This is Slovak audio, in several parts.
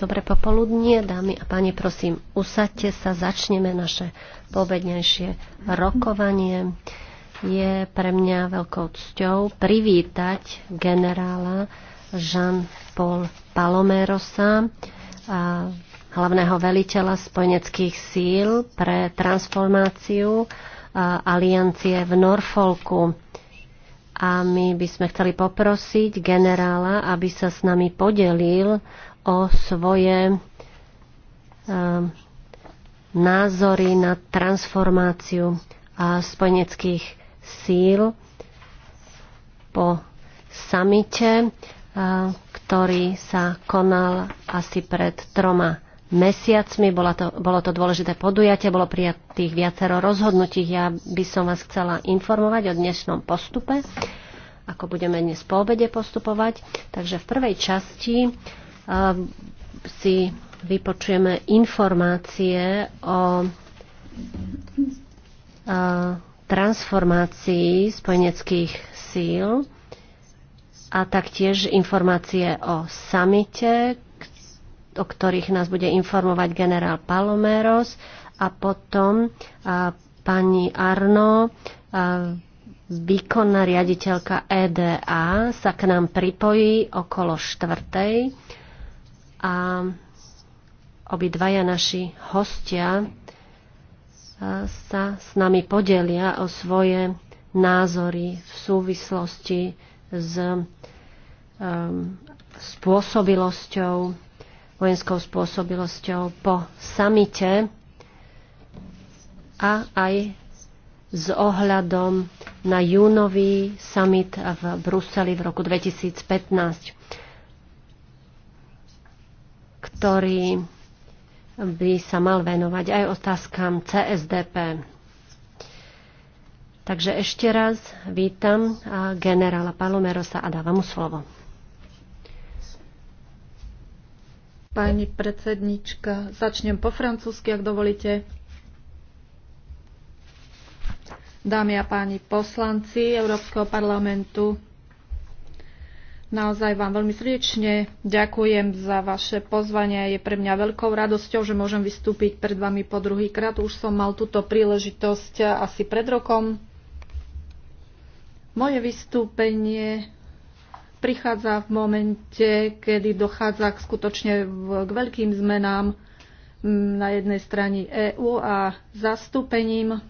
dobré popoludnie, dámy a páni, prosím, usaďte sa, začneme naše povednejšie rokovanie. Je pre mňa veľkou cťou privítať generála Jean-Paul Palomérosa, hlavného veliteľa spojeneckých síl pre transformáciu aliancie v Norfolku a my by sme chceli poprosiť generála, aby sa s nami podelil o svoje um, názory na transformáciu a spojeneckých síl po samite, ktorý sa konal asi pred troma mesiacmi. Bola to, bolo to dôležité podujatie, bolo prijatých viacero rozhodnutí. Ja by som vás chcela informovať o dnešnom postupe, ako budeme dnes po obede postupovať. Takže v prvej časti uh, si vypočujeme informácie o uh, transformácii spojeneckých síl a taktiež informácie o samite, o ktorých nás bude informovať generál Paloméros a potom a pani Arno, a výkonná riaditeľka EDA, sa k nám pripojí okolo štvrtej a obidvaja naši hostia sa s nami podelia o svoje názory v súvislosti s um, spôsobilosťou vojenskou spôsobilosťou po samite a aj s ohľadom na júnový summit v Bruseli v roku 2015, ktorý by sa mal venovať aj otázkam CSDP. Takže ešte raz vítam generála Palomerosa a dávam mu slovo. Pani predsednička, začnem po francúzsky, ak dovolíte. Dámy a páni poslanci Európskeho parlamentu, naozaj vám veľmi srdečne ďakujem za vaše pozvanie. Je pre mňa veľkou radosťou, že môžem vystúpiť pred vami po druhý krát. Už som mal túto príležitosť asi pred rokom. Moje vystúpenie prichádza v momente, kedy dochádza k skutočne k veľkým zmenám na jednej strane EÚ a zastúpením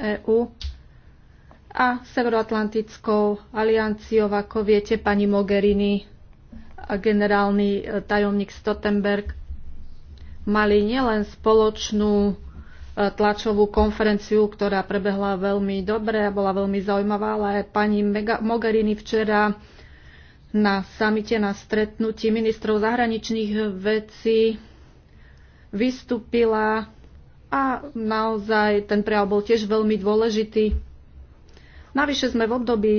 EÚ a Severoatlantickou alianciou, ako viete, pani Mogherini a generálny e, tajomník Stottenberg mali nielen spoločnú e, tlačovú konferenciu, ktorá prebehla veľmi dobre a bola veľmi zaujímavá, ale aj pani Mogherini včera na samite, na stretnutí ministrov zahraničných vecí vystúpila a naozaj ten prejav bol tiež veľmi dôležitý. Navyše sme v období,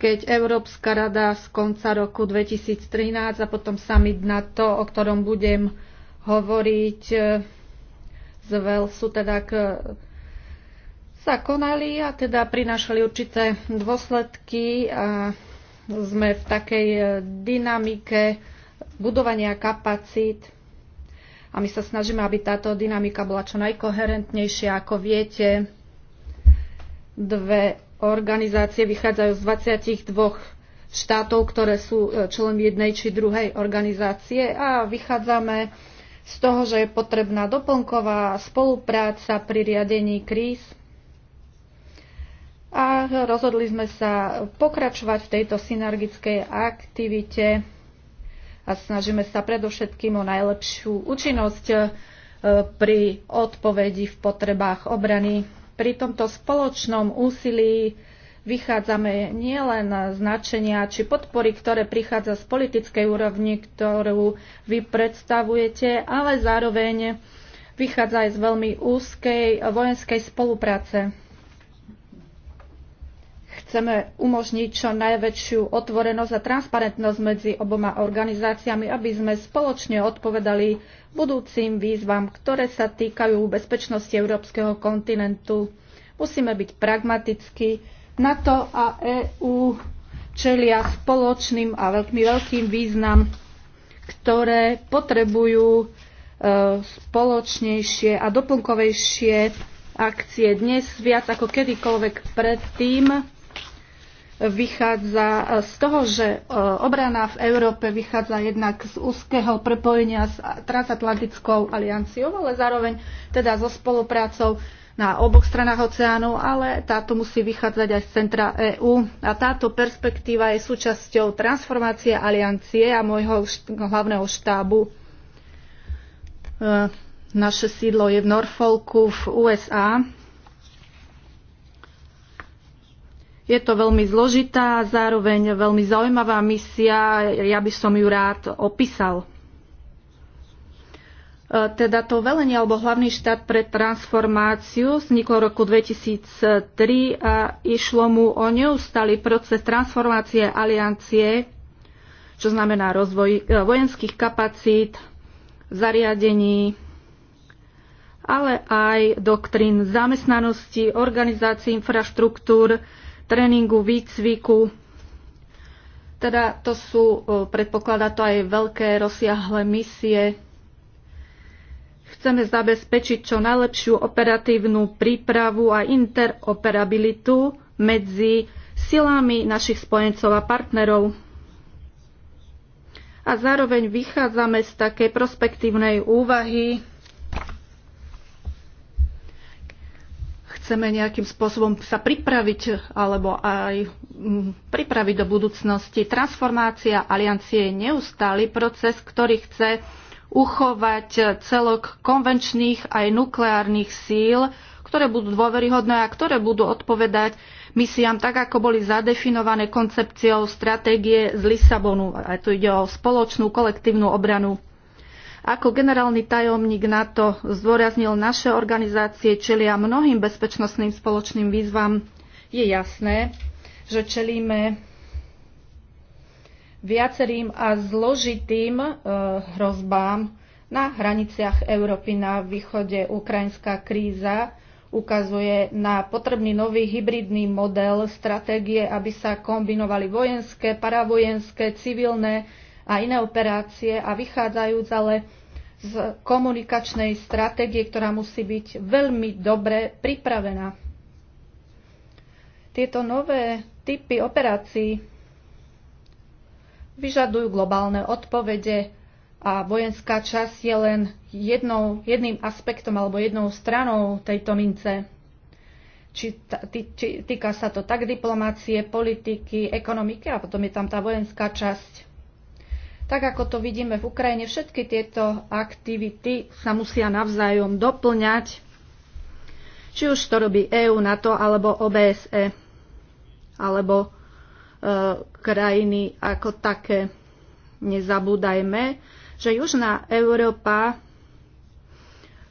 keď Európska rada z konca roku 2013 a potom summit to, o ktorom budem hovoriť eh, z Velsu, teda k sa konali a teda prinášali určité dôsledky a sme v takej e, dynamike budovania kapacít a my sa snažíme, aby táto dynamika bola čo najkoherentnejšia. Ako viete, dve organizácie vychádzajú z 22 štátov, ktoré sú e, člen jednej či druhej organizácie a vychádzame z toho, že je potrebná doplnková spolupráca pri riadení kríz a rozhodli sme sa pokračovať v tejto synergickej aktivite a snažíme sa predovšetkým o najlepšiu účinnosť e, pri odpovedi v potrebách obrany. Pri tomto spoločnom úsilí vychádzame nielen z značenia či podpory, ktoré prichádza z politickej úrovni, ktorú vy predstavujete, ale zároveň vychádza aj z veľmi úzkej vojenskej spolupráce. Chceme umožniť čo najväčšiu otvorenosť a transparentnosť medzi oboma organizáciami, aby sme spoločne odpovedali budúcim výzvam, ktoré sa týkajú bezpečnosti európskeho kontinentu. Musíme byť pragmatickí. NATO a EÚ čelia spoločným a veľmi veľkým význam, ktoré potrebujú e, spoločnejšie a doplnkovejšie akcie dnes viac ako kedykoľvek predtým vychádza z toho, že e, obrana v Európe vychádza jednak z úzkeho prepojenia s transatlantickou alianciou, ale zároveň teda so spoluprácou na oboch stranách oceánu, ale táto musí vychádzať aj z centra EÚ. A táto perspektíva je súčasťou transformácie aliancie a môjho hlavného štábu. E, naše sídlo je v Norfolku v USA Je to veľmi zložitá a zároveň veľmi zaujímavá misia. Ja by som ju rád opísal. E, teda to velenie alebo hlavný štát pre transformáciu vzniklo v roku 2003 a išlo mu o neustály proces transformácie aliancie, čo znamená rozvoj e, vojenských kapacít, zariadení, ale aj doktrín zamestnanosti, organizácií infraštruktúr, tréningu, výcviku. Teda to sú, e, predpokladá to aj veľké rozsiahle misie. Chceme zabezpečiť čo najlepšiu operatívnu prípravu a interoperabilitu medzi silami našich spojencov a partnerov. A zároveň vychádzame z takej prospektívnej úvahy, chceme nejakým spôsobom sa pripraviť alebo aj mm, pripraviť do budúcnosti. Transformácia aliancie je neustály proces, ktorý chce uchovať celok konvenčných aj nukleárnych síl, ktoré budú dôveryhodné a ktoré budú odpovedať misiám tak, ako boli zadefinované koncepciou stratégie z Lisabonu. A tu ide o spoločnú kolektívnu obranu ako generálny tajomník NATO zdôraznil, naše organizácie čelia mnohým bezpečnostným spoločným výzvam. Je jasné, že čelíme viacerým a zložitým e, hrozbám na hraniciach Európy na východe. Ukrajinská kríza ukazuje na potrebný nový hybridný model stratégie, aby sa kombinovali vojenské, paravojenské, civilné a iné operácie a vychádzajúc ale z komunikačnej stratégie, ktorá musí byť veľmi dobre pripravená. Tieto nové typy operácií vyžadujú globálne odpovede a vojenská časť je len jednou, jedným aspektom alebo jednou stranou tejto mince. Či, tý, či, týka sa to tak diplomácie, politiky, ekonomiky a potom je tam tá vojenská časť. Tak ako to vidíme v Ukrajine, všetky tieto aktivity sa musia navzájom doplňať, či už to robí EÚ, NATO alebo OBSE, alebo e, krajiny ako také. Nezabúdajme, že Južná Európa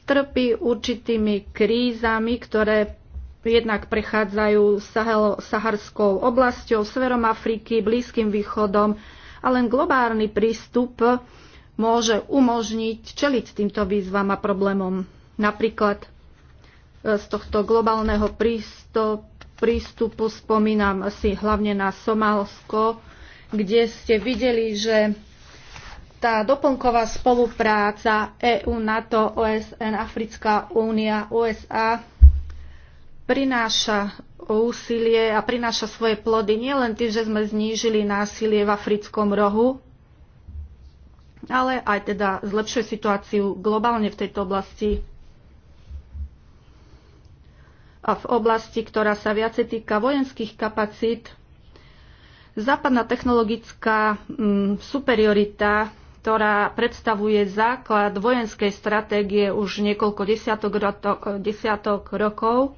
trpí určitými krízami, ktoré jednak prechádzajú Sahel, Saharskou oblasťou, Severom Afriky, Blízkym východom, a len globálny prístup môže umožniť čeliť týmto výzvam a problémom. Napríklad e, z tohto globálneho prístupu spomínam si hlavne na Somálsko, kde ste videli, že tá doplnková spolupráca EU, NATO, OSN, Africká únia, USA prináša úsilie a prináša svoje plody nielen tým, že sme znížili násilie v africkom rohu, ale aj teda zlepšuje situáciu globálne v tejto oblasti a v oblasti, ktorá sa viacej týka vojenských kapacít. Západná technologická mm, superiorita, ktorá predstavuje základ vojenskej stratégie už niekoľko desiatok, roto, desiatok rokov,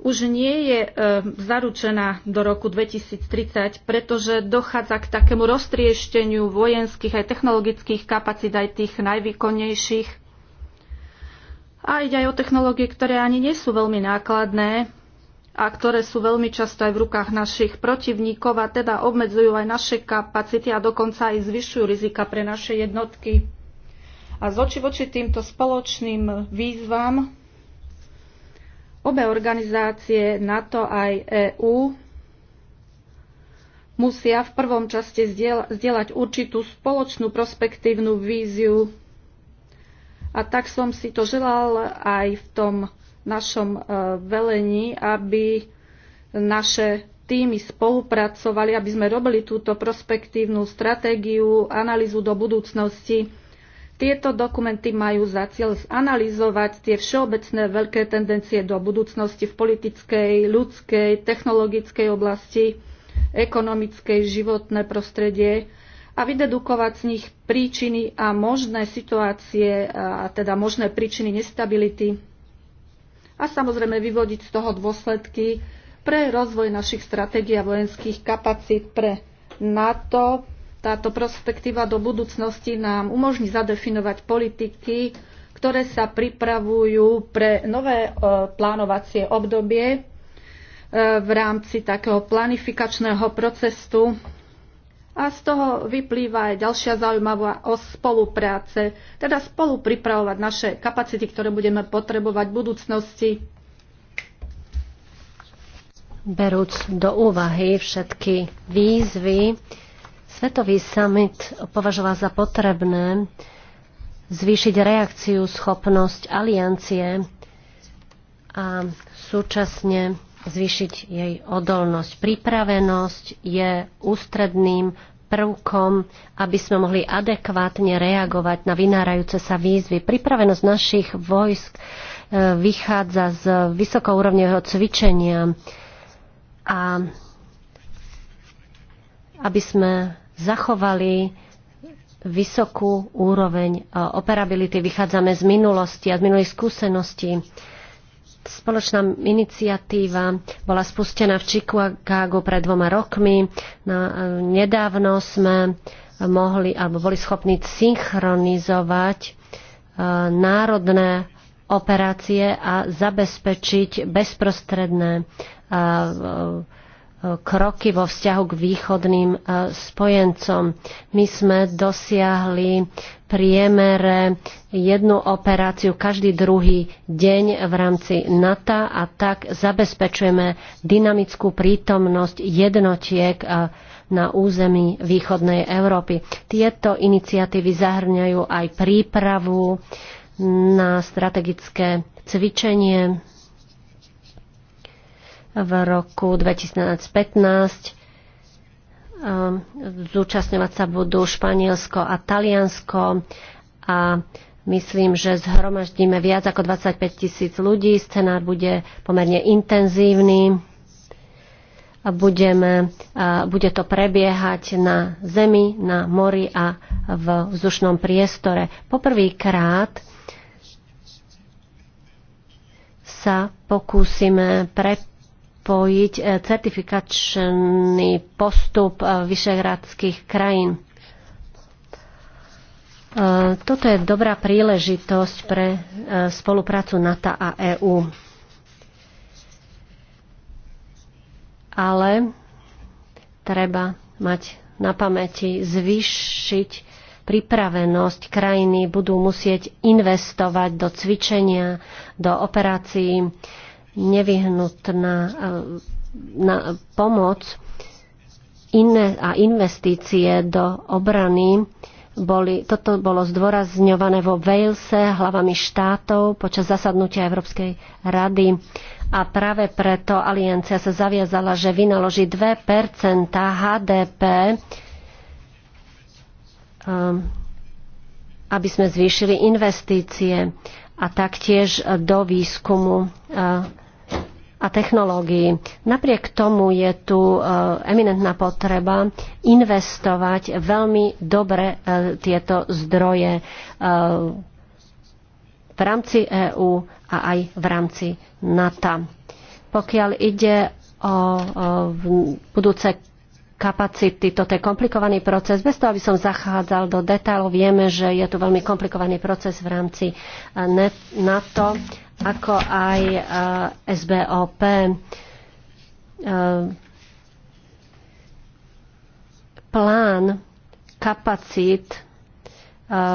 už nie je e, zaručená do roku 2030, pretože dochádza k takému roztriešteniu vojenských aj technologických kapacít aj tých najvýkonnejších. A ide aj o technológie, ktoré ani nie sú veľmi nákladné a ktoré sú veľmi často aj v rukách našich protivníkov a teda obmedzujú aj naše kapacity a dokonca aj zvyšujú rizika pre naše jednotky. A z oči voči týmto spoločným výzvam Obe organizácie, NATO aj EÚ, musia v prvom časte zdieľať určitú spoločnú prospektívnu víziu. A tak som si to želal aj v tom našom e, velení, aby naše týmy spolupracovali, aby sme robili túto prospektívnu stratégiu, analýzu do budúcnosti. Tieto dokumenty majú za cieľ zanalizovať tie všeobecné veľké tendencie do budúcnosti v politickej, ľudskej, technologickej oblasti, ekonomickej, životné prostredie a vydedukovať z nich príčiny a možné situácie, a teda možné príčiny nestability a samozrejme vyvodiť z toho dôsledky pre rozvoj našich stratégií a vojenských kapacít pre NATO, táto prospektíva do budúcnosti nám umožní zadefinovať politiky, ktoré sa pripravujú pre nové e, plánovacie obdobie e, v rámci takého planifikačného procesu. A z toho vyplýva aj ďalšia zaujímavá o spolupráce, teda spolu pripravovať naše kapacity, ktoré budeme potrebovať v budúcnosti. Berúc do úvahy všetky výzvy, Svetový summit považoval za potrebné zvýšiť reakciu, schopnosť aliancie a súčasne zvýšiť jej odolnosť. Pripravenosť je ústredným prvkom, aby sme mohli adekvátne reagovať na vynárajúce sa výzvy. Pripravenosť našich vojsk e, vychádza z vysokourovňového cvičenia a aby sme zachovali vysokú úroveň e, operability. Vychádzame z minulosti a z minulých skúseností. Spoločná iniciatíva bola spustená v Chicago pred dvoma rokmi. E, nedávno sme mohli alebo boli schopní synchronizovať e, národné operácie a zabezpečiť bezprostredné kroky vo vzťahu k východným e, spojencom. My sme dosiahli priemere jednu operáciu každý druhý deň v rámci NATO a tak zabezpečujeme dynamickú prítomnosť jednotiek e, na území východnej Európy. Tieto iniciatívy zahrňajú aj prípravu na strategické cvičenie v roku 2015. Ehm, zúčastňovať sa budú Španielsko a Taliansko a myslím, že zhromaždíme viac ako 25 tisíc ľudí. Scenár bude pomerne intenzívny. Budeme, bude to prebiehať na zemi, na mori a v vzdušnom priestore. Poprvýkrát sa pokúsime prepojiť zapojiť e, certifikačný postup e, vyšehradských krajín. E, toto je dobrá príležitosť pre spoluprácu NATO a EÚ. Ale treba mať na pamäti zvýšiť pripravenosť krajiny budú musieť investovať do cvičenia, do operácií, nevyhnutná eh, na pomoc iné a investície do obrany boli, toto bolo zdôrazňované vo Walese hlavami štátov počas zasadnutia Európskej rady a práve preto aliancia sa zaviazala, že vynaloží 2 HDP, eh, aby sme zvýšili investície a taktiež do výskumu eh, a technológií. Napriek tomu je tu eh, eminentná potreba investovať veľmi dobre eh, tieto zdroje eh, v rámci EÚ a aj v rámci NATO. Pokiaľ ide o budúce kapacity. Toto je komplikovaný proces. Bez toho, aby som zachádzal do detailov, vieme, že je tu veľmi komplikovaný proces v rámci NATO e ako aj eh, SBOP. Eh, plán kapacít eh,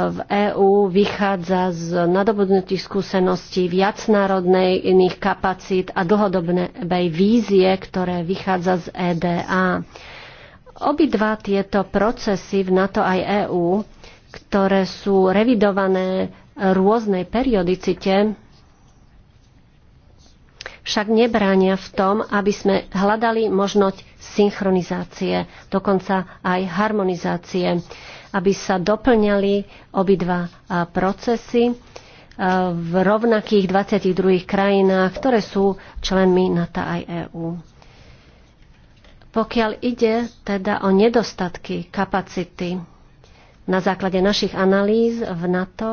v EÚ vychádza z nadobudnutých skúseností viacnárodnej iných kapacít a dlhodobnej vízie, ktoré vychádza z EDA. Obidva tieto procesy v NATO aj EÚ, ktoré sú revidované rôznej periodicite, však nebránia v tom, aby sme hľadali možnosť synchronizácie, dokonca aj harmonizácie, aby sa doplňali obidva procesy v rovnakých 22 krajinách, ktoré sú členmi NATO aj EÚ. Pokiaľ ide teda o nedostatky kapacity na základe našich analýz v NATO,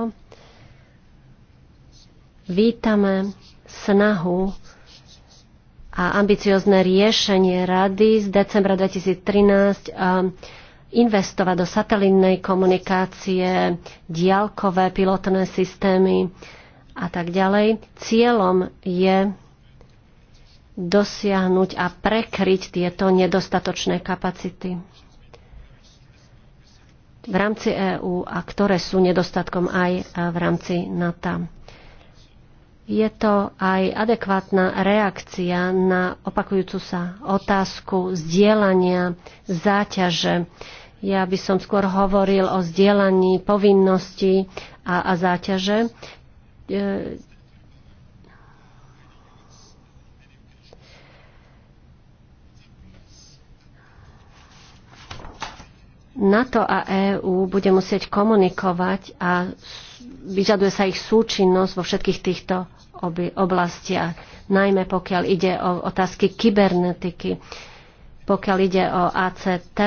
vítame snahu a ambiciozne riešenie rady z decembra 2013 investovať do satelitnej komunikácie, diálkové pilotné systémy a tak ďalej. Cieľom je dosiahnuť a prekryť tieto nedostatočné kapacity v rámci EÚ a ktoré sú nedostatkom aj v rámci NATO je to aj adekvátna reakcia na opakujúcu sa otázku zdieľania záťaže. Ja by som skôr hovoril o zdieľaní povinností a, a záťaže. E, NATO a EÚ bude musieť komunikovať a vyžaduje sa ich súčinnosť vo všetkých týchto oblastiach, najmä pokiaľ ide o otázky kybernetiky, pokiaľ ide o ACT,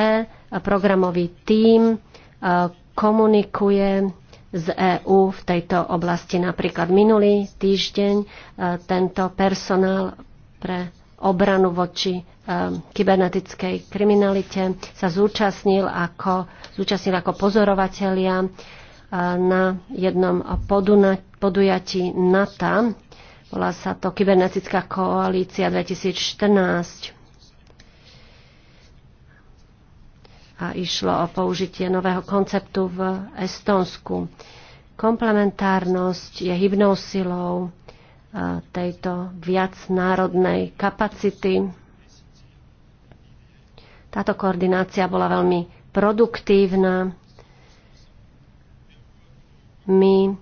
programový tím e, komunikuje z EÚ v tejto oblasti. Napríklad minulý týždeň e, tento personál pre obranu voči e, kybernetickej kriminalite, sa zúčastnil ako, zúčastnil ako pozorovatelia e, na jednom podujatí NATO. Volá sa to Kybernetická koalícia 2014. A išlo o použitie nového konceptu v Estonsku. Komplementárnosť je hybnou silou tejto viacnárodnej kapacity. Táto koordinácia bola veľmi produktívna. My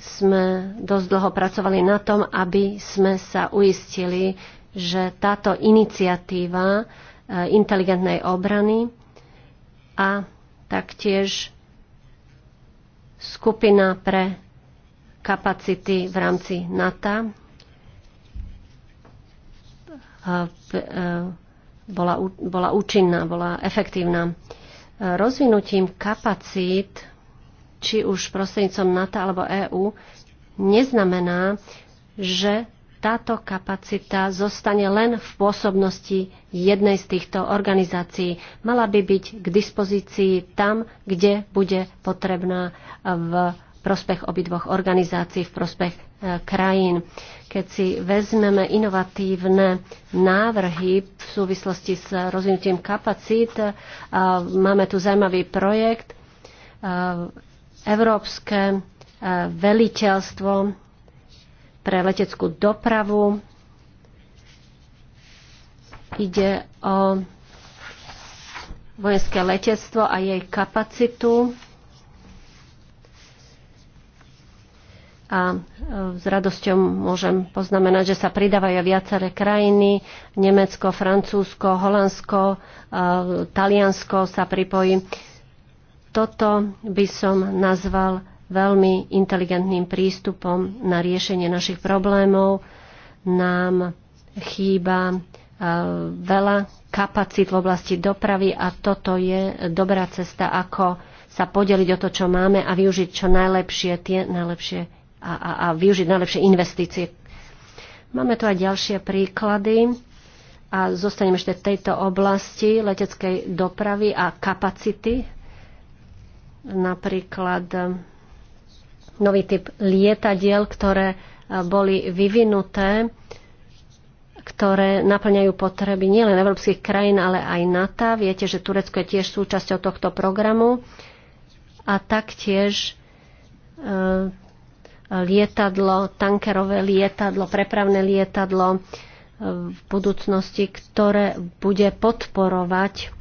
sme dosť dlho pracovali na tom, aby sme sa uistili, že táto iniciatíva e, inteligentnej obrany a taktiež skupina pre kapacity v rámci NATO. E, bola, bola účinná, bola efektívna. E, rozvinutím kapacít, či už prostrednícom NATO alebo EÚ, neznamená, že táto kapacita zostane len v pôsobnosti jednej z týchto organizácií. Mala by byť k dispozícii tam, kde bude potrebná v prospech obidvoch organizácií, v prospech e, krajín. Keď si vezmeme inovatívne návrhy v súvislosti s rozvinutím kapacít, e, máme tu zaujímavý projekt e, Európske veliteľstvo pre leteckú dopravu. Ide o vojenské letectvo a jej kapacitu a e, s radosťou môžem poznamenať, že sa pridávajú viaceré krajiny. Nemecko, Francúzsko, Holandsko, e, Taliansko sa pripojí. Toto by som nazval veľmi inteligentným prístupom na riešenie našich problémov. Nám chýba e, veľa kapacít v oblasti dopravy a toto je dobrá cesta, ako sa podeliť o to, čo máme a využiť čo najlepšie tie najlepšie a, a, a využiť najlepšie investície. Máme tu aj ďalšie príklady a zostaneme ešte v tejto oblasti leteckej dopravy a kapacity. Napríklad eh, nový typ lietadiel, ktoré eh, boli vyvinuté, ktoré naplňajú potreby nielen európskych krajín, ale aj NATO. Viete, že Turecko je tiež súčasťou tohto programu a taktiež eh, lietadlo, tankerové lietadlo, prepravné lietadlo e, v budúcnosti, ktoré bude podporovať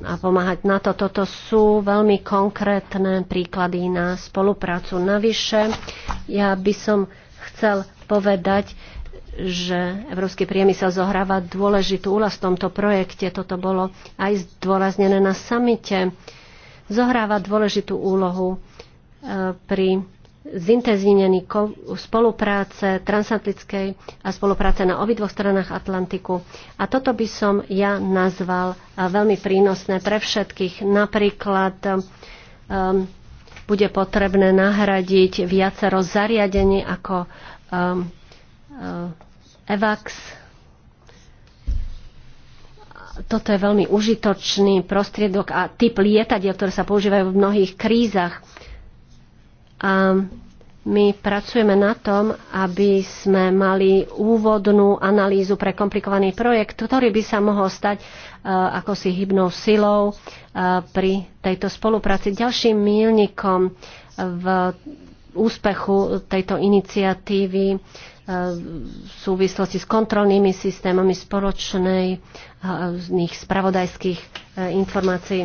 a pomáhať na to. Toto sú veľmi konkrétne príklady na spoluprácu. Navyše, ja by som chcel povedať, že európsky priemysel zohráva dôležitú úlohu v tomto projekte. Toto bolo aj zdôraznené na samite. Zohráva dôležitú úlohu e, pri zintenzívnení spolupráce transatlantickej a spolupráce na obidvoch stranách Atlantiku. A toto by som ja nazval eh, veľmi prínosné pre všetkých. Napríklad um, bude potrebné nahradiť viacero zariadení ako um, um, EVAX. Toto je veľmi užitočný prostriedok a typ lietadiel, ktoré sa používajú v mnohých krízach. A my pracujeme na tom, aby sme mali úvodnú analýzu pre komplikovaný projekt, ktorý by sa mohol stať uh, e, ako si hybnou silou uh, pri tejto spolupráci. Ďalším mílnikom v úspechu tejto iniciatívy e, v súvislosti s kontrolnými systémami spoločnej spravodajských informácií.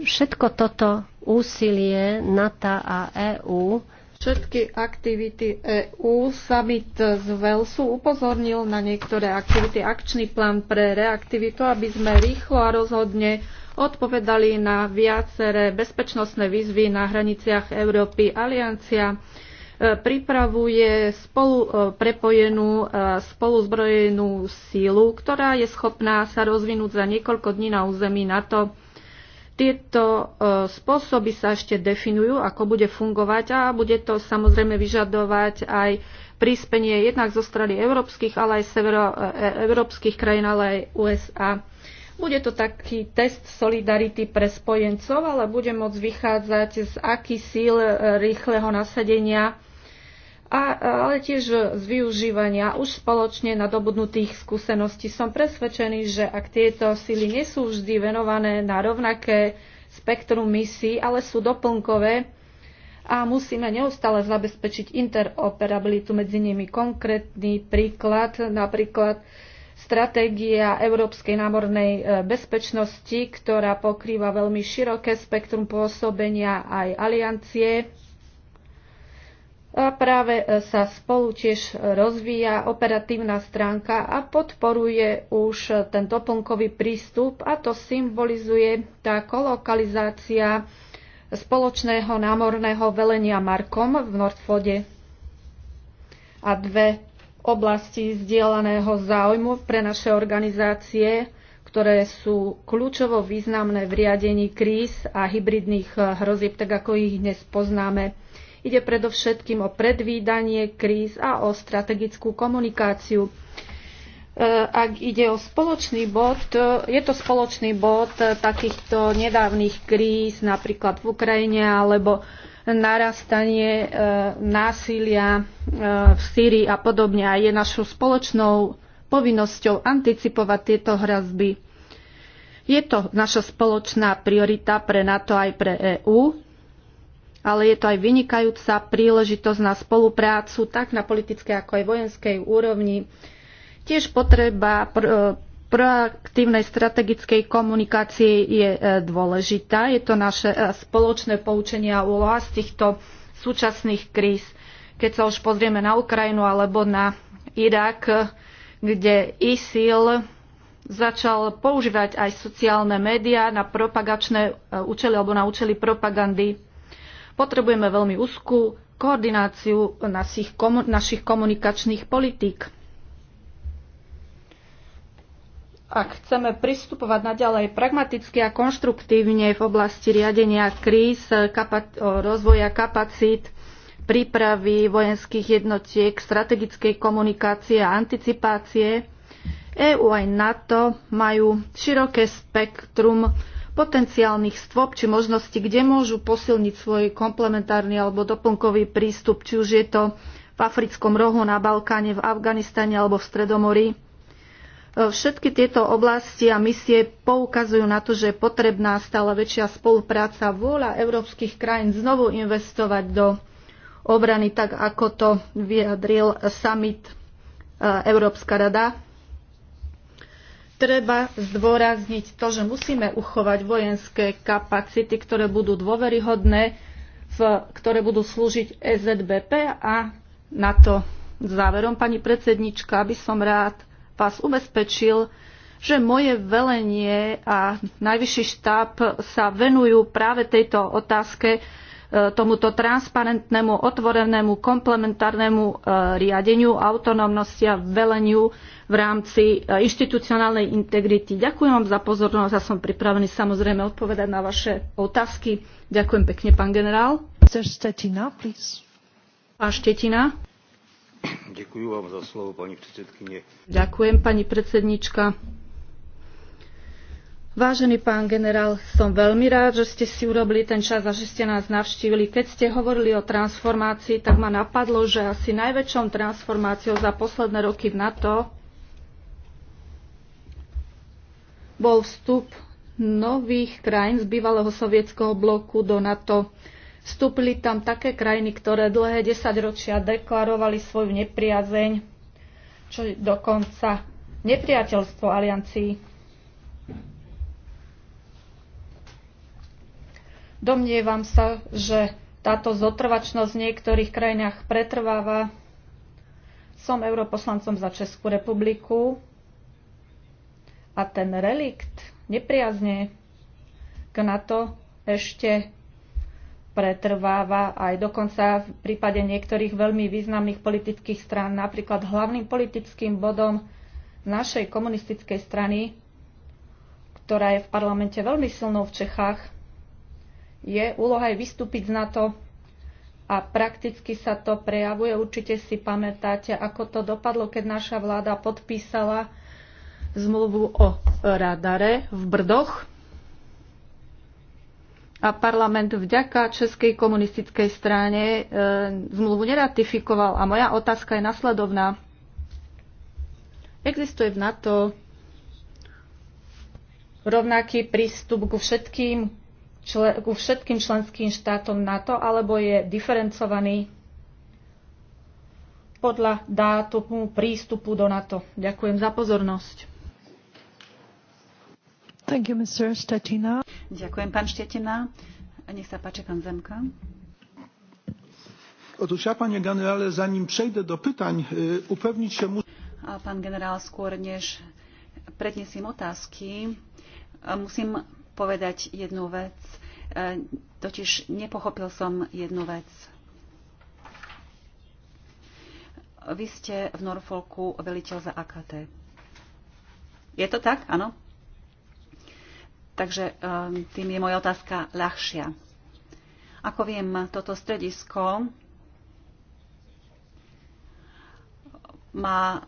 Všetko toto úsilie NATO a EÚ všetky aktivity EÚ. Summit z Velsu upozornil na niektoré aktivity, akčný plán pre reaktivitu, aby sme rýchlo a rozhodne odpovedali na viaceré bezpečnostné výzvy na hraniciach Európy. Aliancia e, pripravuje spolu e, prepojenú e, spoluzbrojenú sílu, ktorá je schopná sa rozvinúť za niekoľko dní na území NATO. Tieto e, spôsoby sa ešte definujú, ako bude fungovať a bude to samozrejme vyžadovať aj príspenie jednak zo strany európskych, ale aj severoeurópskych e, krajín, ale aj USA. Bude to taký test solidarity pre spojencov, ale bude môcť vychádzať z aký síl e, rýchleho nasadenia a, e, ale tiež z využívania už spoločne nadobudnutých skúseností. Som presvedčený, že ak tieto sily nie sú vždy venované na rovnaké spektrum misií, ale sú doplnkové a musíme neustále zabezpečiť interoperabilitu medzi nimi. Konkrétny príklad, napríklad stratégia Európskej námornej e, bezpečnosti, ktorá pokrýva veľmi široké spektrum pôsobenia aj aliancie a práve e, sa spolu tiež rozvíja operatívna stránka a podporuje už e, ten doplnkový prístup a to symbolizuje tá kolokalizácia spoločného námorného velenia Markom v Nordfode a dve oblasti zdieľaného záujmu pre naše organizácie, ktoré sú kľúčovo významné v riadení kríz a hybridných e, hrozieb, tak ako ich dnes poznáme. Ide predovšetkým o predvídanie kríz a o strategickú komunikáciu. E, ak ide o spoločný bod, e, je to spoločný bod e, takýchto nedávnych kríz, napríklad v Ukrajine alebo narastanie násilia v Sýrii a podobne. A je našou spoločnou povinnosťou anticipovať tieto hrazby. Je to naša spoločná priorita pre NATO aj pre EÚ ale je to aj vynikajúca príležitosť na spoluprácu tak na politickej ako aj vojenskej úrovni. Tiež potreba pr- e, proaktívnej strategickej komunikácie je e, dôležitá. Je to naše e, spoločné poučenie a úloha z týchto súčasných kríz. Keď sa už pozrieme na Ukrajinu alebo na Irak, kde ISIL začal používať aj sociálne médiá na propagačné účely alebo na účely propagandy Potrebujeme veľmi úzkú koordináciu našich, komu- našich komunikačných politík. Ak chceme pristupovať naďalej pragmaticky a konštruktívne v oblasti riadenia kríz, kapac- rozvoja kapacít, prípravy vojenských jednotiek, strategickej komunikácie a anticipácie, EU aj NATO majú široké spektrum potenciálnych stôp či možností, kde môžu posilniť svoj komplementárny alebo doplnkový prístup, či už je to v africkom rohu, na Balkáne, v Afganistane alebo v Stredomorí. E, všetky tieto oblasti a misie poukazujú na to, že je potrebná stále väčšia spolupráca vôľa európskych krajín znovu investovať do obrany, tak ako to vyjadril summit e, Európska rada treba zdôrazniť to, že musíme uchovať vojenské kapacity, ktoré budú dôveryhodné, v, ktoré budú slúžiť EZBP a na to Záverom, pani predsednička, aby som rád vás ubezpečil, že moje velenie a najvyšší štáb sa venujú práve tejto otázke, e, tomuto transparentnému, otvorenému, komplementárnemu e, riadeniu autonómnosti a veleniu v rámci e, inštitucionálnej integrity. Ďakujem vám za pozornosť a som pripravený samozrejme odpovedať na vaše otázky. Ďakujem pekne, pán generál. Štetina, please. Pán Štetina. Ďakujem vám za slovo, pani predsedkynie. Ďakujem, pani predsednička. Vážený pán generál, som veľmi rád, že ste si urobili ten čas a že ste nás navštívili. Keď ste hovorili o transformácii, tak ma napadlo, že asi najväčšou transformáciou za posledné roky v NATO bol vstup nových krajín z bývalého sovietského bloku do NATO. Vstúpili tam také krajiny, ktoré dlhé desaťročia deklarovali svoju nepriazeň, čo je dokonca nepriateľstvo aliancií. Domnievam sa, že táto zotrvačnosť v niektorých krajinách pretrváva. Som europoslancom za Českú republiku a ten relikt nepriazne k NATO ešte pretrváva aj dokonca v prípade niektorých veľmi významných politických strán. Napríklad hlavným politickým bodom našej komunistickej strany, ktorá je v parlamente veľmi silnou v Čechách, je úloha aj vystúpiť z NATO a prakticky sa to prejavuje. Určite si pamätáte, ako to dopadlo, keď naša vláda podpísala zmluvu o radare v Brdoch a parlament vďaka Českej komunistickej strane e, zmluvu neratifikoval. A moja otázka je nasledovná. Existuje v NATO rovnaký prístup ku všetkým, člen, ku všetkým členským štátom NATO, alebo je diferencovaný podľa dátumu prístupu do NATO. Ďakujem za pozornosť. Thank you, Mr. Stetina. Ďakujem, pán Štetina. Nech sa páči, pán Zemka. Otóż ja, panie generale, zanim przejdę do pytań, e, upewnić się muszę... A Pán generál, skôr než prednesím otázky, e, musím povedať jednu vec. E, totiž nepochopil som jednu vec. Vy ste v Norfolku veliteľ za AKT. Je to tak? Áno? Takže ehm, tým je moja otázka ľahšia. Ako viem, toto stredisko má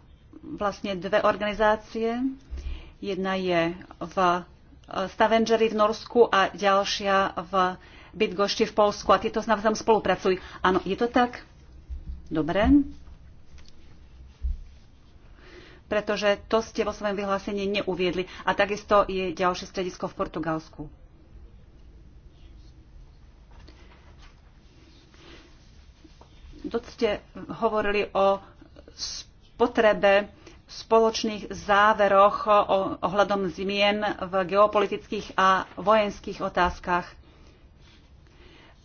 vlastne dve organizácie. Jedna je v e, Stavengeri v Norsku a ďalšia v Bydgošti v Polsku a tieto s navzájom spolupracujú. Áno, je to tak? Dobre pretože to ste vo svojom vyhlásení neuviedli. A takisto je ďalšie stredisko v Portugalsku. Dosť ste hovorili o spotrebe spoločných záveroch ohľadom zmien v geopolitických a vojenských otázkach.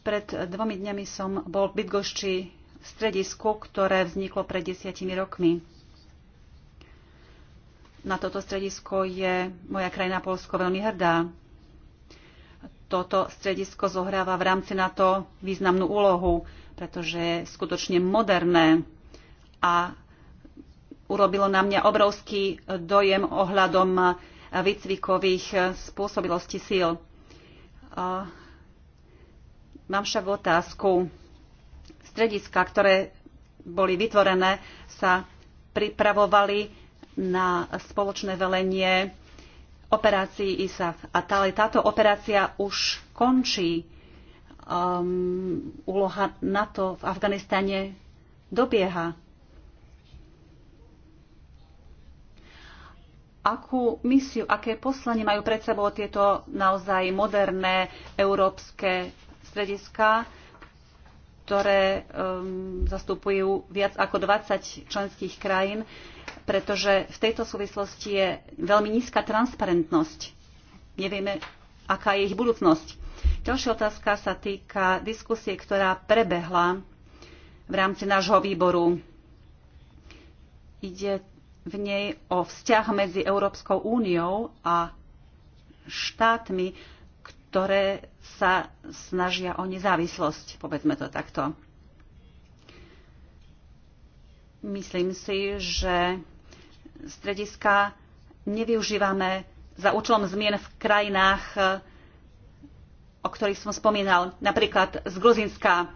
Pred dvomi dňami som bol v Bydgošči v stredisku, ktoré vzniklo pred desiatimi rokmi. Na toto stredisko je moja krajina Polsko veľmi hrdá. Toto stredisko zohráva v rámci NATO významnú úlohu, pretože je skutočne moderné a urobilo na mňa obrovský dojem ohľadom výcvikových spôsobilostí síl. Mám však otázku. Strediska, ktoré boli vytvorené, sa pripravovali na spoločné velenie operácií ISAF. A tá, táto operácia už končí. Um, úloha NATO v Afganistane dobieha. Akú misiu, aké poslanie majú pred sebou tieto naozaj moderné európske strediska? ktoré um, zastupujú viac ako 20 členských krajín, pretože v tejto súvislosti je veľmi nízka transparentnosť. Nevieme, aká je ich budúcnosť. Ďalšia otázka sa týka diskusie, ktorá prebehla v rámci nášho výboru. Ide v nej o vzťah medzi Európskou úniou a štátmi, ktoré sa snažia o nezávislosť, povedzme to takto. Myslím si, že strediska nevyužívame za účelom zmien v krajinách, o ktorých som spomínal, napríklad z Gruzinska.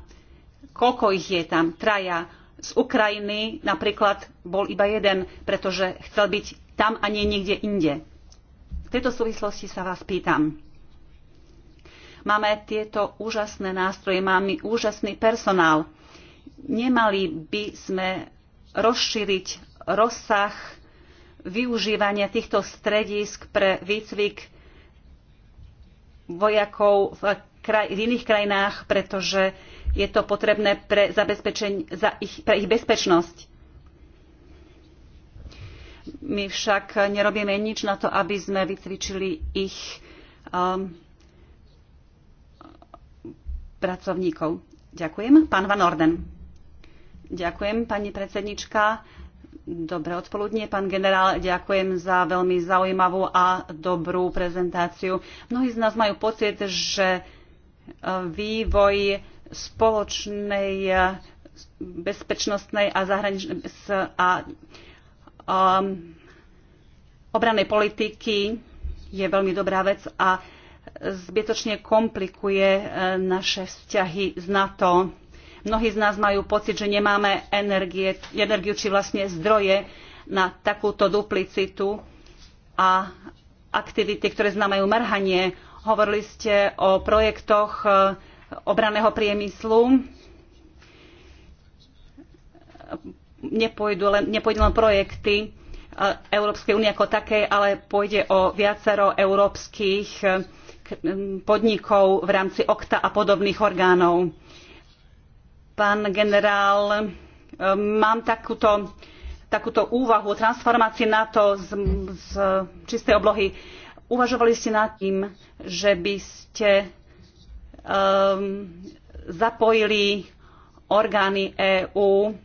Koľko ich je tam? Traja. Z Ukrajiny napríklad bol iba jeden, pretože chcel byť tam a nie niekde inde. V tejto súvislosti sa vás pýtam Máme tieto úžasné nástroje, máme úžasný personál. Nemali by sme rozšíriť rozsah využívania týchto stredisk pre výcvik vojakov v, kraj, v iných krajinách, pretože je to potrebné pre, za ich, pre ich bezpečnosť. My však nerobíme nič na to, aby sme vycvičili ich um, pracovníkov. Ďakujem. Pán Van Orden. Ďakujem, pani predsednička. Dobré odpoludnie, pán generál. Ďakujem za veľmi zaujímavú a dobrú prezentáciu. Mnohí z nás majú pocit, že e, vývoj spoločnej e, bezpečnostnej a, zahraničnej a um, obranej politiky je veľmi dobrá vec a zbytočne komplikuje e, naše vzťahy s NATO. Mnohí z nás majú pocit, že nemáme energie, energiu či vlastne zdroje na takúto duplicitu a aktivity, ktoré znamenajú mrhanie. Hovorili ste o projektoch e, obraného priemyslu. Nepôjdu len, nepôjdu len projekty e, Európskej únie ako také, ale pôjde o viacero európskych podnikov v rámci OKTA a podobných orgánov. Pán generál, e, mám takúto, takúto úvahu o transformácii NATO z, z čistej oblohy. Uvažovali ste nad tým, že by ste um, zapojili orgány EÚ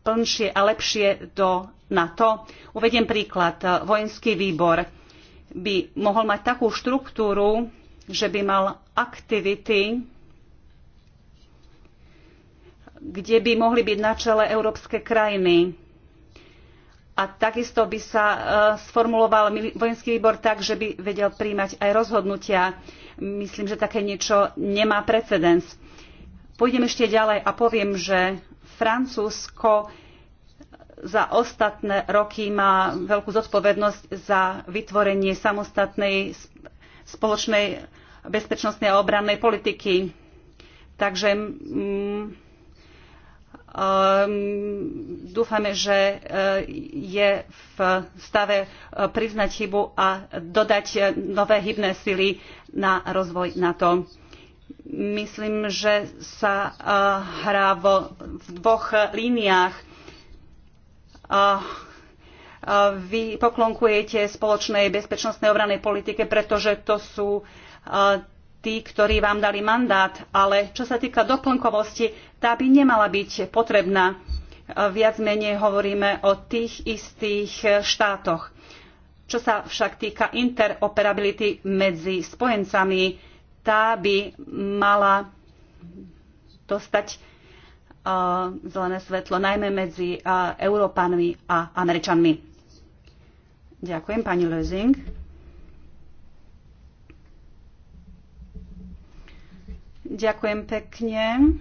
plnšie a lepšie do NATO. Uvediem príklad. Vojenský výbor by mohol mať takú štruktúru, že by mal aktivity, kde by mohli byť na čele európske krajiny. A takisto by sa e, sformuloval vojenský výbor tak, že by vedel príjmať aj rozhodnutia. Myslím, že také niečo nemá precedens. Pôjdem ešte ďalej a poviem, že Francúzsko za ostatné roky má veľkú zodpovednosť za vytvorenie samostatnej spoločnej bezpečnostnej a obrannej politiky. Takže um, dúfame, že eh, je v stave eh, priznať chybu a dodať eh, nové hybné sily na rozvoj NATO. Myslím, že sa hrá vo, v dvoch líniách. Vy poklonkujete spoločnej bezpečnostnej obranej politike, pretože to sú uh, Eh, tí, ktorí vám dali mandát, ale čo sa týka doplnkovosti, tá by nemala byť potrebná. Eh, viac menej hovoríme o tých istých eh, štátoch. Čo sa však týka interoperability medzi spojencami, tá by mala dostať zelené svetlo, najmä medzi Európanmi a Američanmi. Ďakujem, pani Lözing. Ďakujem pekne.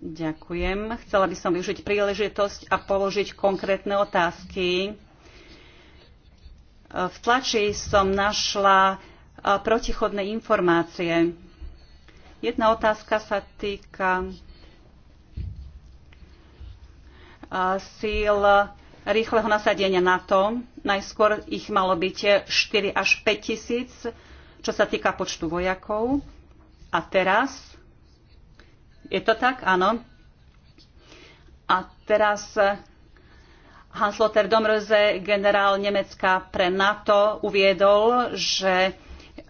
Ďakujem. Chcela by som využiť príležitosť a položiť konkrétne otázky. V tlači som našla protichodné informácie. Jedna otázka sa týka síl rýchleho nasadenia NATO. Najskôr ich malo byť 4 až 5 tisíc, čo sa týka počtu vojakov. A teraz, je to tak? Áno. A teraz Hans-Lothar Domröze, generál Nemecka pre NATO, uviedol, že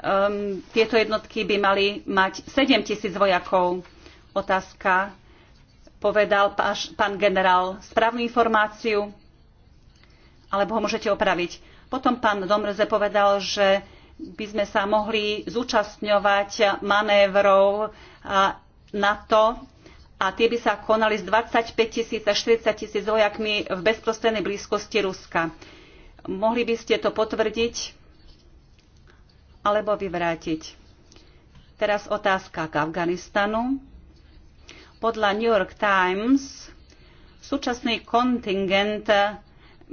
um, tieto jednotky by mali mať 7 tisíc vojakov. Otázka, povedal pán generál správnu informáciu alebo ho môžete opraviť. Potom pán Domreze povedal, že by sme sa mohli zúčastňovať manévrov NATO a tie by sa konali s 25 tisíc až 40 tisíc vojakmi v bezprostrednej blízkosti Ruska. Mohli by ste to potvrdiť alebo vyvrátiť? Teraz otázka k Afganistanu. Podľa New York Times súčasný kontingent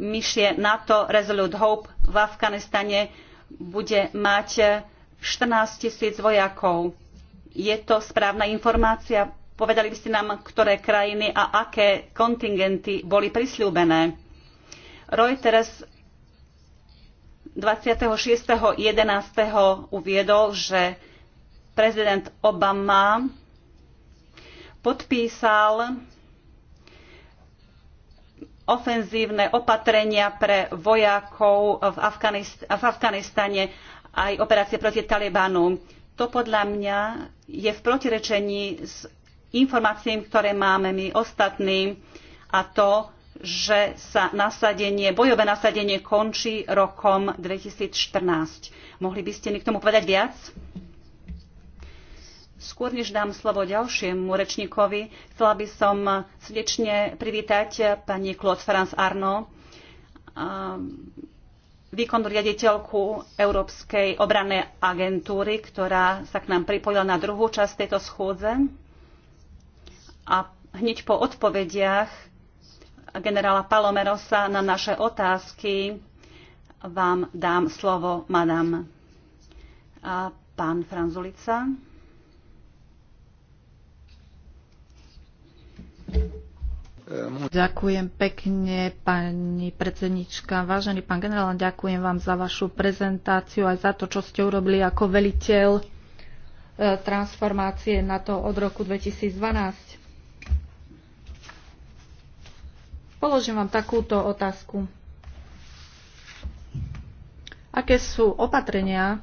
misie NATO Resolute Hope v Afganistane bude mať 14 tisíc vojakov. Je to správna informácia? Povedali by ste nám, ktoré krajiny a aké kontingenty boli prisľúbené. Reuters 26.11. uviedol, že prezident Obama podpísal ofenzívne opatrenia pre vojakov v, Afganistane aj operácie proti Talibanu. To podľa mňa je v protirečení s informáciami, ktoré máme my ostatní a to, že sa nasadenie, bojové nasadenie končí rokom 2014. Mohli by ste mi k tomu povedať viac? Skôr než dám slovo ďalšiemu rečníkovi, chcela by som srdečne privítať pani Claude France Arno, výkonnú riaditeľku Európskej obrannej agentúry, ktorá sa k nám pripojila na druhú časť tejto schôdze. A hneď po odpovediach generála Palomerosa na naše otázky vám dám slovo, madam. A pán Franzulica. Ďakujem pekne, pani predsednička. Vážený pán generál, ďakujem vám za vašu prezentáciu aj za to, čo ste urobili ako veliteľ e, transformácie na to od roku 2012. Položím vám takúto otázku. Aké sú opatrenia,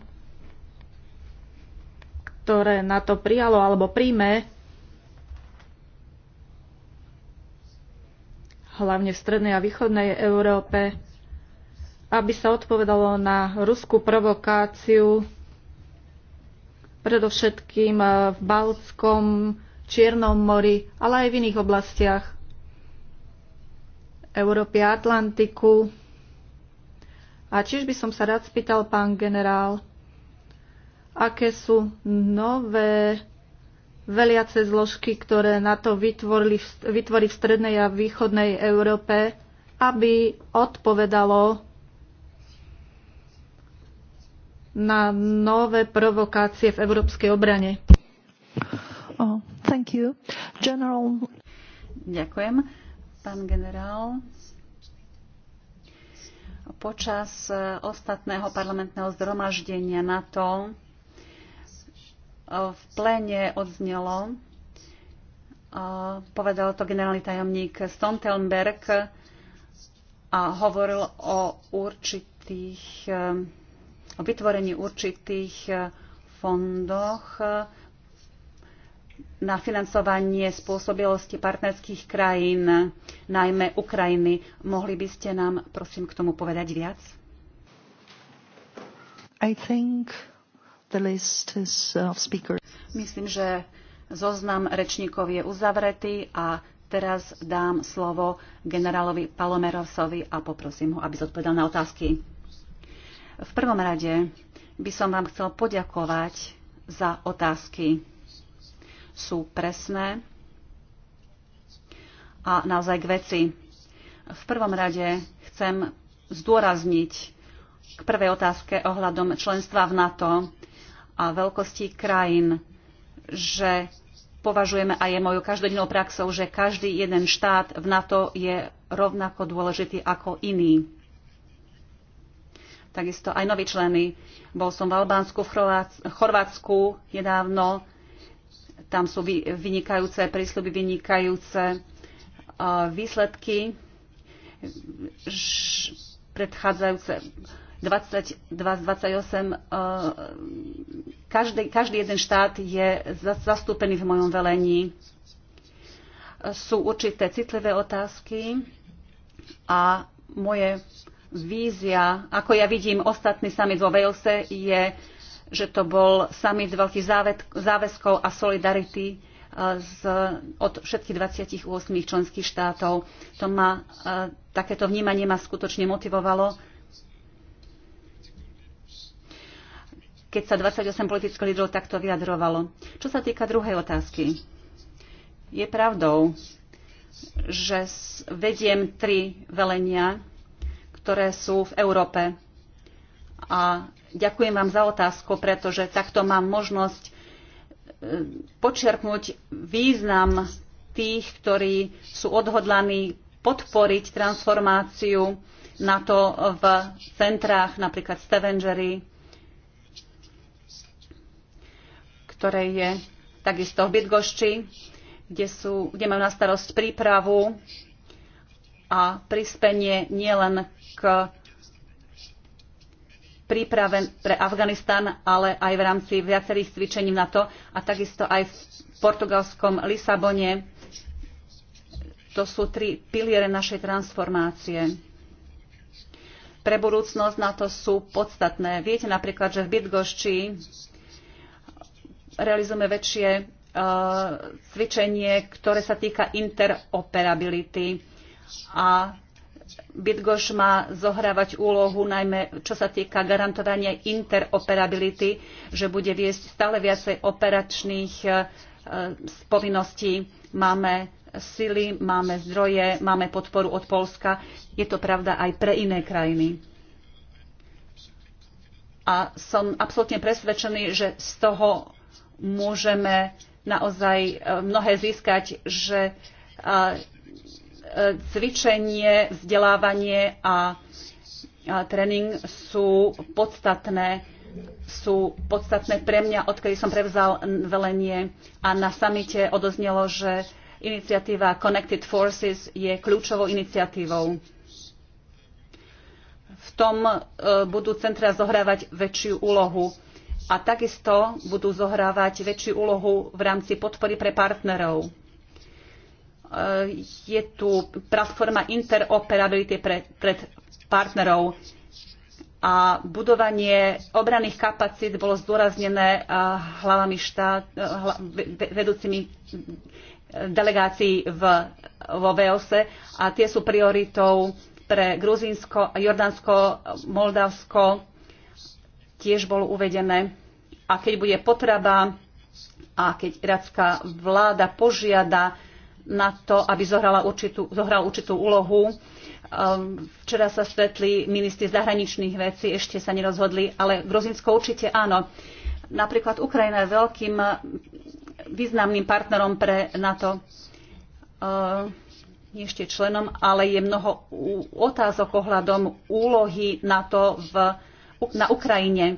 ktoré na to prijalo alebo príjme hlavne v strednej a východnej Európe, aby sa odpovedalo na ruskú provokáciu, predovšetkým eh, v Baltskom, Čiernom mori, ale aj v iných oblastiach Európy a Atlantiku. A tiež by som sa rád spýtal, pán generál, aké sú nové veliace zložky, ktoré na to vytvorili, vytvorí v strednej a východnej Európe, aby odpovedalo na nové provokácie v európskej obrane. Oh, thank you. General... Ďakujem. Pán generál, počas eh, ostatného parlamentného zhromaždenia NATO v pléne odznelo, povedal to generálny tajomník Stontelnberg a hovoril o určitých, o vytvorení určitých fondoch na financovanie spôsobilosti partnerských krajín, najmä Ukrajiny. Mohli by ste nám, prosím, k tomu povedať viac? I think the list uh, of speakers. Myslím, že zoznam rečníkov je uzavretý a teraz dám slovo generálovi Palomerosovi a poprosím ho, aby zodpovedal na otázky. V prvom rade by som vám chcel poďakovať za otázky. Sú presné a naozaj k veci. V prvom rade chcem zdôrazniť k prvej otázke ohľadom členstva v NATO a veľkosti krajín, že považujeme a je mojou každodennou praxou, že každý jeden štát v NATO je rovnako dôležitý ako iný. Takisto aj noví členy. Bol som v Albánsku, v Chorvátsku nedávno. Tam sú vynikajúce prísľuby, vynikajúce e, výsledky predchádzajúce 22 28, eh, každý, každý jeden štát je zastúpený v mojom velení. Sú určité citlivé otázky a moje vízia, ako ja vidím ostatný summit vo Walese, je, že to bol summit veľkých záväzkov a solidarity eh, z, od všetkých 28 členských štátov. To ma, eh, takéto vnímanie ma skutočne motivovalo keď sa 28 politických lídrov takto vyjadrovalo. Čo sa týka druhej otázky, je pravdou, že vediem tri velenia, ktoré sú v Európe. A ďakujem vám za otázku, pretože takto mám možnosť e, počerknúť význam tých, ktorí sú odhodlaní podporiť transformáciu na to v centrách, napríklad Stevengery, ktoré je takisto v Bydgošči, kde, sú, kde majú na starosť prípravu a prispenie nielen k príprave pre Afganistan, ale aj v rámci viacerých cvičení na to, a takisto aj v portugalskom Lisabone. To sú tri piliere našej transformácie. Pre budúcnosť na to sú podstatné. Viete napríklad, že v Bydgošči realizujeme väčšie eh, cvičenie, ktoré sa týka interoperability a Bitgoš má zohrávať úlohu najmä čo sa týka garantovania interoperability, že bude viesť stále viacej operačných eh, povinností. Máme sily, máme zdroje, máme podporu od Polska. Je to pravda aj pre iné krajiny. A som absolútne presvedčený, že z toho môžeme naozaj e, mnohé získať, že e, e, cvičenie, vzdelávanie a tréning sú podstatné sú podstatné pre mňa, odkedy som prevzal velenie a na samite odoznelo, že iniciatíva Connected Forces je kľúčovou iniciatívou. V tom budú centra zohrávať väčšiu úlohu a takisto budú zohrávať väčšiu úlohu v rámci podpory pre partnerov. E, je tu platforma interoperability pre, pred partnerov a budovanie obranných kapacít bolo zdôraznené e, hlavami štát, e, vedúcimi delegácií v, vo VOSE a tie sú prioritou pre Gruzínsko, Jordánsko, Moldavsko, tiež bolo uvedené. A keď bude potreba a keď iracká vláda požiada na to, aby zohrala určitú, zohral určitú úlohu, um, Včera sa stretli ministri zahraničných vecí, ešte sa nerozhodli, ale Gruzinsko určite áno. Napríklad Ukrajina je veľkým uh, významným partnerom pre NATO. Uh, ešte členom, ale je mnoho otázok ohľadom úlohy NATO v na Ukrajine.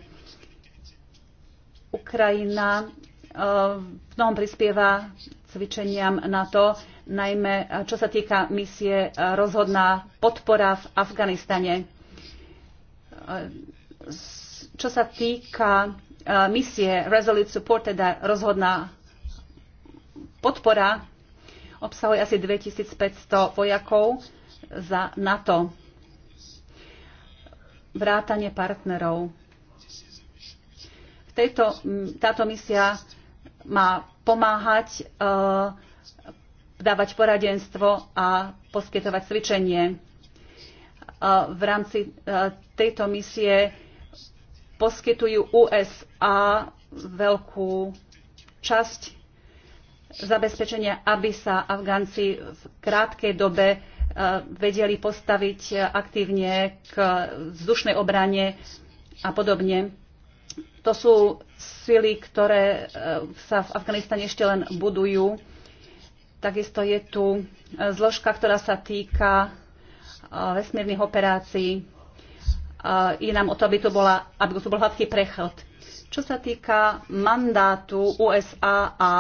Ukrajina e, v tom prispieva cvičeniam NATO, najmä e, čo sa týka misie e, rozhodná podpora v Afganistane. Čo sa týka misie Resolute Support, teda rozhodná podpora, obsahuje asi 2500 vojakov za NATO vrátanie partnerov. Tejto, táto misia má pomáhať uh, dávať poradenstvo a poskytovať cvičenie. Uh, v rámci uh, tejto misie poskytujú USA veľkú časť zabezpečenia, aby sa Afgánci v krátkej dobe vedeli postaviť aktívne k vzdušnej obrane a podobne. To sú sily, ktoré e, sa v Afganistane ešte len budujú. Takisto je tu e, zložka, ktorá sa týka e, vesmírnych operácií. Je nám o to, aby tu, bola, aby tu bol hladký prechod. Čo sa týka mandátu USA a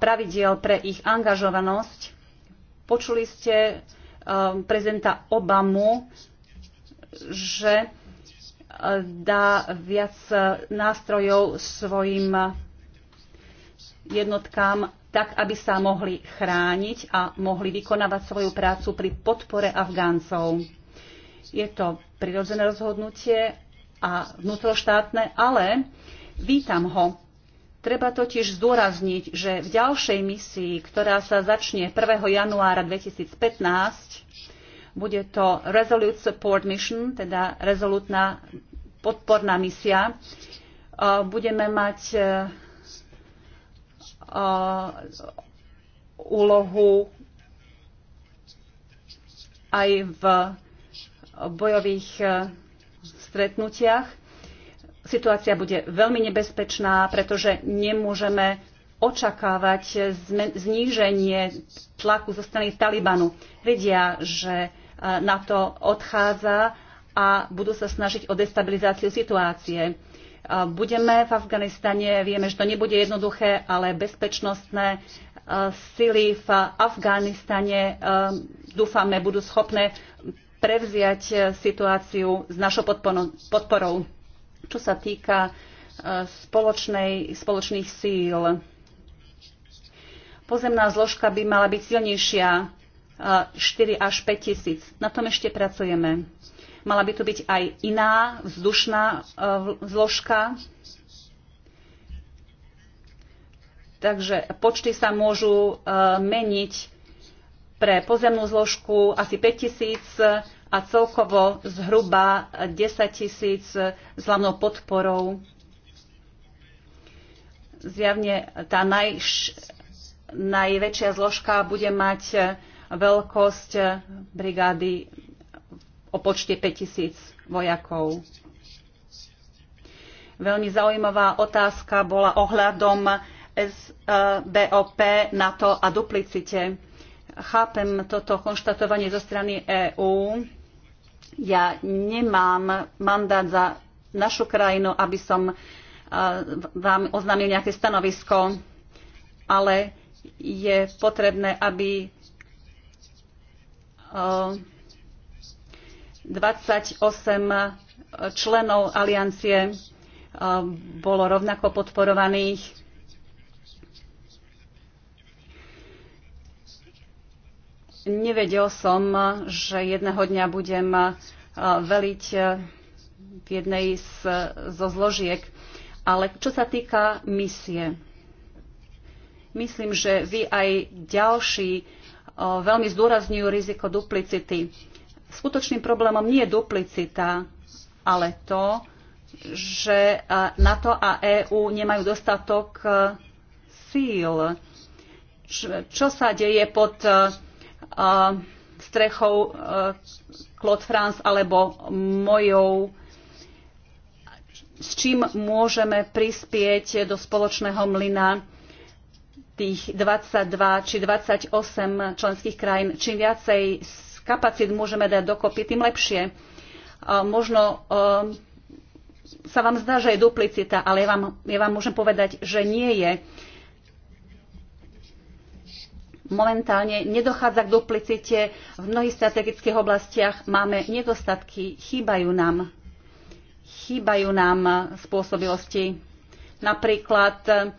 pravidiel pre ich angažovanosť, počuli ste Um, prezidenta Obamu, že uh, dá viac uh, nástrojov svojim jednotkám tak, aby sa mohli chrániť a mohli vykonávať svoju prácu pri podpore Afgáncov. Je to prirodzené rozhodnutie a vnútroštátne, ale vítam ho, Treba totiž zdôrazniť, že v ďalšej misii, ktorá sa začne 1. januára 2015, bude to Resolute Support Mission, teda rezolutná podporná misia. E, budeme mať e, e, úlohu aj v bojových stretnutiach situácia bude veľmi nebezpečná, pretože nemôžeme očakávať zníženie tlaku zo strany Talibanu. Vedia, že e, na to odchádza a budú sa snažiť o destabilizáciu situácie. E, budeme v Afganistane, vieme, že to nebude jednoduché, ale bezpečnostné e, sily v Afganistane dúfame budú schopné prevziať situáciu s našou podporou čo sa týka e, spoločnej, spoločných síl. Pozemná zložka by mala byť silnejšia 4 e, až 5 tisíc. Na tom ešte pracujeme. Mala by tu byť aj iná vzdušná e, zložka. Takže počty sa môžu meniť pre pozemnú zložku asi 5 tisíc, a celkovo zhruba 10 tisíc s hlavnou podporou. Zjavne tá najš, najväčšia zložka bude mať veľkosť brigády o počte 5 tisíc vojakov. Veľmi zaujímavá otázka bola ohľadom SBOP, NATO a duplicite. Chápem toto konštatovanie zo strany EÚ ja nemám mandát za našu krajinu, aby som e, vám oznámil nejaké stanovisko, ale je potrebné, aby 28 e, členov aliancie e, bolo rovnako podporovaných Nevedel som, že jedného dňa budem veliť e, v jednej z, zo zložiek. Ale čo sa týka misie, myslím, že vy aj ďalší e, veľmi zdôrazňujú riziko duplicity. Skutočným problémom nie je duplicita, ale to, že e, NATO a EÚ nemajú dostatok síl. Čo sa deje pod strechou e, Claude France alebo mojou, s čím môžeme prispieť do spoločného mlyna tých 22 či 28 členských krajín. Čím viacej kapacít môžeme dať dokopy, tým lepšie. E, možno e, sa vám zdá, že je duplicita, ale ja vám, ja vám môžem povedať, že nie je momentálne nedochádza k duplicite. V mnohých strategických oblastiach máme nedostatky, chýbajú nám, chýbajú nám spôsobilosti. Napríklad uh,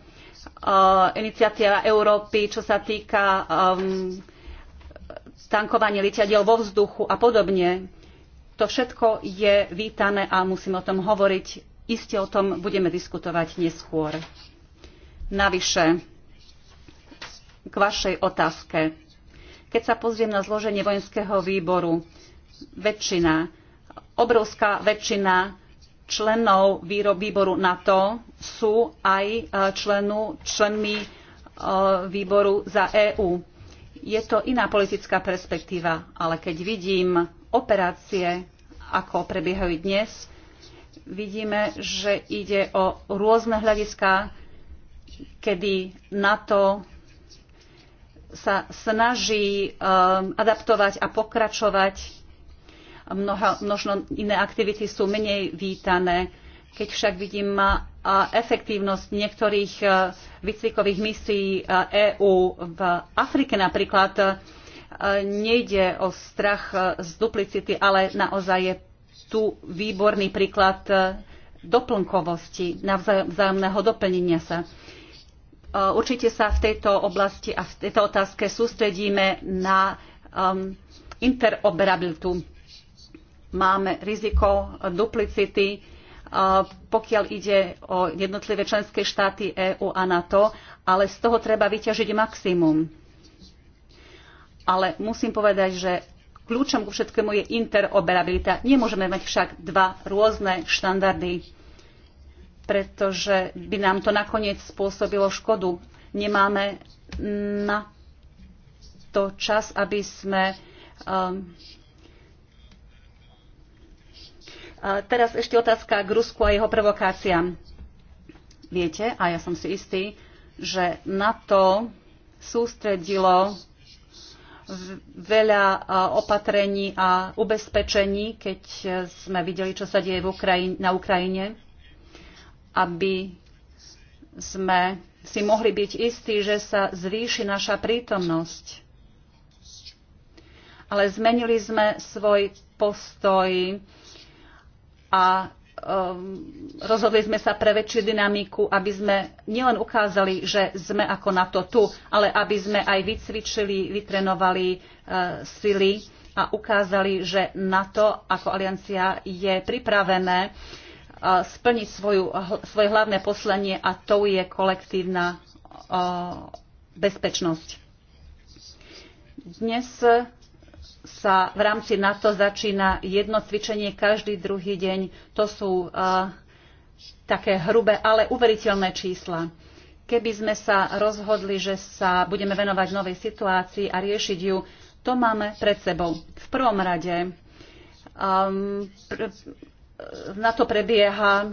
iniciatíva Európy, čo sa týka um, tankovania lietadiel vo vzduchu a podobne. To všetko je vítané a musíme o tom hovoriť. Isté o tom budeme diskutovať neskôr. Navyše, k vašej otázke. Keď sa pozriem na zloženie vojenského výboru, väčšina, obrovská väčšina členov výboru NATO sú aj e, členu, členmi e, výboru za EÚ. Je to iná politická perspektíva, ale keď vidím operácie, ako prebiehajú dnes, vidíme, že ide o rôzne hľadiska, kedy NATO sa snaží um, adaptovať a pokračovať. Mnoha, množno iné aktivity sú menej vítané. Keď však vidím efektívnosť niektorých uh, výcvikových misií uh, EÚ v Afrike napríklad, uh, nejde o strach z duplicity, ale naozaj je tu výborný príklad doplnkovosti, navzájomného doplnenia sa. Eh, určite sa v tejto oblasti a v tejto otázke sústredíme na ehm, interoperabilitu. Máme riziko duplicity, eh, pokiaľ ide o jednotlivé členské štáty EÚ a NATO, ale z toho treba vyťažiť maximum. Ale musím povedať, že kľúčom ku všetkému je interoperabilita. Nemôžeme mať však dva rôzne štandardy pretože by nám to nakoniec spôsobilo škodu. Nemáme na to čas, aby sme. Um, teraz ešte otázka k Rusku a jeho provokáciám. Viete, a ja som si istý, že na to sústredilo veľa opatrení a ubezpečení, keď e, sme videli, čo sa deje v Ukrajine, na Ukrajine aby sme si mohli byť istí, že sa zvýši naša prítomnosť. Ale zmenili sme svoj postoj a um, rozhodli sme sa pre väčšiu dynamiku, aby sme nielen ukázali, že sme ako na to tu, ale aby sme aj vycvičili, vytrenovali uh, sily a ukázali, že NATO ako aliancia je pripravené splniť svoju, svoje hlavné poslanie a to je kolektívna bezpečnosť. Dnes sa v rámci NATO začína jedno cvičenie každý druhý deň. To sú také hrubé, ale uveriteľné čísla. Keby sme sa rozhodli, že sa budeme venovať novej situácii a riešiť ju, to máme pred sebou. V prvom rade um, pr- na to prebieha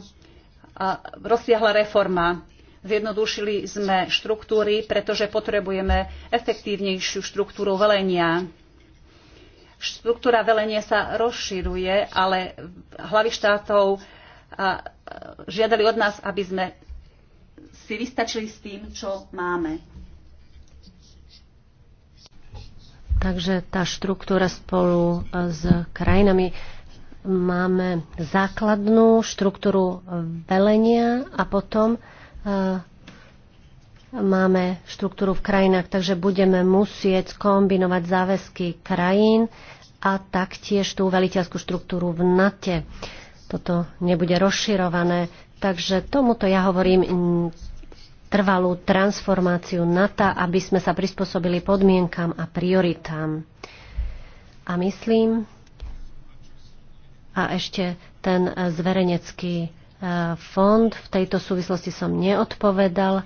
rozsiahla reforma. Zjednodušili sme štruktúry, pretože potrebujeme efektívnejšiu štruktúru velenia. Štruktúra velenia sa rozširuje, ale hlavy štátov žiadali od nás, aby sme si vystačili s tým, čo máme. Takže tá štruktúra spolu e, s krajinami máme základnú štruktúru velenia a potom e, máme štruktúru v krajinách, takže budeme musieť kombinovať záväzky krajín a taktiež tú veliteľskú štruktúru v NATE. Toto nebude rozširované, takže tomuto ja hovorím trvalú transformáciu NATO, e, aby sme sa prispôsobili podmienkam a prioritám. A myslím, a ešte ten e, zverejnecký e, fond, v tejto súvislosti som neodpovedal.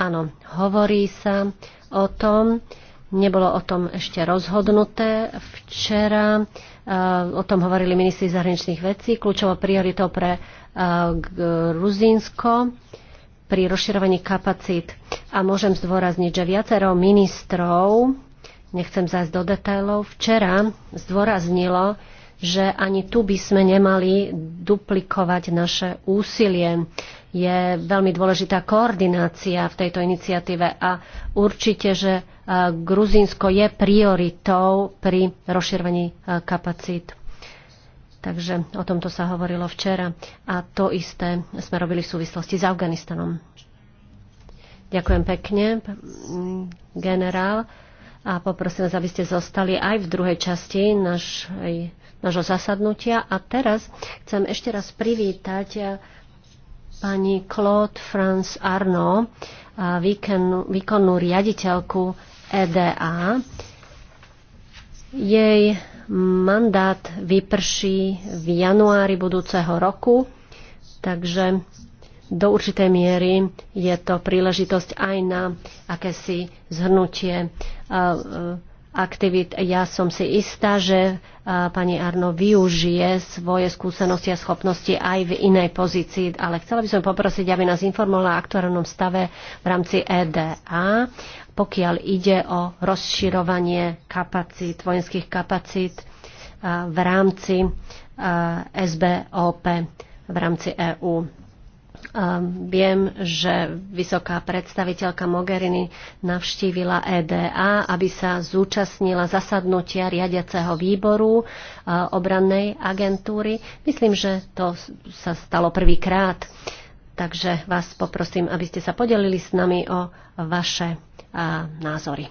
Áno, hovorí sa o tom, nebolo o tom ešte rozhodnuté. Včera e, o tom hovorili ministri zahraničných vecí, kľúčovou prioritou pre Gruzínsko pri rozširovaní kapacít. A môžem zdôrazniť, že viacero ministrov, nechcem zájsť do detailov, včera zdôraznilo, že ani tu by sme nemali duplikovať naše úsilie. Je veľmi dôležitá koordinácia v tejto iniciatíve a určite, že e, Gruzínsko je prioritou pri rozširovaní e, kapacít. Takže o tomto sa hovorilo včera a to isté sme robili v súvislosti s Afganistanom. Ďakujem pekne, generál a poprosím vás, aby ste zostali aj v druhej časti našej, zasadnutia. A teraz chcem ešte raz privítať eh, pani Claude France Arno, eh, výkonnú riaditeľku EDA. Jej mandát vyprší v januári budúceho roku, takže do určitej miery je to príležitosť aj na akési zhrnutie eh, eh, aktivít. Ja som si istá, že eh, pani Arno využije svoje skúsenosti a schopnosti aj v inej pozícii, ale chcela by som poprosiť, aby nás informovala o aktuálnom stave v rámci EDA, pokiaľ ide o rozširovanie kapacít, vojenských kapacít v rámci SBOP v rámci EÚ. Viem, že vysoká predstaviteľka Mogherini navštívila EDA, aby sa zúčastnila zasadnutia riadiaceho výboru e, obrannej agentúry. Myslím, že to sa stalo prvýkrát. Takže vás poprosím, aby ste sa podelili s nami o vaše názory.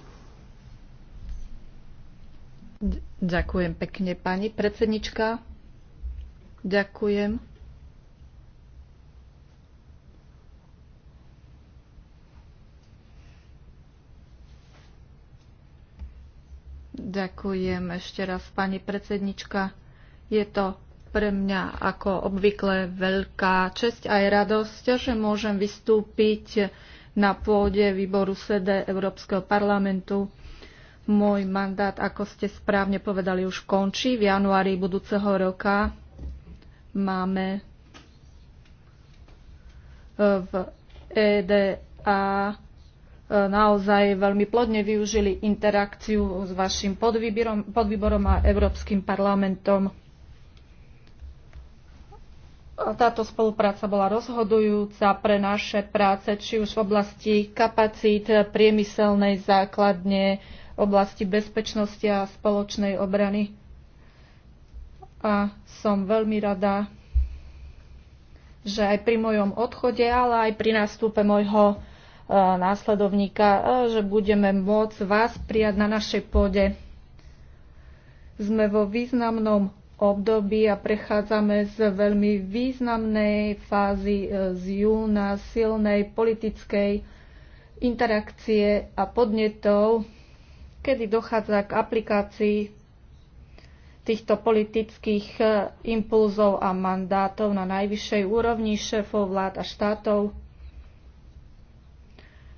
Ďakujem pekne, pani predsednička. Ďakujem Ďakujem ešte raz, pani predsednička. Je to pre mňa ako obvykle veľká česť aj radosť, že môžem vystúpiť na pôde výboru SEDE Európskeho parlamentu. Môj mandát, ako ste správne povedali, už končí. V januári budúceho roka máme eh, v EDA E, naozaj veľmi plodne využili interakciu s vašim podvýborom, podvýborom a Európskym parlamentom. Táto spolupráca bola rozhodujúca pre naše práce, či už v oblasti kapacít priemyselnej základne, oblasti bezpečnosti a spoločnej obrany. A som veľmi rada, že aj pri mojom odchode, ale aj pri nástupe môjho E, následovníka, e, že budeme môcť vás prijať na našej pôde. Sme vo významnom období a prechádzame z veľmi významnej fázy e, z júna silnej politickej interakcie a podnetov, kedy dochádza k aplikácii týchto politických impulzov a mandátov na najvyššej úrovni šéfov vlád a štátov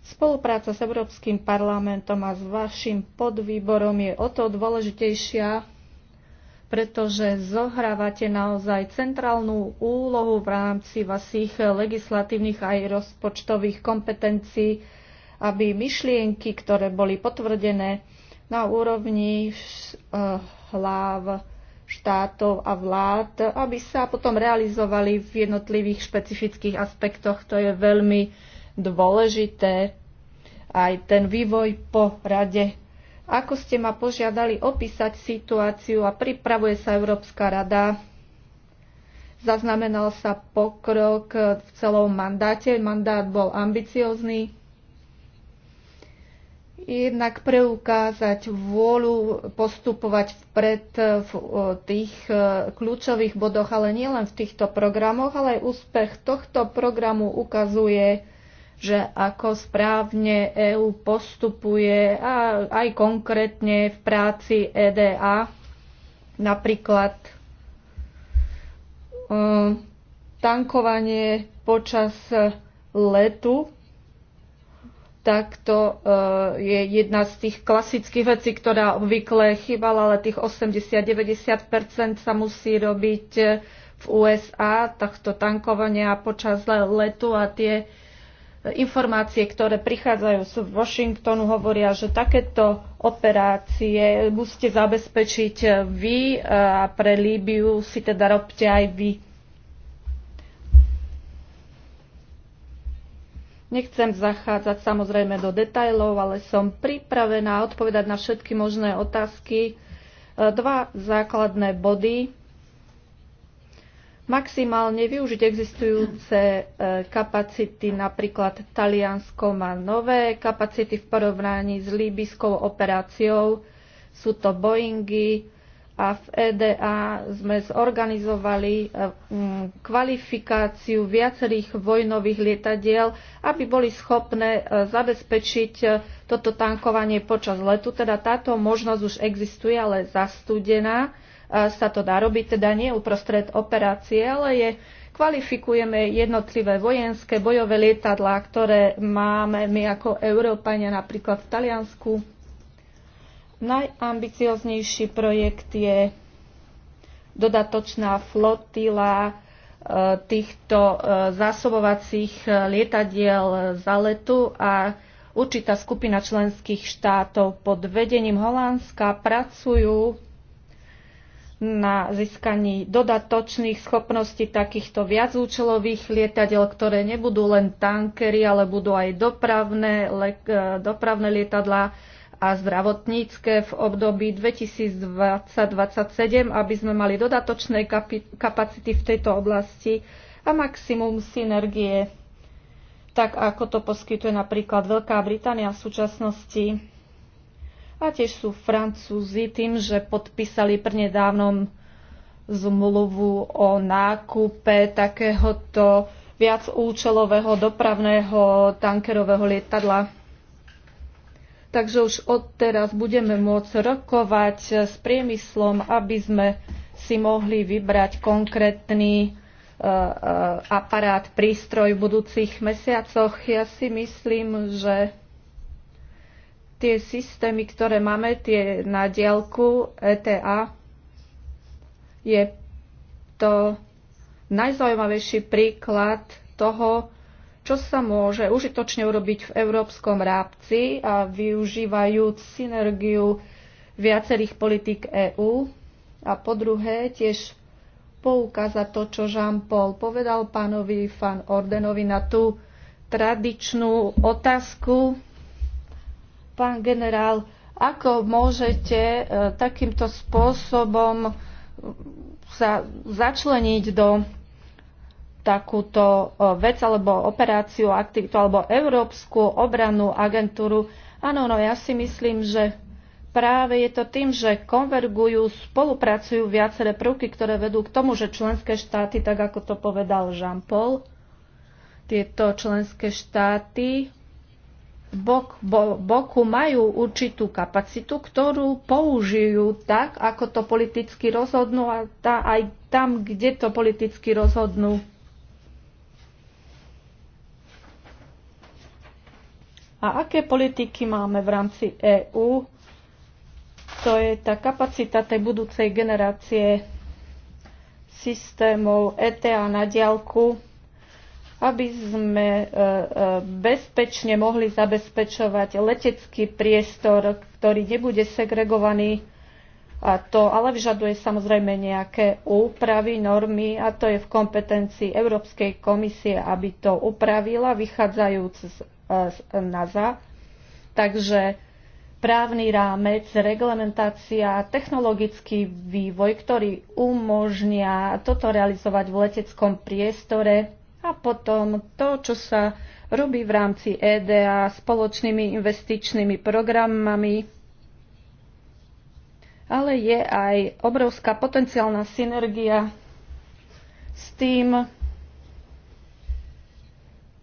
Spolupráca s Európskym parlamentom a s vašim podvýborom je o to dôležitejšia, pretože zohrávate naozaj centrálnu úlohu v rámci vašich legislatívnych aj rozpočtových kompetencií, aby myšlienky, ktoré boli potvrdené na úrovni eh, hlav štátov a vlád, aby sa potom realizovali v jednotlivých špecifických aspektoch. To je veľmi dôležité aj ten vývoj po rade. Ako ste ma požiadali opísať situáciu a pripravuje sa Európska rada, zaznamenal sa pokrok v celom mandáte. Mandát bol ambiciózny. Jednak preukázať vôľu postupovať vpred v tých e, kľúčových bodoch, ale nielen v týchto programoch, ale aj úspech tohto programu ukazuje, že ako správne EÚ postupuje a aj konkrétne v práci EDA. Napríklad e, tankovanie počas letu tak to e, je jedna z tých klasických vecí, ktorá obvykle chýbala, ale tých 80-90% sa musí robiť v USA, takto tankovania počas letu a tie informácie, ktoré prichádzajú z Washingtonu, hovoria, že takéto operácie musíte zabezpečiť vy e, a pre Líbiu si teda robte aj vy. Nechcem zachádzať samozrejme do detajlov, ale som pripravená odpovedať na všetky možné otázky. E, dva základné body maximálne využiť existujúce e, kapacity. Napríklad Taliansko má nové kapacity v porovnaní s líbyskou operáciou. Sú to Boeingy a v EDA sme zorganizovali e, kvalifikáciu viacerých vojnových lietadiel, aby boli schopné e, zabezpečiť toto tankovanie počas letu. Teda táto možnosť už existuje, ale zastúdená sa to dá robiť, teda nie uprostred operácie, ale je kvalifikujeme jednotlivé vojenské bojové lietadlá, ktoré máme my ako Európania napríklad v Taliansku. Najambicioznejší projekt je dodatočná flotila e, týchto e, zásobovacích e, lietadiel za letu a určitá skupina členských štátov pod vedením Holandska pracujú na získaní dodatočných schopností takýchto viacúčelových lietadiel, ktoré nebudú len tankery, ale budú aj dopravné, le, e, dopravné lietadlá a zdravotnícke v období 2020-2027, aby sme mali dodatočné kapacity v tejto oblasti a maximum synergie, tak ako to poskytuje napríklad Veľká Británia v súčasnosti a tiež sú Francúzi tým, že podpísali prednedávnom zmluvu o nákupe takéhoto viac účelového dopravného tankerového lietadla. Takže už odteraz budeme môcť rokovať s priemyslom, aby sme si mohli vybrať konkrétny e, e, aparát, prístroj v budúcich mesiacoch. Ja si myslím, že tie systémy, ktoré máme, tie na dielku ETA, je to najzaujímavejší príklad toho, čo sa môže užitočne urobiť v európskom rámci a využívajúc synergiu viacerých politik EÚ. A po druhé tiež poukázať to, čo Jean-Paul povedal pánovi Fan Ordenovi na tú tradičnú otázku, Pán generál, ako môžete e, takýmto spôsobom sa začleniť do takúto e, vec alebo operáciu, aktivitu alebo Európsku obranú agentúru. Áno, no ja si myslím, že práve je to tým, že konvergujú, spolupracujú viaceré prvky, ktoré vedú k tomu, že členské štáty, tak ako to povedal Jean-Paul, tieto členské štáty bok, bo, boku majú určitú kapacitu, ktorú použijú tak, ako to politicky rozhodnú a tá, aj tam, kde to politicky rozhodnú. A aké politiky máme v rámci EÚ? To je tá kapacita tej budúcej generácie systémov ETA na diálku aby sme e, e, bezpečne mohli zabezpečovať letecký priestor, ktorý nebude segregovaný. A to ale vyžaduje samozrejme nejaké úpravy, normy a to je v kompetencii Európskej komisie, aby to upravila, vychádzajúc z, e, z NASA. Takže právny rámec, reglementácia, technologický vývoj, ktorý umožnia toto realizovať v leteckom priestore a potom to, čo sa robí v rámci EDA spoločnými investičnými programami, ale je aj obrovská potenciálna synergia s tým,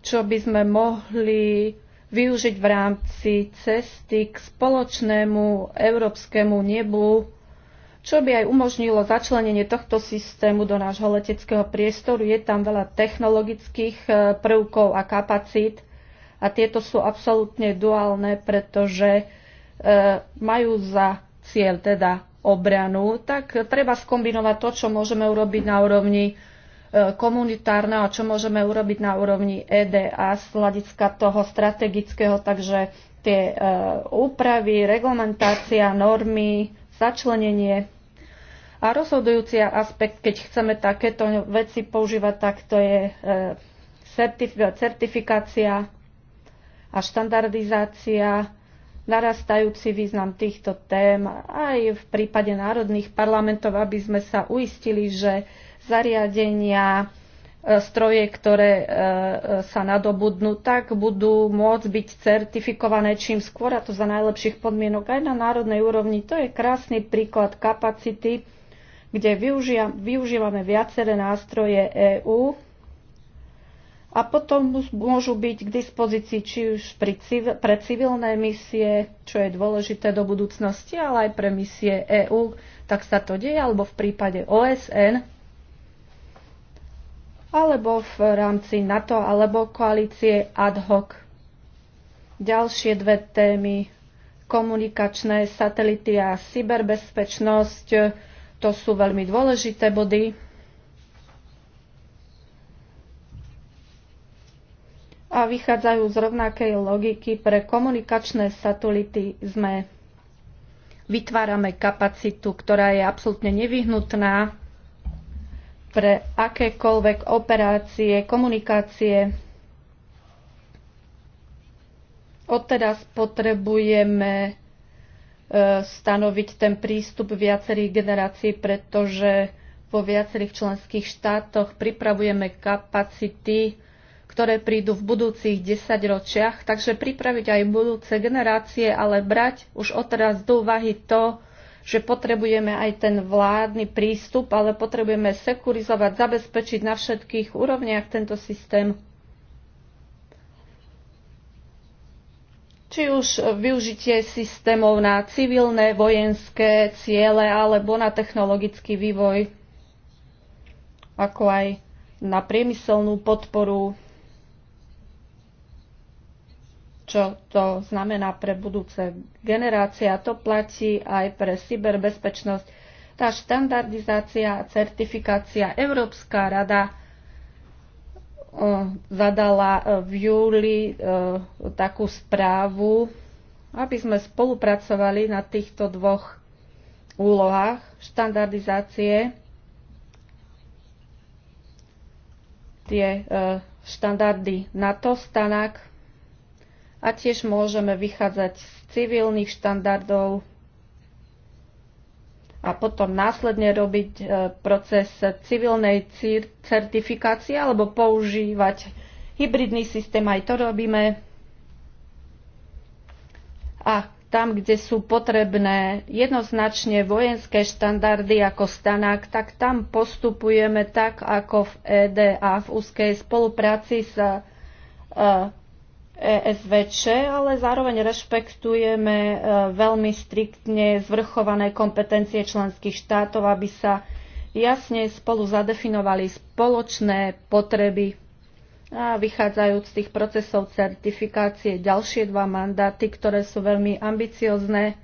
čo by sme mohli využiť v rámci cesty k spoločnému európskemu nebu čo by aj umožnilo začlenenie tohto systému do nášho leteckého priestoru. Je tam veľa technologických e, prvkov a kapacít a tieto sú absolútne duálne, pretože e, majú za cieľ teda obranu, tak treba skombinovať to, čo môžeme urobiť na úrovni e, komunitárneho a čo môžeme urobiť na úrovni EDA z hľadiska toho strategického, takže tie úpravy, reglementácia, normy, začlenenie. A rozhodujúci aspekt, keď chceme takéto veci používať, tak to je e, certifikácia a štandardizácia, narastajúci význam týchto tém aj v prípade národných parlamentov, aby sme sa uistili, že zariadenia, e, stroje, ktoré e, sa nadobudnú, tak budú môcť byť certifikované čím skôr, a to za najlepších podmienok aj na národnej úrovni. To je krásny príklad kapacity, kde využívame viaceré nástroje EÚ a potom môžu byť k dispozícii či už pri, pre civilné misie, čo je dôležité do budúcnosti, ale aj pre misie EÚ, tak sa to deje, alebo v prípade OSN, alebo v rámci NATO, alebo koalície ad hoc. Ďalšie dve témy komunikačné satelity a cyberbezpečnosť to sú veľmi dôležité body. A vychádzajú z rovnakej logiky. Pre komunikačné satelity sme vytvárame kapacitu, ktorá je absolútne nevyhnutná pre akékoľvek operácie, komunikácie. Odteraz potrebujeme E, stanoviť ten prístup viacerých generácií, pretože vo viacerých členských štátoch pripravujeme kapacity, ktoré prídu v budúcich desaťročiach, takže pripraviť aj budúce generácie, ale brať už odteraz do úvahy to, že potrebujeme aj ten vládny prístup, ale potrebujeme sekurizovať, zabezpečiť na všetkých úrovniach tento systém. či už využitie systémov na civilné, vojenské ciele alebo na technologický vývoj, ako aj na priemyselnú podporu, čo to znamená pre budúce generácie. A to platí aj pre cyberbezpečnosť. Tá štandardizácia a certifikácia Európska rada zadala e, v júli e, takú správu, aby sme spolupracovali na týchto dvoch úlohách štandardizácie. Tie e, štandardy NATO, STANAK a tiež môžeme vychádzať z civilných štandardov a potom následne robiť e, proces civilnej certifikácie alebo používať hybridný systém, aj to robíme. A tam, kde sú potrebné jednoznačne vojenské štandardy ako stanák, tak tam postupujeme tak, ako v EDA v úzkej spolupráci s e, ESVČ, ale zároveň rešpektujeme e, veľmi striktne zvrchované kompetencie členských štátov, aby sa jasne spolu zadefinovali spoločné potreby a vychádzajúc z tých procesov certifikácie ďalšie dva mandáty, ktoré sú veľmi ambiciozne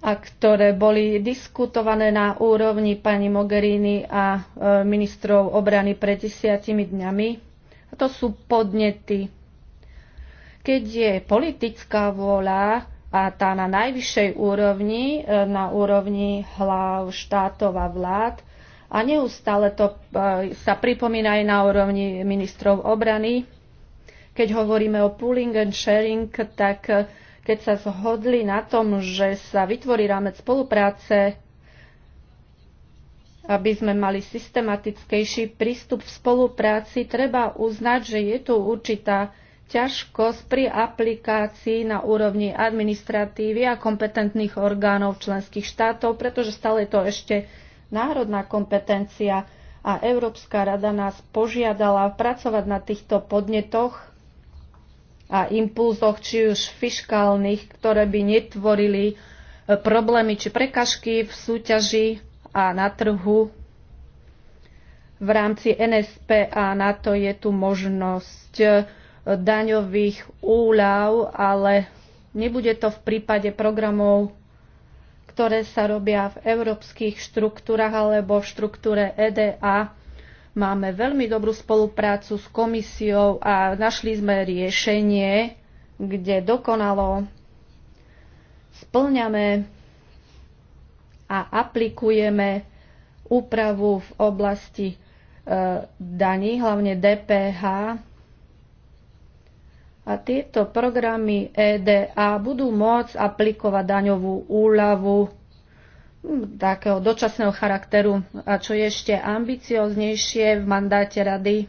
a ktoré boli diskutované na úrovni pani Mogherini a e, ministrov obrany pred desiatimi dňami. A to sú podnety keď je politická vôľa a tá na najvyššej úrovni, e, na úrovni hlav štátov a vlád, a neustále to e, sa pripomína aj na úrovni ministrov obrany, keď hovoríme o pooling and sharing, tak e, keď sa zhodli na tom, že sa vytvorí rámec spolupráce, aby sme mali systematickejší prístup v spolupráci, treba uznať, že je tu určitá ťažkosť pri aplikácii na úrovni administratívy a kompetentných orgánov členských štátov, pretože stále je to ešte národná kompetencia a Európska rada nás požiadala pracovať na týchto podnetoch a impulzoch, či už fiškálnych, ktoré by netvorili e, problémy či prekažky v súťaži a na trhu v rámci NSP a NATO je tu možnosť e, daňových úľav, ale nebude to v prípade programov, ktoré sa robia v európskych štruktúrach alebo v štruktúre EDA. Máme veľmi dobrú spoluprácu s komisiou a našli sme riešenie, kde dokonalo splňame a aplikujeme úpravu v oblasti e, daní, hlavne DPH, a tieto programy EDA budú môcť aplikovať daňovú úľavu hm, takého dočasného charakteru. A čo je ešte ambicioznejšie v mandáte rady,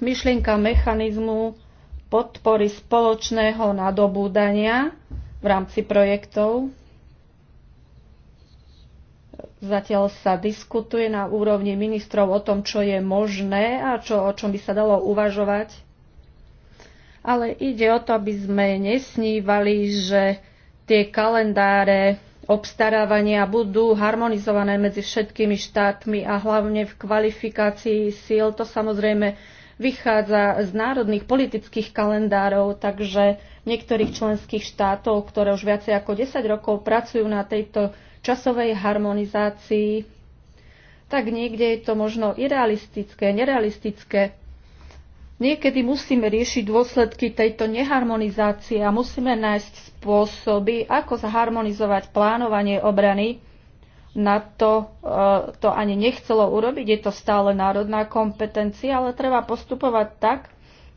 myšlienka mechanizmu podpory spoločného nadobúdania v rámci projektov. Zatiaľ sa diskutuje na úrovni ministrov o tom, čo je možné a čo, o čom by sa dalo uvažovať ale ide o to, aby sme nesnívali, že tie kalendáre obstarávania budú harmonizované medzi všetkými štátmi a hlavne v kvalifikácii síl. To samozrejme vychádza z národných politických kalendárov, takže niektorých členských štátov, ktoré už viacej ako 10 rokov pracujú na tejto časovej harmonizácii, tak niekde je to možno irealistické, nerealistické. Niekedy musíme riešiť dôsledky tejto neharmonizácie a musíme nájsť spôsoby, ako zharmonizovať plánovanie obrany. Na to e, to ani nechcelo urobiť, je to stále národná kompetencia, ale treba postupovať tak,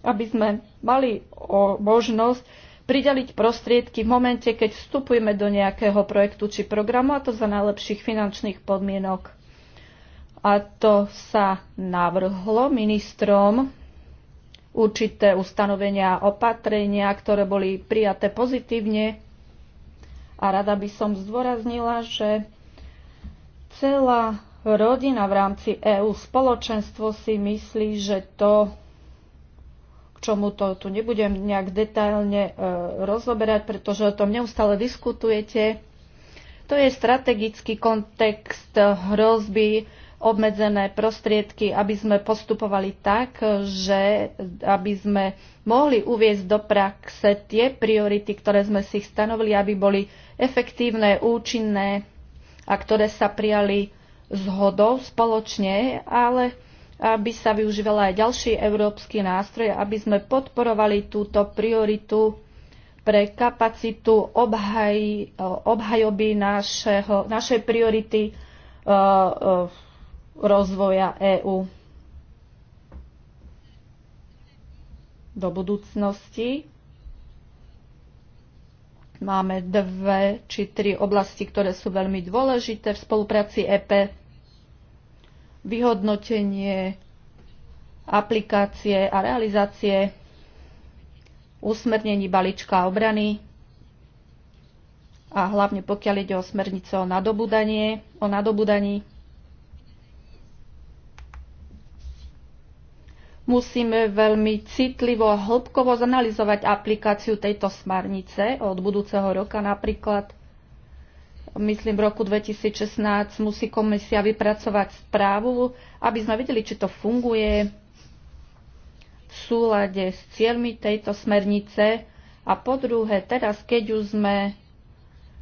aby sme mali možnosť prideliť prostriedky v momente, keď vstupujeme do nejakého projektu či programu, a to za najlepších finančných podmienok. A to sa navrhlo ministrom určité ustanovenia a opatrenia, ktoré boli prijaté pozitívne. A rada by som zdôraznila, že celá rodina v rámci EÚ spoločenstvo si myslí, že to, k čomu to tu nebudem nejak detailne e, rozoberať, pretože o tom neustále diskutujete, to je strategický kontext hrozby obmedzené prostriedky, aby sme postupovali tak, že aby sme mohli uviezť do praxe tie priority, ktoré sme si ich stanovili, aby boli efektívne, účinné a ktoré sa prijali zhodou spoločne, ale aby sa využívala aj ďalší európsky nástroj, aby sme podporovali túto prioritu pre kapacitu obhaj, obhajoby našeho, našej priority uh, uh, rozvoja EÚ. Do budúcnosti máme dve či tri oblasti, ktoré sú veľmi dôležité v spolupráci EP. Vyhodnotenie aplikácie a realizácie usmernení balíčka obrany a hlavne pokiaľ ide o smernice o nadobudanie, o nadobudaní Musíme veľmi citlivo a hĺbkovo zanalizovať aplikáciu tejto smarnice od budúceho roka napríklad. Myslím, v roku 2016 musí komisia vypracovať správu, aby sme videli, či to funguje v súlade s cieľmi tejto smernice. A po druhé, teraz, keď už sme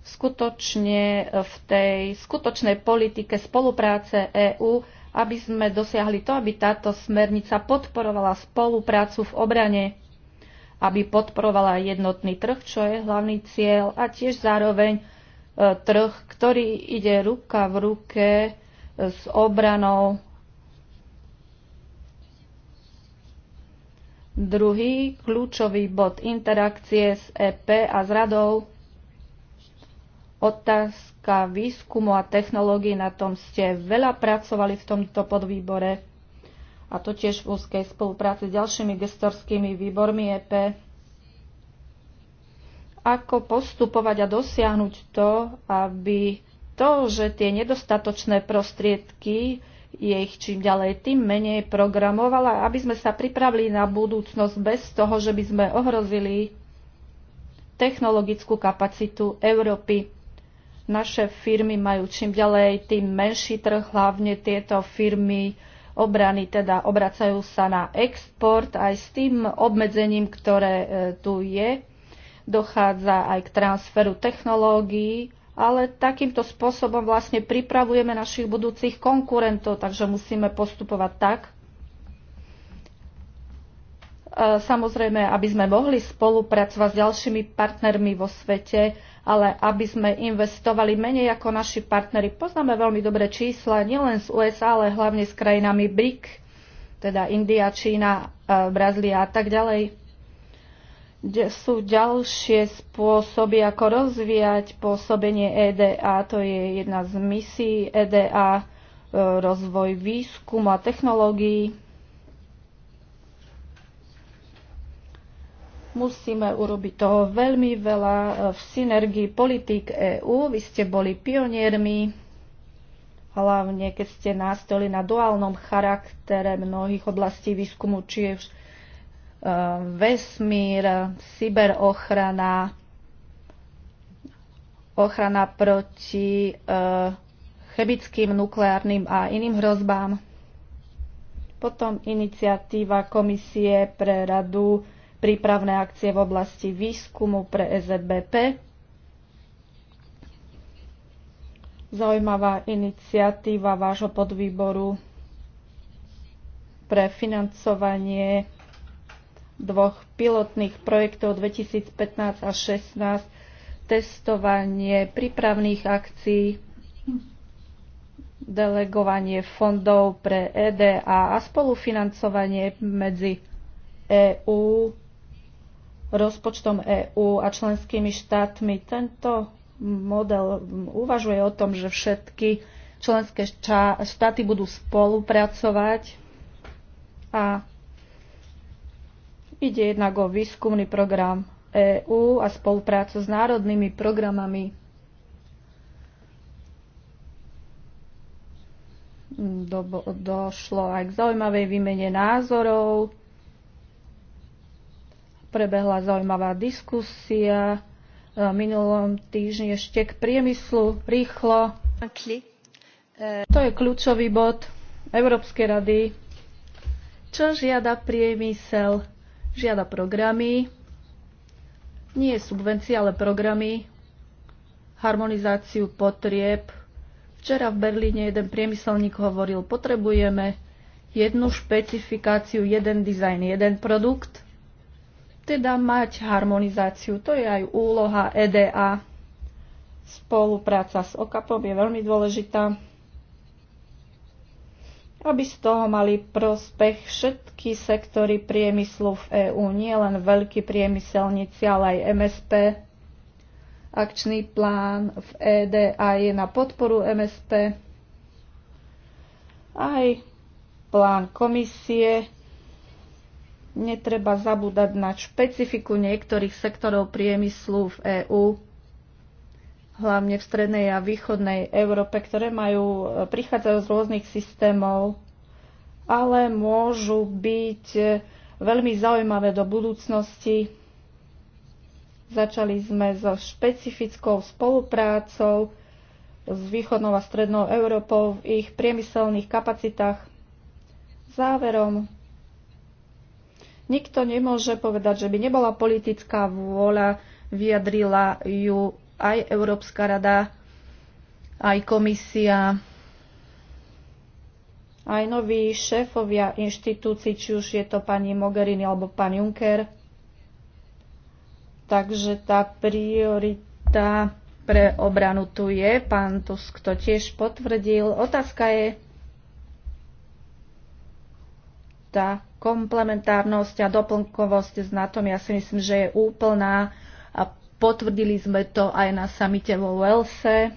skutočne v tej skutočnej politike spolupráce EÚ aby sme dosiahli to, aby táto smernica podporovala spoluprácu v obrane, aby podporovala jednotný trh, čo je hlavný cieľ, a tiež zároveň e, trh, ktorý ide ruka v ruke e, s obranou. Druhý kľúčový bod interakcie s EP a s radou otázka hľadiska výskumu a technológií. Na tom ste veľa pracovali v tomto podvýbore a to tiež v úzkej spolupráci s ďalšími gestorskými výbormi EP. Ako postupovať a dosiahnuť to, aby to, že tie nedostatočné prostriedky je ich čím ďalej, tým menej programovala, aby sme sa pripravili na budúcnosť bez toho, že by sme ohrozili technologickú kapacitu Európy. Naše firmy majú čím ďalej tým menší trh, hlavne tieto firmy obrany, teda obracajú sa na export aj s tým obmedzením, ktoré e, tu je. Dochádza aj k transferu technológií, ale takýmto spôsobom vlastne pripravujeme našich budúcich konkurentov, takže musíme postupovať tak, e, samozrejme, aby sme mohli spolupracovať s ďalšími partnermi vo svete, ale aby sme investovali menej ako naši partnery. Poznáme veľmi dobré čísla nielen z USA, ale hlavne s krajinami BRIC, teda India, Čína, e, Brazília a tak ďalej. Kde sú ďalšie spôsoby, ako rozvíjať pôsobenie EDA. To je jedna z misií EDA, e, rozvoj výskumu a technológií Musíme urobiť toho veľmi veľa eh, v synergii politik EÚ. Vy ste boli pioniermi, hlavne keď ste nástali na duálnom charaktere mnohých oblastí výskumu, či je eh, vesmír, cyberochrana, ochrana proti eh, chemickým, nukleárnym a iným hrozbám. Potom iniciatíva Komisie pre radu prípravné akcie v oblasti výskumu pre EZBP. Zaujímavá iniciatíva vášho podvýboru pre financovanie dvoch pilotných projektov 2015 a 16, testovanie prípravných akcií, delegovanie fondov pre EDA a spolufinancovanie medzi EÚ rozpočtom EÚ a členskými štátmi. Tento model uvažuje o tom, že všetky členské štáty budú spolupracovať a ide jednak o výskumný program EÚ a spoluprácu s národnými programami. Do, došlo aj k zaujímavej výmene názorov prebehla zaujímavá diskusia e, minulom týždni ešte k priemyslu rýchlo. E, to je kľúčový bod Európskej rady. Čo žiada priemysel? Žiada programy, nie subvencie, ale programy, harmonizáciu potrieb. Včera v Berlíne jeden priemyselník hovoril, potrebujeme jednu špecifikáciu, jeden dizajn, jeden produkt teda mať harmonizáciu. To je aj úloha EDA. Spolupráca s OKAPom je veľmi dôležitá, aby z toho mali prospech všetky sektory priemyslu v EÚ, nie len veľkí priemyselníci, ale aj MSP. Akčný plán v EDA je na podporu MSP. Aj plán komisie Netreba zabúdať na špecifiku niektorých sektorov priemyslu v EÚ, hlavne v strednej a východnej Európe, ktoré majú, e, prichádzajú z rôznych systémov, ale môžu byť e, veľmi zaujímavé do budúcnosti. Začali sme so špecifickou spoluprácou s východnou a strednou Európou v ich priemyselných kapacitách. Záverom Nikto nemôže povedať, že by nebola politická vôľa, vyjadrila ju aj Európska rada, aj komisia, aj noví šéfovia inštitúcií, či už je to pani Mogherini alebo pán Juncker. Takže tá priorita pre obranu tu je. Pán Tusk to tiež potvrdil. Otázka je tá, komplementárnosť a doplnkovosť s NATO ja si myslím, že je úplná a potvrdili sme to aj na samite vo Velse.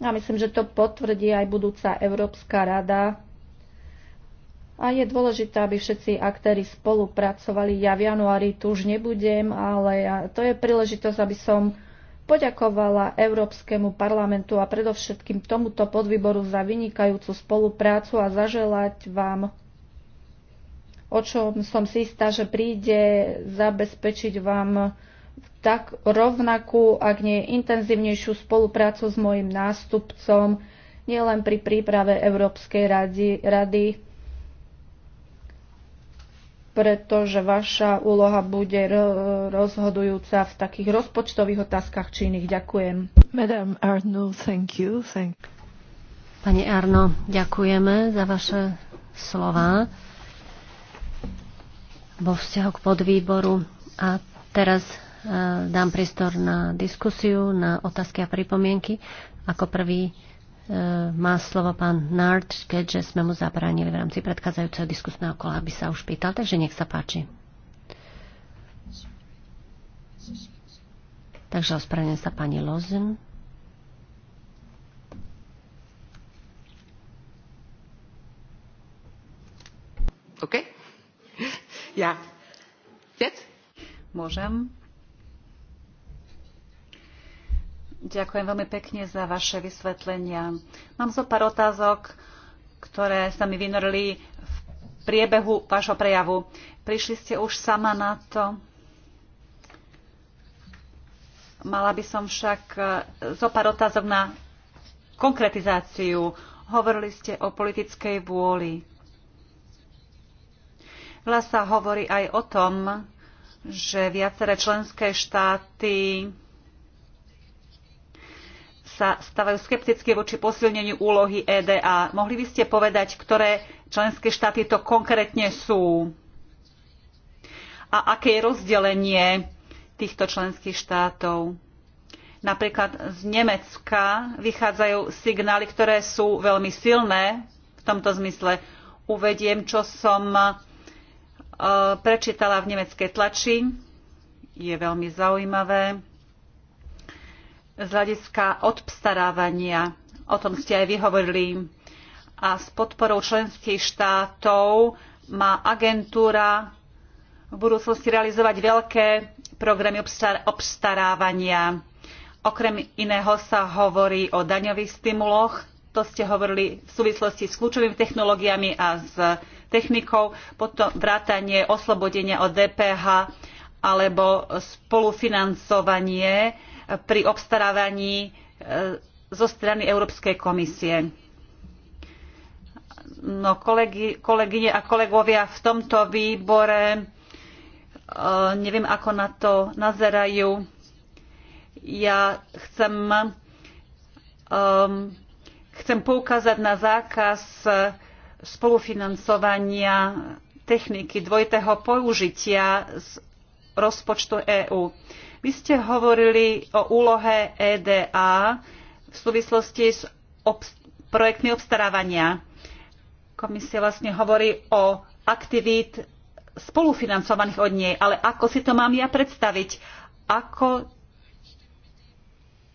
A myslím, že to potvrdí aj budúca Európska rada. A je dôležité, aby všetci aktéry spolupracovali. Ja v januári tu už nebudem, ale to je príležitosť, aby som poďakovala Európskemu parlamentu a predovšetkým tomuto podvýboru za vynikajúcu spoluprácu a zaželať vám o čom som si istá, že príde zabezpečiť vám tak rovnakú, ak nie intenzívnejšiu spoluprácu s mojim nástupcom, nielen pri príprave Európskej rady, rady pretože vaša úloha bude rozhodujúca v takých rozpočtových otázkach či iných. Ďakujem. Madame Arno, thank you. Thank... Pani Arno, ďakujeme za vaše slova vo vzťahu k podvýboru. A teraz e, dám priestor na diskusiu, na otázky a pripomienky. Ako prvý e, má slovo pán Nard, keďže sme mu zabránili v rámci predchádzajúceho diskusného kola, aby sa už pýtal, takže nech sa páči. Takže ospravedlňujem sa pani Lozen. Okay. Ja. Jetzt? Môžem. Ďakujem veľmi pekne za vaše vysvetlenia. Mám zo pár otázok, ktoré sa mi vynorili v priebehu vášho prejavu. Prišli ste už sama na to. Mala by som však e, zo pár otázok na konkretizáciu. Hovorili ste o politickej vôli. Veľa sa hovorí aj o tom, že viaceré členské štáty sa stávajú skepticky voči posilneniu úlohy EDA. Mohli by ste povedať, ktoré členské štáty to konkrétne sú a aké je rozdelenie týchto členských štátov? Napríklad z Nemecka vychádzajú signály, ktoré sú veľmi silné v tomto zmysle. Uvediem, čo som Eh, prečítala v nemeckej tlači. Je veľmi zaujímavé z hľadiska obstarávania. O tom ste aj vyhovorili. A s podporou členských štátov má agentúra v budúcnosti realizovať veľké programy obstarávania. Okrem iného sa hovorí o daňových stimuloch. To ste hovorili v súvislosti s kľúčovými technológiami a s technikou, potom vrátanie oslobodenia od DPH alebo spolufinancovanie pri obstarávaní e, zo strany Európskej komisie. No, kolegy, kolegyne a kolegovia v tomto výbore, e, neviem ako na to nazerajú, ja chcem, um, chcem poukázať na zákaz spolufinancovania techniky dvojitého použitia z rozpočtu EÚ. Vy ste hovorili o úlohe EDA v súvislosti s obs- projektmi obstarávania. Komisia vlastne hovorí o aktivít spolufinancovaných od nej, ale ako si to mám ja predstaviť? Ako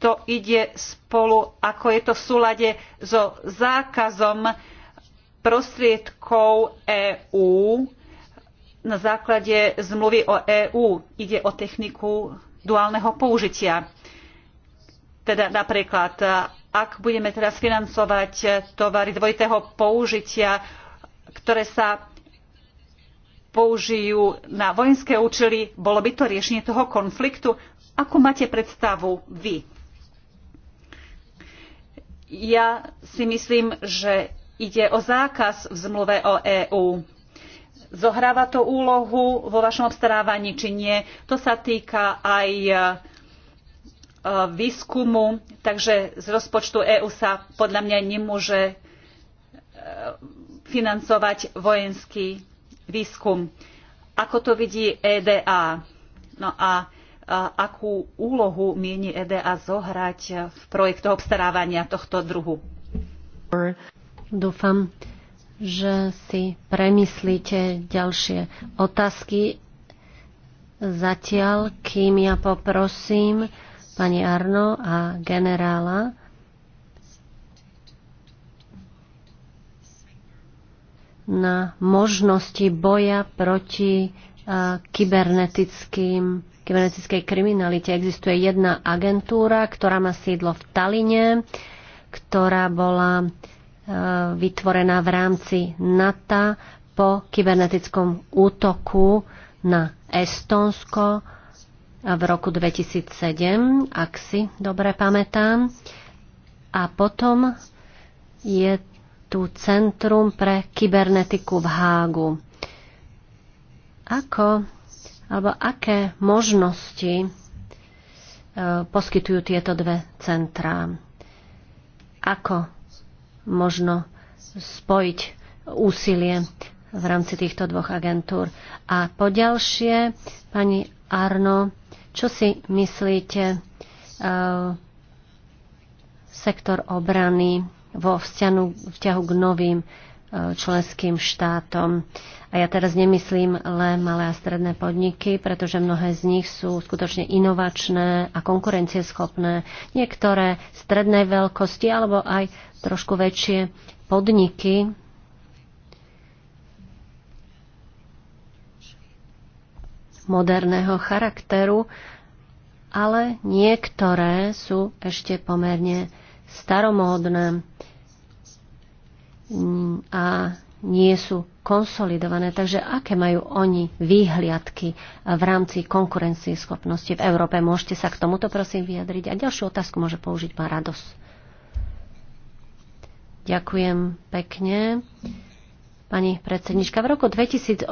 to ide spolu, ako je to v súlade so zákazom prostriedkov EÚ na základe zmluvy o EÚ. Ide o techniku duálneho použitia. Teda napríklad, ak budeme teraz financovať tovary dvojitého použitia, ktoré sa použijú na vojenské účely, bolo by to riešenie toho konfliktu? Ako máte predstavu vy? Ja si myslím, že Ide o zákaz v zmluve o EÚ. Zohráva to úlohu vo vašom obstarávaní či nie? To sa týka aj e, výskumu, takže z rozpočtu EÚ sa podľa mňa nemôže e, financovať vojenský výskum. Ako to vidí EDA? No a e, akú úlohu mieni EDA zohrať v projektoch obstarávania tohto druhu? Dúfam, že si premyslíte ďalšie otázky. Zatiaľ, kým ja poprosím pani Arno a generála, na možnosti boja proti kybernetickým, kybernetickej kriminalite. Existuje jedna agentúra, ktorá má sídlo v Taline, ktorá bola E, vytvorená v rámci NATO po kybernetickom útoku na Estonsko v roku 2007, ak si dobre pamätám. A potom je tu Centrum pre kybernetiku v Hágu. Ako alebo aké možnosti e, poskytujú tieto dve centrá? Ako možno spojiť úsilie v rámci týchto dvoch agentúr. A poďalšie, pani Arno, čo si myslíte, uh, sektor obrany vo vzťahu, vzťahu k novým eh, členským štátom. A ja teraz nemyslím len malé a stredné podniky, pretože mnohé z nich sú skutočne inovačné a konkurencieschopné. Niektoré strednej veľkosti alebo aj trošku väčšie podniky. moderného charakteru, ale niektoré sú ešte pomerne staromódne a nie sú konsolidované. Takže aké majú oni výhliadky v rámci konkurencieschopnosti v Európe? Môžete sa k tomuto prosím vyjadriť. A ďalšiu otázku môže použiť pán Rados. Ďakujem pekne. Pani predsednička, v roku 2008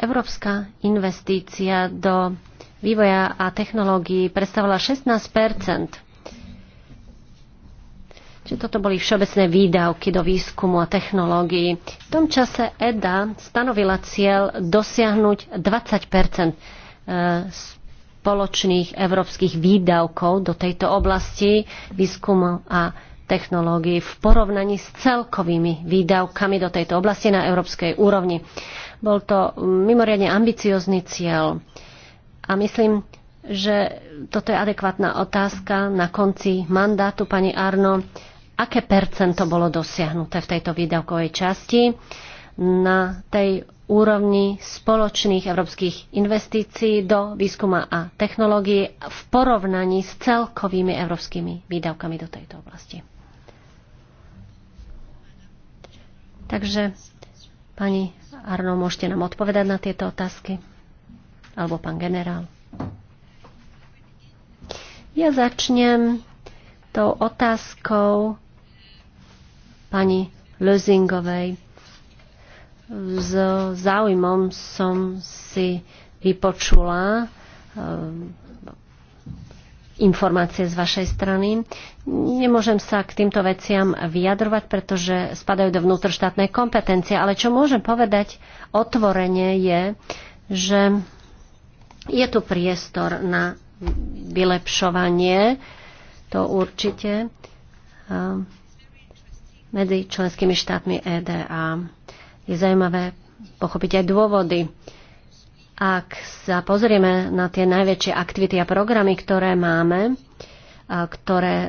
Európska investícia do vývoja a technológií predstavovala 16 Čiže toto boli všeobecné výdavky do výskumu a technológií. V tom čase EDA stanovila cieľ dosiahnuť 20 z spoločných európskych výdavkov do tejto oblasti výskumu a technológií v porovnaní s celkovými výdavkami do tejto oblasti na európskej úrovni. Bol to mimoriadne ambiciozný cieľ a myslím, že toto je adekvátna otázka na konci mandátu pani Arno, aké percento bolo dosiahnuté v tejto výdavkovej časti na tej úrovni spoločných európskych investícií do výskuma a technológií v porovnaní s celkovými európskymi výdavkami do tejto oblasti. Takže, pani Arno, môžete nám odpovedať na tieto otázky? Alebo pán generál? Ja začnem tou otázkou pani Lözingovej s záujmom som si vypočula ehm, informácie z vašej strany. Nemôžem sa k týmto veciam vyjadrovať, pretože spadajú do vnútroštátnej kompetencie, ale čo môžem povedať otvorene je, že je tu priestor na vylepšovanie, to určite, ehm, medzi členskými štátmi EDA je zaujímavé pochopiť aj dôvody. Ak sa pozrieme na tie najväčšie aktivity a programy, ktoré máme, ktoré e,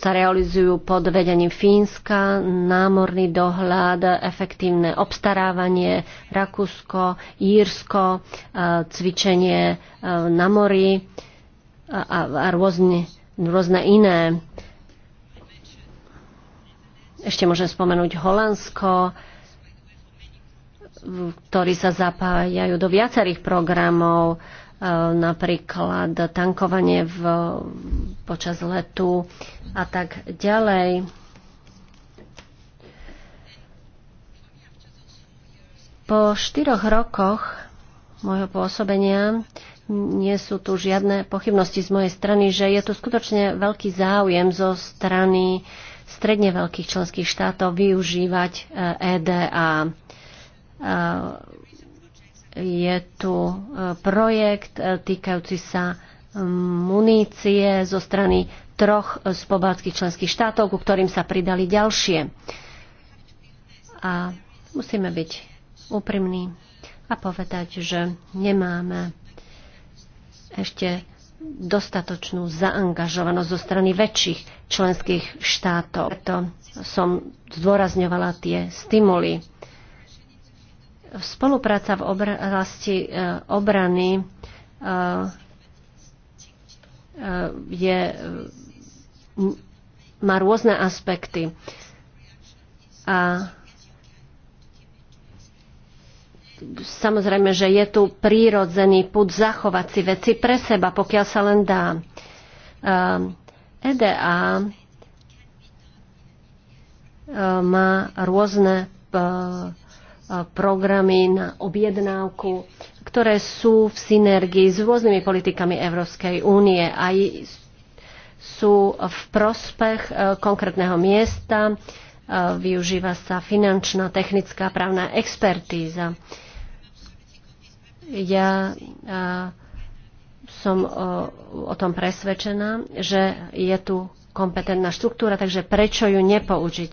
sa realizujú pod vedením Fínska, námorný dohľad, efektívne obstarávanie, Rakúsko, Írsko, e, cvičenie e, na mori a, rôzne, rôzne iné. Ešte môžem spomenúť Holandsko, ktorí sa zapájajú do viacerých programov, e, napríklad tankovanie v, počas letu a tak ďalej. Po štyroch rokoch môjho pôsobenia nie sú tu žiadne pochybnosti z mojej strany, že je tu skutočne veľký záujem zo strany stredne veľkých členských štátov využívať EDA. E je tu e, projekt e, týkajúci sa munície zo strany troch z pobaltských členských štátov, ku ktorým sa pridali ďalšie. A musíme byť úprimní a povedať, že nemáme ešte dostatočnú zaangažovanosť zo strany väčších členských štátov. Preto som zdôrazňovala tie stimuly Spolupráca v oblasti e, obrany e, e, je, má rôzne aspekty. A samozrejme, že je tu prírodzený put zachovať si veci pre seba, pokiaľ sa len dá. EDA má rôzne E, programy na objednávku, ktoré sú v synergii s rôznymi politikami Európskej únie a sú v prospech e, konkrétneho miesta. E, využíva sa finančná, technická, právna expertíza. Ja som o tom presvedčená, že je tu kompetentná štruktúra, takže prečo ju nepoužiť?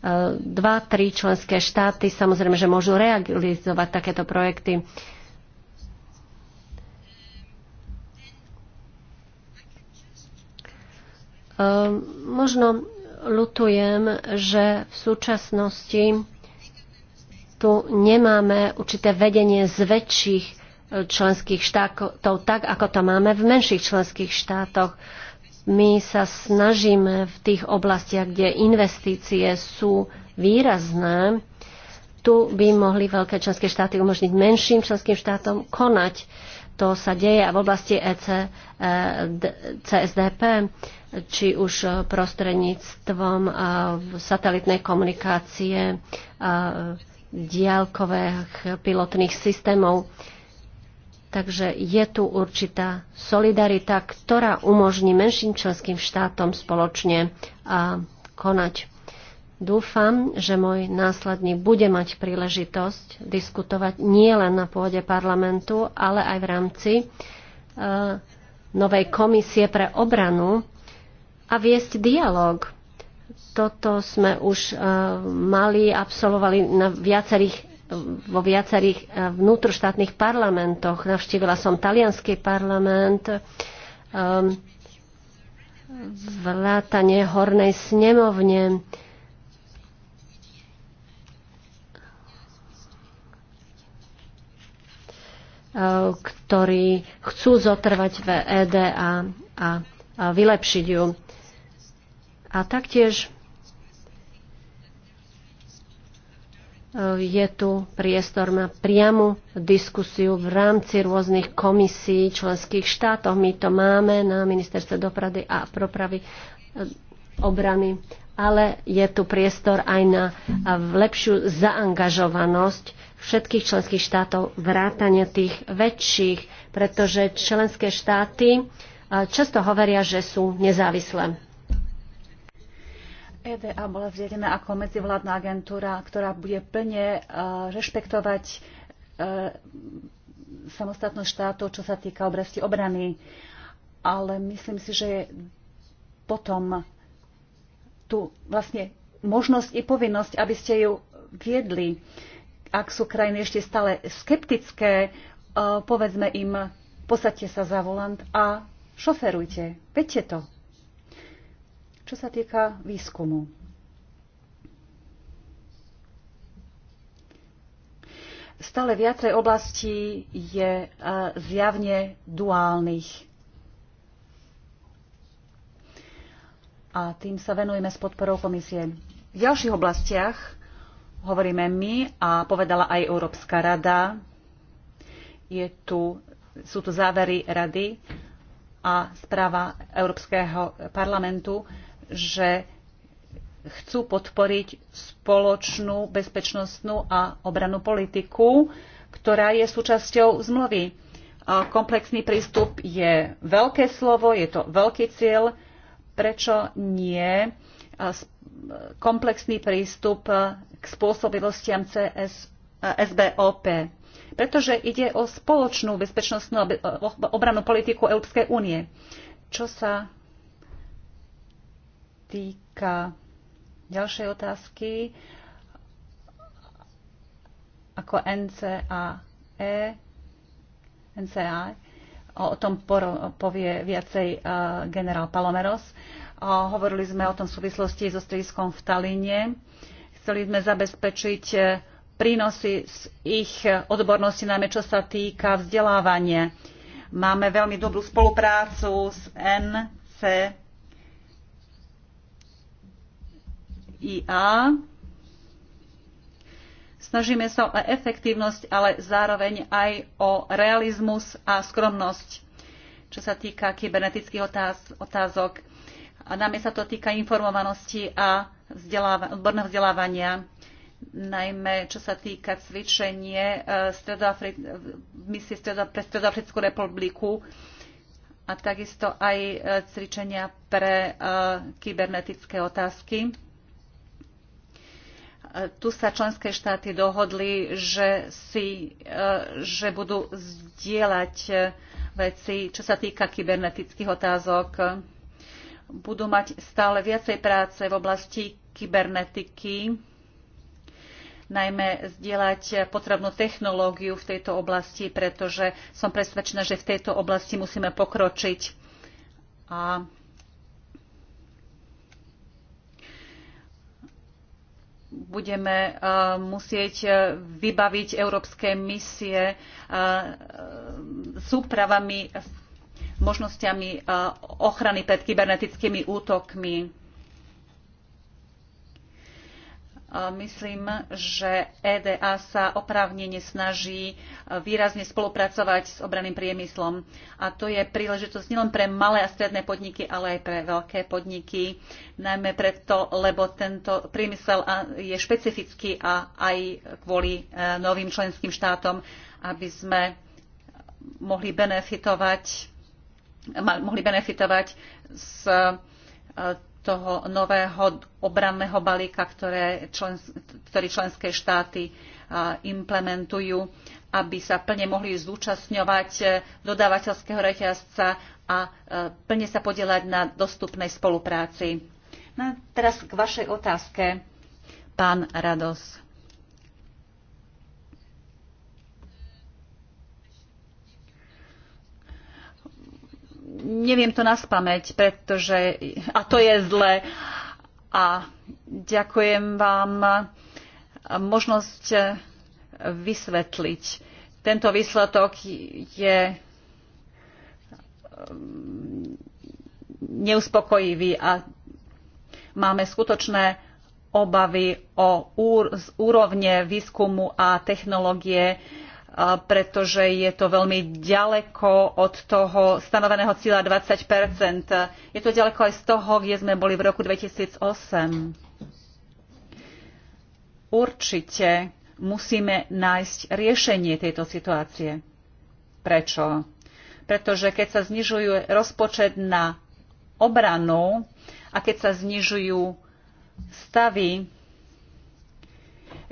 Ehm, dva, tri členské štáty samozrejme, že môžu realizovať takéto projekty. Ehm, možno lutujem, že v súčasnosti tu nemáme určité vedenie z väčších e, členských štátov, tak ako to máme v menších členských štátoch. Uh, my sa snažíme v tých oblastiach, kde investície sú výrazné, tu by mohli veľké členské štáty umožniť menším členským štátom konať. To sa deje a v oblasti EC, e, CSDP, či už prostredníctvom e, satelitnej komunikácie, e, diálkových pilotných systémov. Takže je tu určitá solidarita, ktorá umožní menším členským štátom spoločne konať. Dúfam, že môj následník bude mať príležitosť diskutovať nie len na pôde parlamentu, ale aj v rámci novej komisie pre obranu a viesť dialog. Toto sme už mali, absolvovali na viacerých vo viacerých eh, vnútroštátnych parlamentoch. Navštívila som talianský parlament, zvlátanie eh, hornej snemovne. Eh, ktorí chcú zotrvať v EDA a vylepšiť ju. A taktiež je tu priestor na priamu diskusiu v rámci rôznych komisí členských štátov. My to máme na ministerstve dopravy a propravy eh, obrany, ale je tu priestor aj na eh, lepšiu zaangažovanosť všetkých členských štátov, vrátane tých väčších, pretože členské štáty eh, často hovoria, že sú nezávislé. EDA bola zriadená ako medzivládna agentúra, ktorá bude plne e, rešpektovať e, samostatnosť štátu, čo sa týka oblasti obrany. Ale myslím si, že potom tu vlastne možnosť i povinnosť, aby ste ju viedli. Ak sú krajiny ešte stále skeptické, e, povedzme im, posadte sa za volant a šoferujte. Vedte to. Čo sa týka výskumu. Stále viacej oblastí je e, zjavne duálnych. A tým sa venujeme s podporou komisie. V ďalších oblastiach hovoríme my a povedala aj Európska rada. Je tu, sú tu závery rady a správa Európskeho parlamentu že chcú podporiť spoločnú bezpečnostnú a obranú politiku, ktorá je súčasťou zmluvy. Komplexný prístup je veľké slovo, je to veľký cieľ. Prečo nie komplexný prístup k spôsobilostiam CS, SBOP? Pretože ide o spoločnú bezpečnostnú a obranú politiku Európskej únie. Čo sa týka ďalšej otázky, ako NCAE, NCA, e, o tom povie viacej e, generál Palomeros. Hovorili sme o tom v súvislosti so strediskom v Talíne. Chceli sme zabezpečiť e, prínosy z ich odbornosti, najmä čo sa týka vzdelávania. Máme veľmi dobrú spoluprácu s NCAE IA. Snažíme sa o efektívnosť, ale zároveň aj o realizmus a skromnosť, čo sa týka kybernetických otázok. A najmä sa to týka informovanosti a odborného vzdelávania, najmä čo sa týka cvičenie e, misie pre Stredoafrickú republiku, a takisto aj e, cvičenia pre e, kybernetické otázky tu sa členské štáty dohodli, že, si, e, že budú zdieľať e, veci, čo sa týka kybernetických otázok. Budú mať stále viacej práce v oblasti kybernetiky, najmä zdieľať potrebnú technológiu v tejto oblasti, pretože som presvedčená, že v tejto oblasti musíme pokročiť. A budeme eh, musieť eh, vybaviť európske misie eh, súpravami, možnosťami ochrany pred kybernetickými útokmi Myslím, že EDA sa oprávnene snaží e, výrazne spolupracovať s obranným priemyslom. A to je príležitosť nielen pre malé a stredné podniky, ale aj pre veľké podniky. Najmä preto, lebo tento priemysel je špecifický a aj kvôli e, novým členským štátom, aby sme mohli benefitovať, mohli benefitovať z e, toho nového obranného balíka, ktoré člen, ktorý členské štáty implementujú, aby sa plne mohli zúčastňovať e, dodávateľského reťazca a e, plne sa podielať na dostupnej spolupráci. No, teraz k vašej otázke, pán Rados. neviem to naspameť, pretože a to je zle. A ďakujem vám e, možnosť e, vysvetliť. Tento výsledok je e, neuspokojivý a máme skutočné obavy o úr, z úrovne výskumu a technológie pretože je to veľmi ďaleko od toho stanoveného cieľa 20 Je to ďaleko aj z toho, kde sme boli v roku 2008. Určite musíme nájsť riešenie tejto situácie. Prečo? Pretože keď sa znižuje rozpočet na obranu a keď sa znižujú stavy,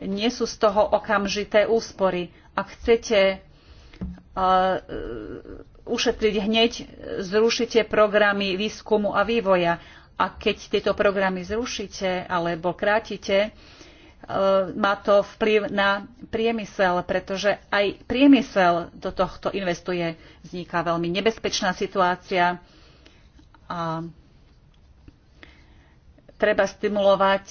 nie sú z toho okamžité úspory ak chcete e, e, ušetriť hneď, e, zrušite programy výskumu a vývoja. A keď tieto programy zrušíte alebo krátite, má to vplyv na priemysel, pretože aj priemysel do tohto investuje. Vzniká veľmi nebezpečná situácia a treba stimulovať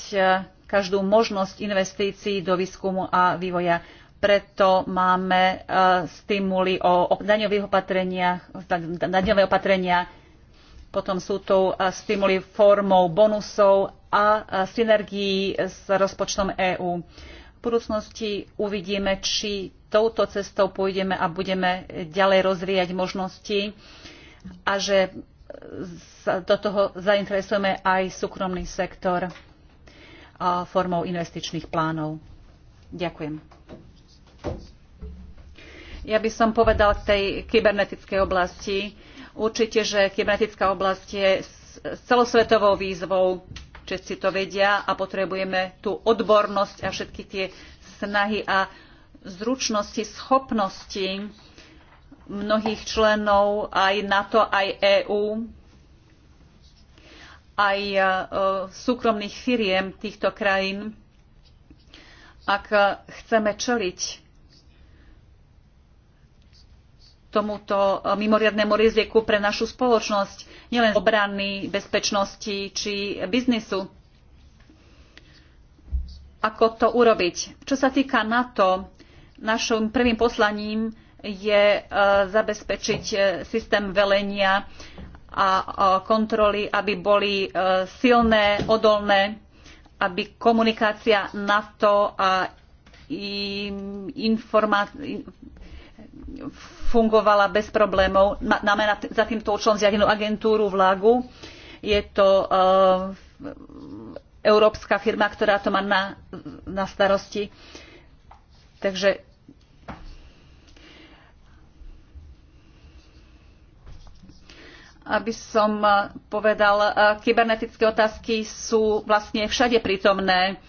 každú možnosť investícií do výskumu a vývoja preto máme e, stimuly o daňových opatreniach, daňové opatrenia, potom sú tu e, stimuly formou bonusov a e, synergií s rozpočtom EÚ. V budúcnosti uvidíme, či touto cestou pôjdeme a budeme ďalej rozvíjať možnosti a že sa do toho zainteresujeme aj súkromný sektor formou investičných plánov. Ďakujem. Ja by som povedal k tej kybernetickej oblasti. Určite, že kybernetická oblasť je celosvetovou výzvou, všetci to vedia a potrebujeme tú odbornosť a všetky tie snahy a zručnosti, schopnosti mnohých členov aj NATO, aj EÚ, aj e, súkromných firiem týchto krajín, ak chceme čeliť tomuto eh, mimoriadnemu riziku pre našu spoločnosť, nielen obrany, bezpečnosti či biznisu. Ako to urobiť? Čo sa týka NATO, našim prvým poslaním je eh, zabezpečiť eh, systém velenia a kontroly, aby boli silné, odolné, aby komunikácia NATO a informa- fungovala bez problémov. Máme za týmto účelom zriadenú agentúru vlagu. Je to eh, európska firma, ktorá to má na, na starosti. Takže aby som eh, povedal, eh, kybernetické otázky sú vlastne všade prítomné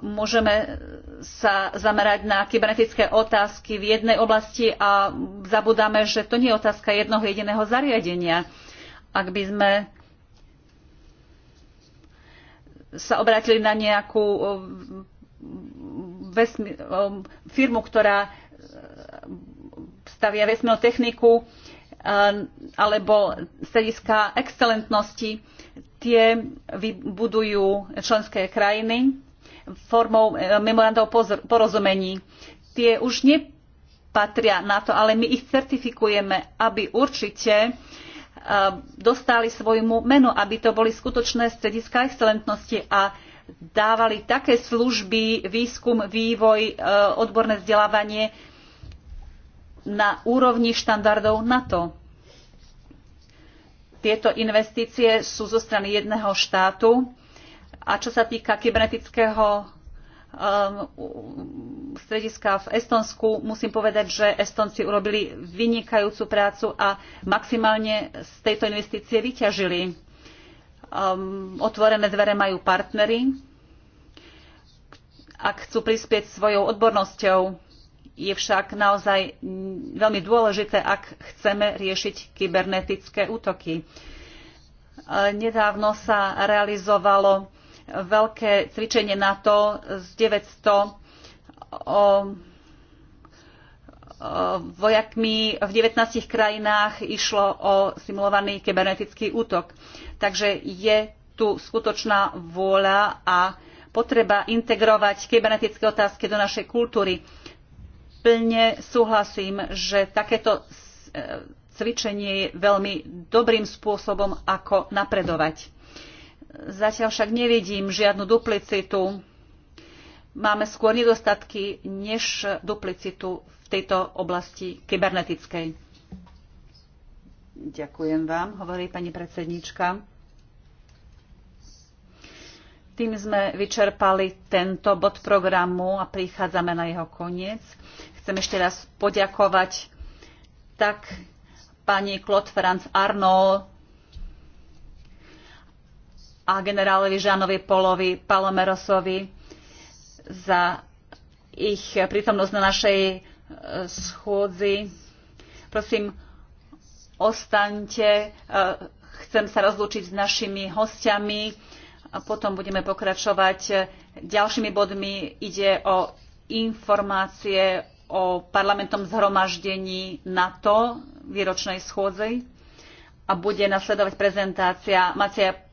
môžeme sa zamerať na kybernetické otázky v jednej oblasti a zabudáme, že to nie je otázka jednoho jediného zariadenia. Ak by sme sa obrátili na nejakú um, vesmi- um, firmu, ktorá uh, stavia vesmírnu techniku uh, alebo strediska excelentnosti, tie vybudujú členské krajiny formou e, memorandov porozumení. Tie už nepatria na to, ale my ich certifikujeme, aby určite e, dostali svojmu menu, aby to boli skutočné strediska excelentnosti a dávali také služby, výskum, vývoj, e, odborné vzdelávanie na úrovni štandardov NATO. Tieto investície sú zo strany jedného štátu a čo sa týka kybernetického um, strediska v Estonsku, musím povedať, že Estonci urobili vynikajúcu prácu a maximálne z tejto investície vyťažili. Um, otvorené dvere majú partnery, ak chcú prispieť svojou odbornosťou. Je však naozaj veľmi dôležité, ak chceme riešiť kybernetické útoky. Nedávno sa realizovalo veľké cvičenie NATO z 900 o, vojakmi v 19 krajinách išlo o simulovaný kybernetický útok. Takže je tu skutočná vôľa a potreba integrovať kybernetické otázky do našej kultúry. Plne súhlasím, že takéto e, cvičenie je veľmi dobrým spôsobom, ako napredovať Zatiaľ však nevidím žiadnu duplicitu. Máme skôr nedostatky než duplicitu v tejto oblasti kybernetickej. Ďakujem vám, hovorí pani predsednička. Tým sme vyčerpali tento bod programu a prichádzame na jeho koniec. Chcem ešte raz poďakovať tak pani Claude Franz Arnold, a generálovi Žánovi Polovi, Palomerosovi za ich prítomnosť na našej e, schôdzi. Prosím, ostaňte. E, chcem sa rozlúčiť s našimi hostiami a potom budeme pokračovať e, ďalšími bodmi. Ide o informácie o parlamentom zhromaždení NATO výročnej schôdzi a bude nasledovať prezentácia Macia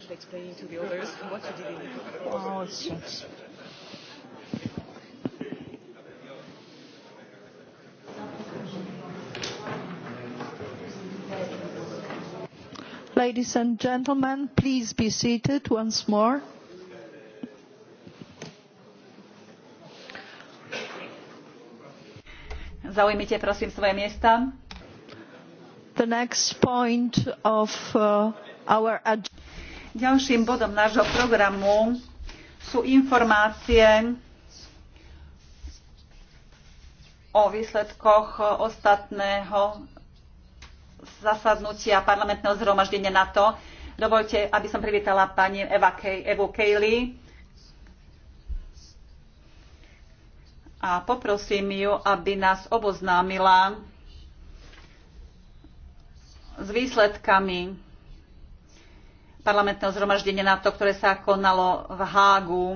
started explaining to the others what you did in it. Oh, Ladies and gentlemen, please be seated once more. Zaujmite prosím svoje miesta. The next point of uh, our agenda Ďalším bodom nášho programu sú informácie o výsledkoch ostatného zasadnutia parlamentného zhromaždenia NATO. Dovolte, aby som privítala pani Eva Kay, Evu Kejli a poprosím ju, aby nás oboznámila s výsledkami parlamentného zhromaždenia NATO, ktoré sa konalo v Hágu.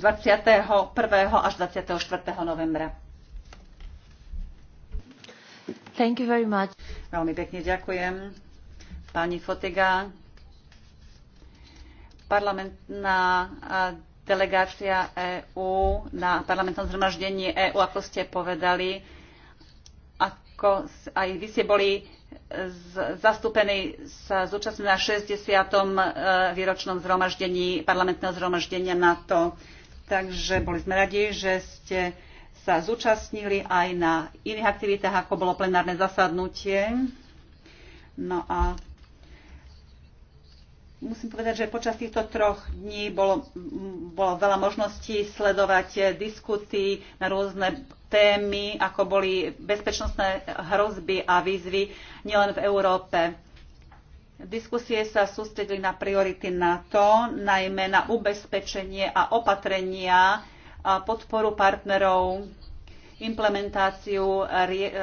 z 21. až 24. novembra. Thank you very much. Veľmi pekne ďakujem. Pani Fotiga, parlamentná delegácia EÚ na parlamentnom zhromaždení EÚ, ako ste povedali, ako aj vy ste boli zastúpení, sa zúčastnili na 60. E, výročnom zhromaždení, parlamentného zhromaždenia NATO. Takže boli sme radi, že ste sa zúčastnili aj na iných aktivitách, ako bolo plenárne zasadnutie. No a musím povedať, že počas týchto troch dní bolo, bolo veľa možností sledovať e, diskuty na rôzne témy, ako boli bezpečnostné hrozby a výzvy nielen v Európe. Diskusie sa sústredili na priority NATO, najmä na ubezpečenie a opatrenia, a podporu partnerov, implementáciu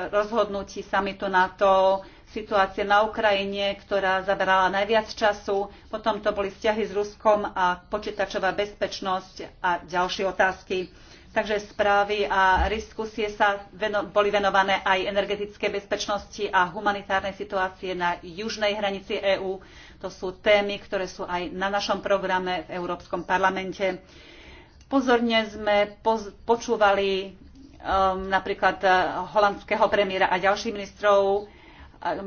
rozhodnutí samitu NATO, situácie na Ukrajine, ktorá zaberala najviac času, potom to boli vzťahy s Ruskom a počítačová bezpečnosť a ďalšie otázky. Takže správy a diskusie sa veno, boli venované aj energetickej bezpečnosti a humanitárnej situácie na južnej hranici EÚ. To sú témy, ktoré sú aj na našom programe v Európskom parlamente. Pozorne sme poz, počúvali um, napríklad uh, holandského premiéra a ďalších ministrov, um,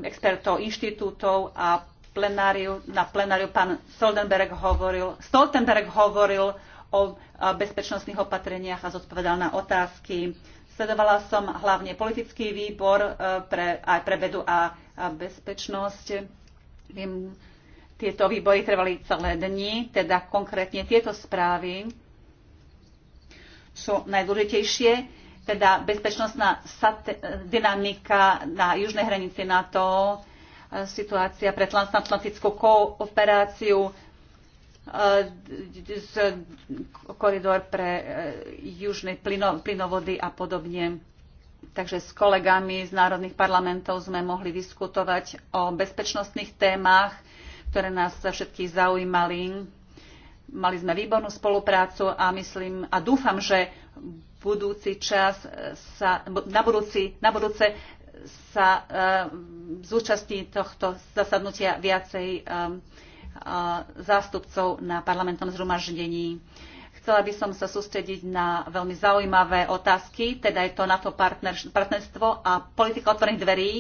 expertov inštitútov a plenáriu, na plenáriu pán Stoltenberg hovoril, Stoltenberg hovoril o bezpečnostných opatreniach a zodpovedal na otázky. Sledovala som hlavne politický výbor e, pre, aj pre vedu a bezpečnosť. Viem, tieto výbory trvali celé dni, teda konkrétne tieto správy sú najdôležitejšie, teda bezpečnostná dynamika na južnej hranici NATO, e, situácia pre transatlantickú kooperáciu, E, koridor pre e, južné plynovody a podobne. Takže s kolegami z národných parlamentov sme mohli diskutovať o bezpečnostných témach, ktoré nás všetkých zaujímali. Mali sme výbornú spoluprácu a myslím a dúfam, že budúci čas e, sa, na, budúci, na budúce sa e, zúčastní tohto zasadnutia viacej e, zástupcov na parlamentnom zhromaždení. Chcela by som sa sústrediť na veľmi zaujímavé otázky, teda je to NATO partnerstvo a politika otvorených dverí,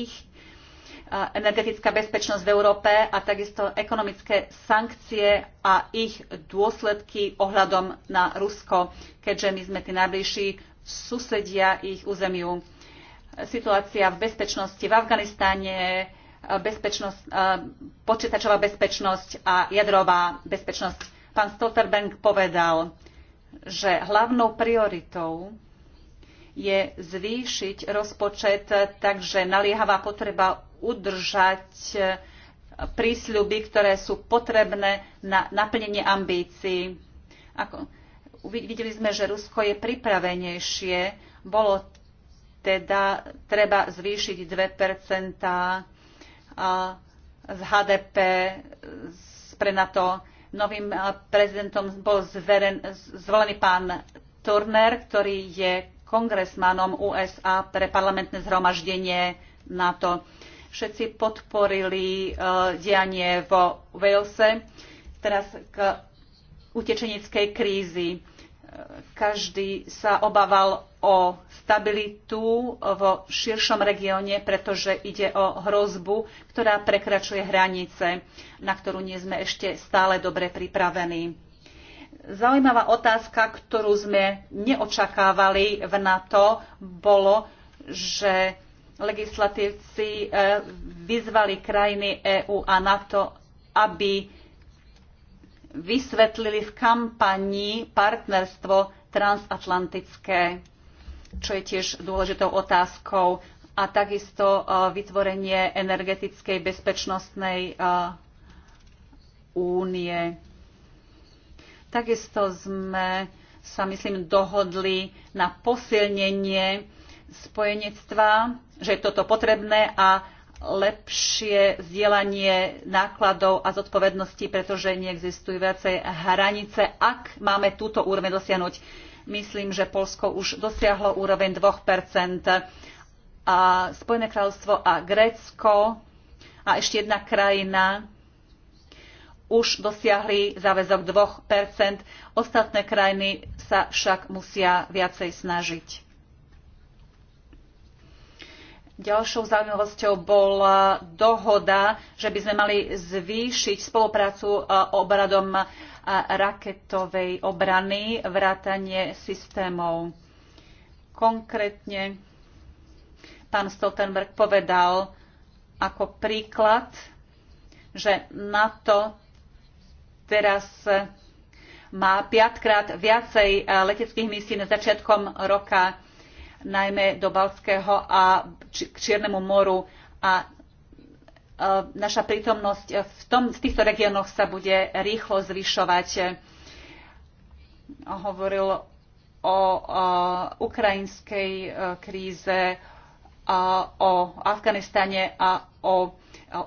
energetická bezpečnosť v Európe a takisto ekonomické sankcie a ich dôsledky ohľadom na Rusko, keďže my sme tí najbližší susedia ich územiu. Situácia v bezpečnosti v Afganistáne, bezpečnosť, počítačová bezpečnosť a jadrová bezpečnosť. Pán Stolterbank povedal, že hlavnou prioritou je zvýšiť rozpočet, takže naliehavá potreba udržať e, prísľuby, ktoré sú potrebné na naplnenie ambícií. Ako, videli sme, že Rusko je pripravenejšie. Bolo teda treba zvýšiť 2 z HDP pre NATO. Novým eh, prezidentom bol zveren, zvolený pán Turner, ktorý je kongresmanom USA pre parlamentné zhromaždenie NATO. Všetci podporili eh, dianie vo Walese, teraz k utečeneckej krízi každý sa obával o stabilitu vo širšom regióne, pretože ide o hrozbu, ktorá prekračuje hranice, na ktorú nie sme ešte stále dobre pripravení. Zaujímavá otázka, ktorú sme neočakávali v NATO, bolo, že legislatívci eh, vyzvali krajiny EÚ a NATO, aby vysvetlili v kampani partnerstvo transatlantické, čo je tiež dôležitou otázkou, a takisto e, vytvorenie energetickej bezpečnostnej e, únie. Takisto sme sa, myslím, dohodli na posilnenie spojenectva, že je toto potrebné a lepšie zdieľanie nákladov a zodpovedností, pretože neexistujú viacej hranice, ak máme túto úroveň dosiahnuť. Myslím, že Polsko už dosiahlo úroveň 2 a Spojené kráľovstvo a Grécko a ešte jedna krajina už dosiahli záväzok 2 Ostatné krajiny sa však musia viacej snažiť. Ďalšou zaujímavosťou bola dohoda, že by sme mali zvýšiť spoluprácu e, obradom e, raketovej obrany, vrátanie systémov. Konkrétne pán Stoltenberg povedal ako príklad, že NATO teraz má piatkrát viacej e, leteckých misií na začiatkom roka najmä do Baltského a k Čiernemu moru a e, naša prítomnosť v, tom, v týchto regiónoch sa bude rýchlo zvyšovať. Hovoril o, o ukrajinskej e, kríze, a e, o Afganistane a o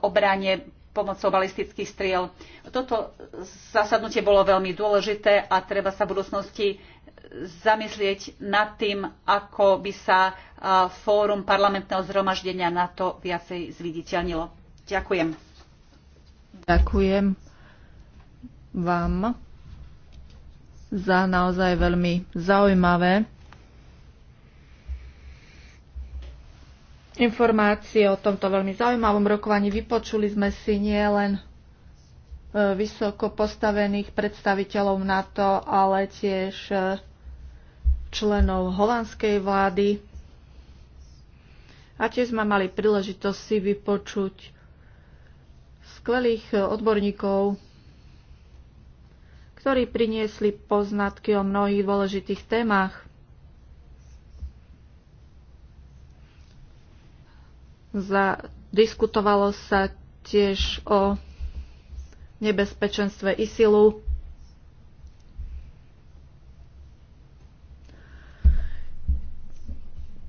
obrane pomocou balistických striel. Toto zasadnutie bolo veľmi dôležité a treba sa v budúcnosti zamyslieť nad tým, ako by sa fórum parlamentného zhromaždenia na to viacej zviditeľnilo. Ďakujem. Ďakujem vám za naozaj veľmi zaujímavé informácie o tomto veľmi zaujímavom rokovaní. Vypočuli sme si nielen e, vysoko postavených predstaviteľov NATO, ale tiež e, členov holandskej vlády a tiež sme mali príležitosť si vypočuť skvelých odborníkov, ktorí priniesli poznatky o mnohých dôležitých témach. Za, diskutovalo sa tiež o nebezpečenstve ISILu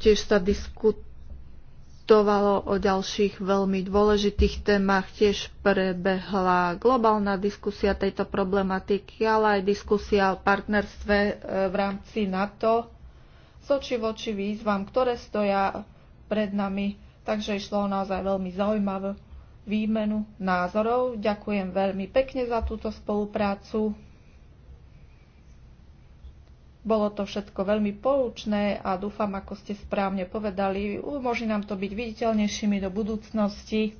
Tiež sa diskutovalo o ďalších veľmi dôležitých témach. Tiež prebehla globálna diskusia tejto problematiky, ale aj diskusia o partnerstve e, v rámci NATO s oči voči výzvam, ktoré stoja pred nami. Takže išlo o naozaj veľmi zaujímavú výmenu názorov. Ďakujem veľmi pekne za túto spoluprácu. Bolo to všetko veľmi poučné a dúfam, ako ste správne povedali, umožní nám to byť viditeľnejšími do budúcnosti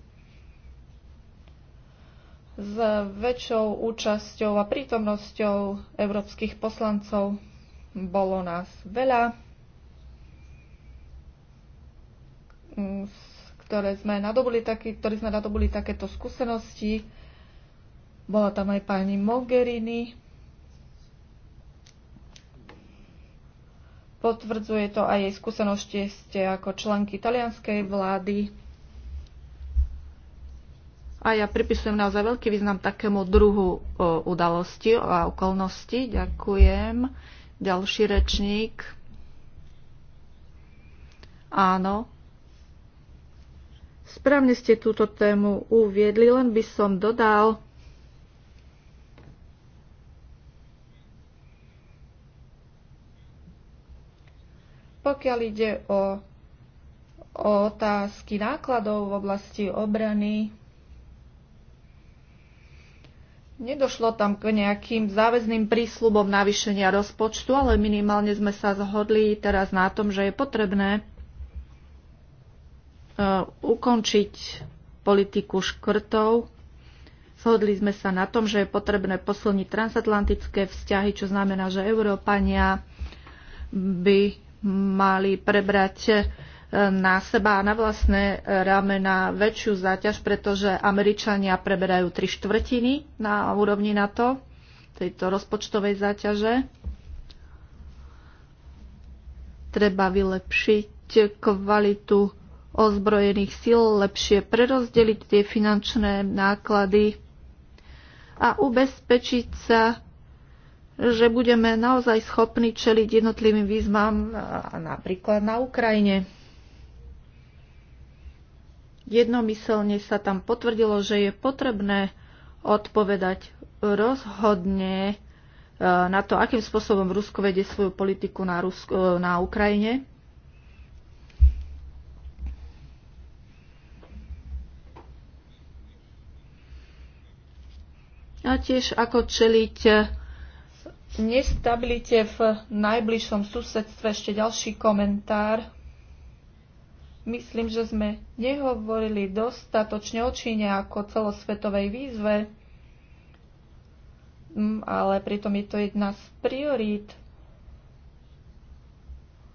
s väčšou účasťou a prítomnosťou európskych poslancov. Bolo nás veľa, ktoré sme nadobuli, taký, ktorí sme nadobuli takéto skúsenosti. Bola tam aj pani Mogherini, Potvrdzuje to aj jej skúsenosti ste ako členky talianskej vlády. A ja pripisujem naozaj veľký význam takému druhu e, udalosti a okolnosti. Ďakujem. Ďalší rečník. Áno. Správne ste túto tému uviedli, len by som dodal, Pokiaľ ide o, o otázky nákladov v oblasti obrany, Nedošlo tam k nejakým záväzným prísľubom navýšenia rozpočtu, ale minimálne sme sa zhodli teraz na tom, že je potrebné e, ukončiť politiku škrtov. Zhodli sme sa na tom, že je potrebné posilniť transatlantické vzťahy, čo znamená, že Európania by mali prebrať e, na seba a na vlastné ramena väčšiu záťaž, pretože Američania preberajú tri štvrtiny na úrovni NATO, tejto rozpočtovej záťaže. Treba vylepšiť kvalitu ozbrojených síl, lepšie prerozdeliť tie finančné náklady a ubezpečiť sa, že budeme naozaj schopní čeliť jednotlivým výzvam napríklad na Ukrajine. Jednomyselne sa tam potvrdilo, že je potrebné odpovedať rozhodne e, na to, akým spôsobom Rusko vedie svoju politiku na, Rusko, e, na Ukrajine. A tiež ako čeliť nestabilite v najbližšom susedstve ešte ďalší komentár. Myslím, že sme nehovorili dostatočne o Číne ako celosvetovej výzve, mm, ale pritom je to jedna z priorít.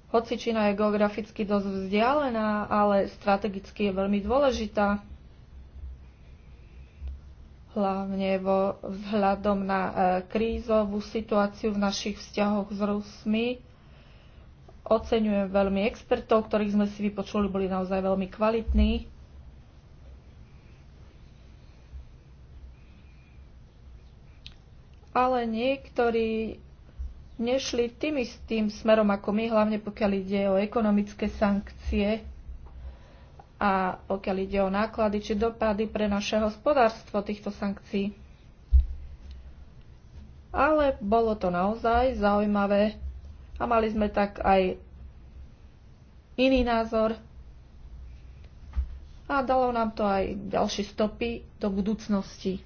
Hoci Čína je geograficky dosť vzdialená, ale strategicky je veľmi dôležitá hlavne vo vzhľadom na e, krízovú situáciu v našich vzťahoch s Rusmi. Oceňujem veľmi expertov, ktorých sme si vypočuli, boli naozaj veľmi kvalitní. Ale niektorí nešli tým istým smerom ako my, hlavne pokiaľ ide o ekonomické sankcie a pokiaľ ide o náklady či dopady pre naše hospodárstvo týchto sankcií. Ale bolo to naozaj zaujímavé a mali sme tak aj iný názor a dalo nám to aj ďalšie stopy do budúcnosti.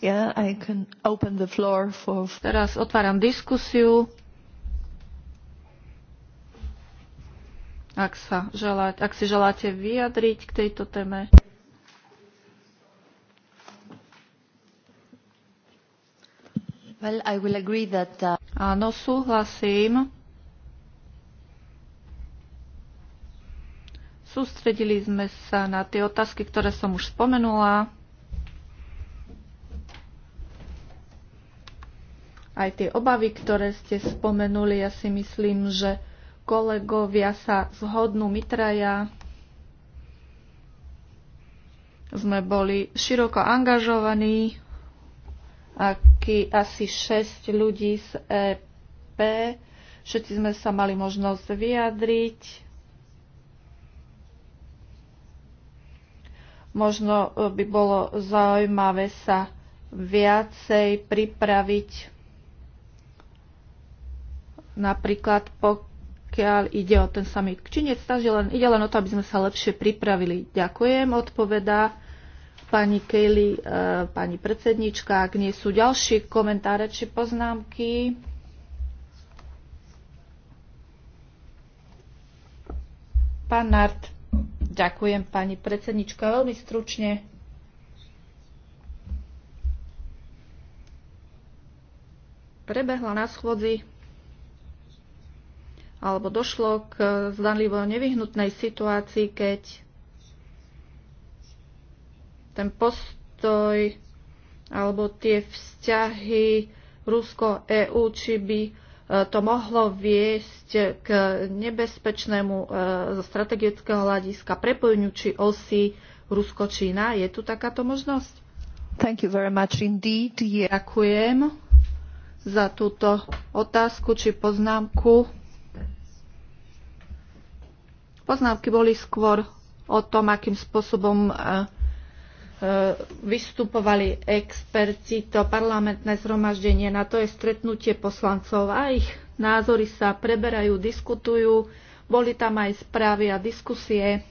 Yeah, I can open the floor for... Teraz otváram diskusiu. ak, sa želá, ak si želáte vyjadriť k tejto téme. Well, I will agree that, uh... Áno, súhlasím. Sústredili sme sa na tie otázky, ktoré som už spomenula. Aj tie obavy, ktoré ste spomenuli, ja si myslím, že kolegovia sa zhodnú, mitraja. sme boli široko angažovaní, aký asi 6 ľudí z EP. Všetci sme sa mali možnosť vyjadriť. Možno eh, by bolo zaujímavé sa viacej pripraviť napríklad po pokiaľ ide o ten summit k Číne. Takže len, ide len o to, aby sme sa lepšie pripravili. Ďakujem, odpovedá pani Kejli, uh, eh, pani predsednička. Ak nie sú ďalšie komentáre či poznámky, Pán Nart, ďakujem pani predsednička veľmi stručne. Prebehla na schôdzi alebo došlo k zdanlivo nevyhnutnej situácii, keď ten postoj alebo tie vzťahy Rusko-EU, či by e, to mohlo viesť k nebezpečnému e, zo strategického hľadiska prepojeniu či osy Rusko-Čína. Je tu takáto možnosť? Thank you very much indeed. Ďakujem za túto otázku či poznámku. Poznámky boli skôr o tom, akým spôsobom e, e, vystupovali experti, to parlamentné zhromaždenie, na to je stretnutie poslancov a ich názory sa preberajú, diskutujú. Boli tam aj správy a diskusie.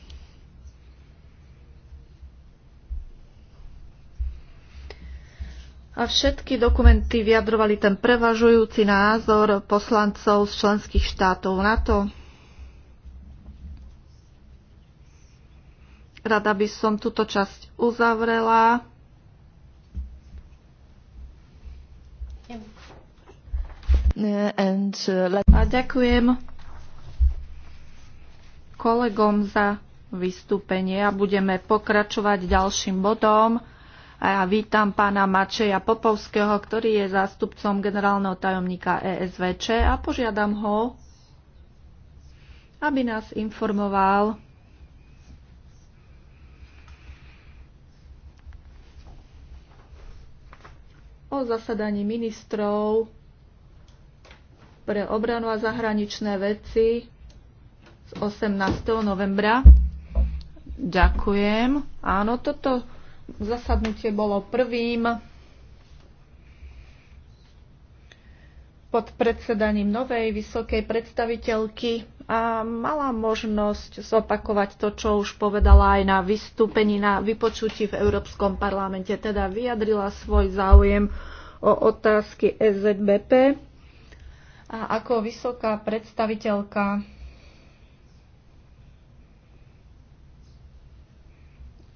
A všetky dokumenty vyjadrovali ten prevažujúci názor poslancov z členských štátov NATO. Rada by som túto časť uzavrela. Uh, a ďakujem kolegom za vystúpenie a budeme pokračovať ďalším bodom. A ja vítam pána Mačeja Popovského, ktorý je zástupcom generálneho tajomníka ESVČ a požiadam ho, aby nás informoval o zasadaní ministrov pre obranu a zahraničné veci z 18. novembra. Ďakujem. Áno, toto zasadnutie bolo prvým pod predsedaním novej vysokej predstaviteľky a mala možnosť zopakovať to, čo už povedala aj na vystúpení, na vypočutí v Európskom parlamente. Teda vyjadrila svoj záujem o otázky SZBP a ako vysoká predstaviteľka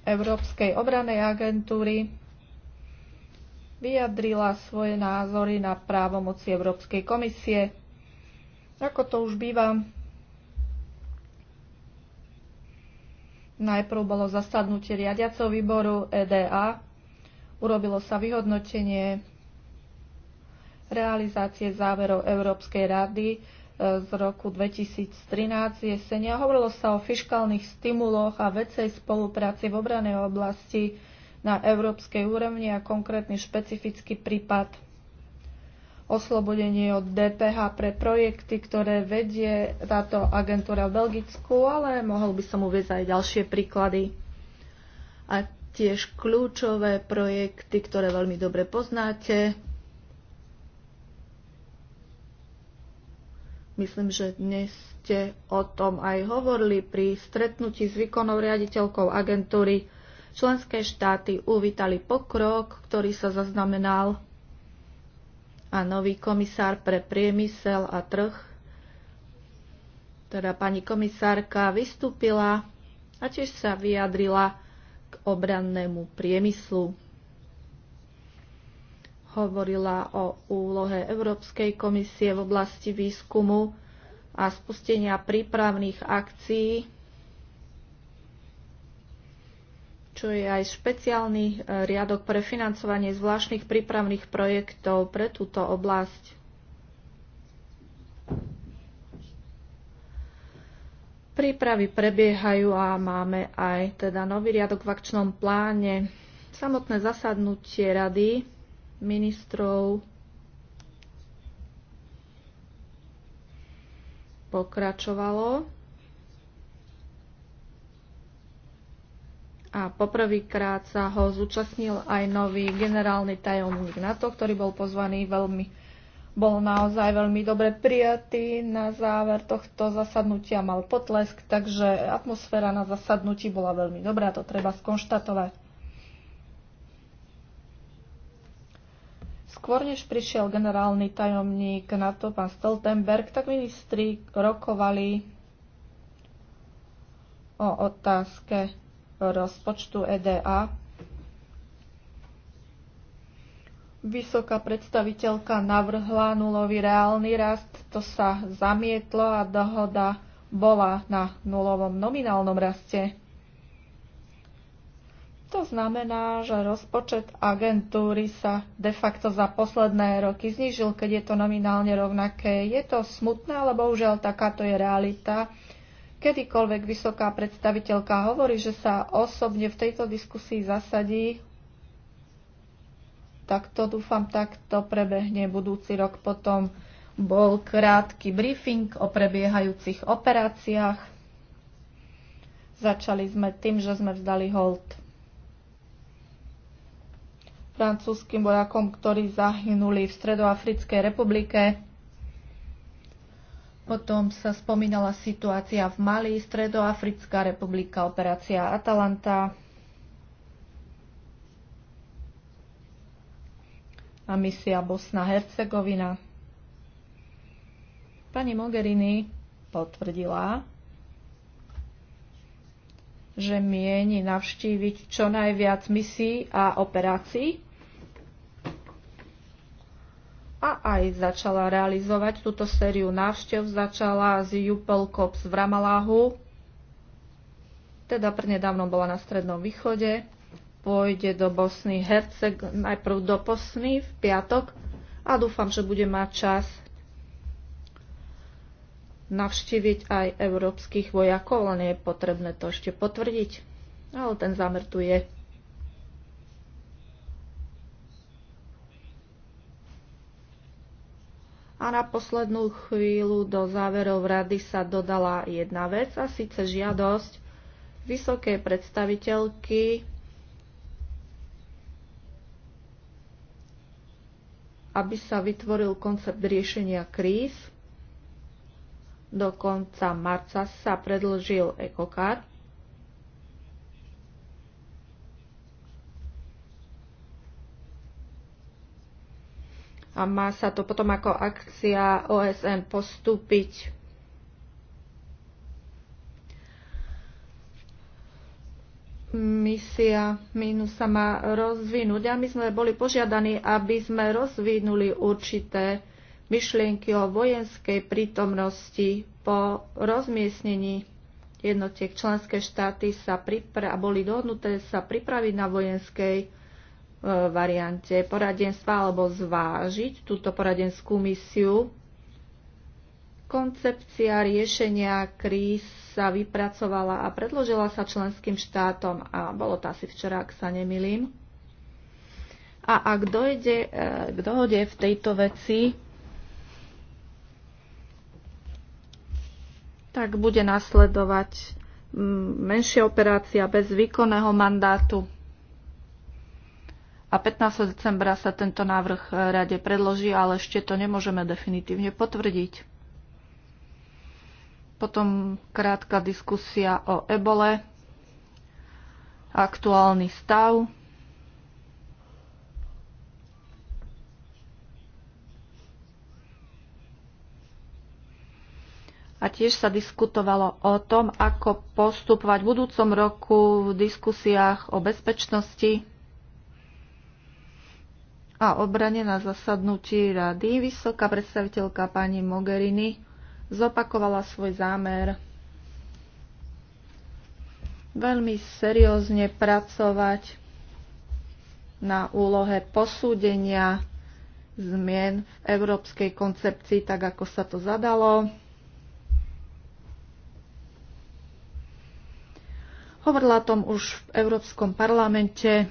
Európskej obranej agentúry vyjadrila svoje názory na právomoci Európskej komisie. Ako to už býva Najprv bolo zasadnutie riadiaceho výboru EDA, urobilo sa vyhodnotenie realizácie záverov Európskej rady e, z roku 2013 jesenia. Hovorilo sa o fiškálnych stimuloch a vecej spolupráci v obranej oblasti na európskej úrovni a konkrétny špecifický prípad oslobodenie od DPH pre projekty, ktoré vedie táto agentúra v Belgicku, ale mohol by som uvieť aj ďalšie príklady. A tiež kľúčové projekty, ktoré veľmi dobre poznáte. Myslím, že dnes ste o tom aj hovorili pri stretnutí s výkonnou riaditeľkou agentúry. Členské štáty uvítali pokrok, ktorý sa zaznamenal a nový komisár pre priemysel a trh, teda pani komisárka vystúpila a tiež sa vyjadrila k obrannému priemyslu. Hovorila o úlohe Európskej komisie v oblasti výskumu a spustenia prípravných akcií čo je aj špeciálny e, riadok pre financovanie zvláštnych prípravných projektov pre túto oblasť. Prípravy prebiehajú a máme aj teda nový riadok v akčnom pláne. Samotné zasadnutie rady ministrov pokračovalo A poprvýkrát sa ho zúčastnil aj nový generálny tajomník NATO, ktorý bol pozvaný veľmi, bol naozaj veľmi dobre prijatý. Na záver tohto zasadnutia mal potlesk, takže atmosféra na zasadnutí bola veľmi dobrá, to treba skonštatovať. Skôr než prišiel generálny tajomník NATO, pán Stoltenberg, tak ministri rokovali o otázke rozpočtu EDA. Vysoká predstaviteľka navrhla nulový reálny rast, to sa zamietlo a dohoda bola na nulovom nominálnom raste. To znamená, že rozpočet agentúry sa de facto za posledné roky znížil, keď je to nominálne rovnaké. Je to smutné, ale bohužiaľ takáto je realita kedykoľvek vysoká predstaviteľka hovorí, že sa osobne v tejto diskusii zasadí, tak to dúfam, tak to prebehne budúci rok. Potom bol krátky briefing o prebiehajúcich operáciách. Začali sme tým, že sme vzdali hold francúzským vojakom, ktorí zahynuli v Stredoafrickej republike potom sa spomínala situácia v Mali, Stredoafrická republika, operácia Atalanta. A misia Bosna-Hercegovina. Pani Mogherini potvrdila, že mieni navštíviť čo najviac misií a operácií a aj začala realizovať túto sériu návštev. Začala z Jupel Cops v Ramaláhu, teda prednedávno bola na Strednom východe, pôjde do Bosny Herceg, najprv do Bosny v piatok a dúfam, že bude mať čas navštíviť aj európskych vojakov, len je potrebné to ešte potvrdiť. Ale ten zámer tu je. a na poslednú chvíľu do záverov rady sa dodala jedna vec a síce žiadosť vysokej predstaviteľky aby sa vytvoril koncept riešenia kríz. Do konca marca sa predlžil ECOCARD a má sa to potom ako akcia OSN postúpiť. Misia minus sa má rozvinúť a my sme boli požiadaní, aby sme rozvinuli určité myšlienky o vojenskej prítomnosti po rozmiestnení jednotiek. Členské štáty sa pripra- boli dohodnuté sa pripraviť na vojenskej E, variante poradenstva alebo zvážiť túto poradenskú misiu. Koncepcia riešenia kríz sa vypracovala a predložila sa členským štátom a bolo to asi včera, ak sa nemilím. A ak dojde e, k dohode v tejto veci, tak bude nasledovať menšia operácia bez výkonného mandátu a 15. decembra sa tento návrh e, rade predloží, ale ešte to nemôžeme definitívne potvrdiť. Potom krátka diskusia o ebole, aktuálny stav. A tiež sa diskutovalo o tom, ako postupovať v budúcom roku v diskusiách o bezpečnosti a obrane na zasadnutí rady vysoká predstaviteľka pani Mogherini zopakovala svoj zámer veľmi seriózne pracovať na úlohe posúdenia zmien v európskej koncepcii, tak ako sa to zadalo. Hovorila o tom už v Európskom parlamente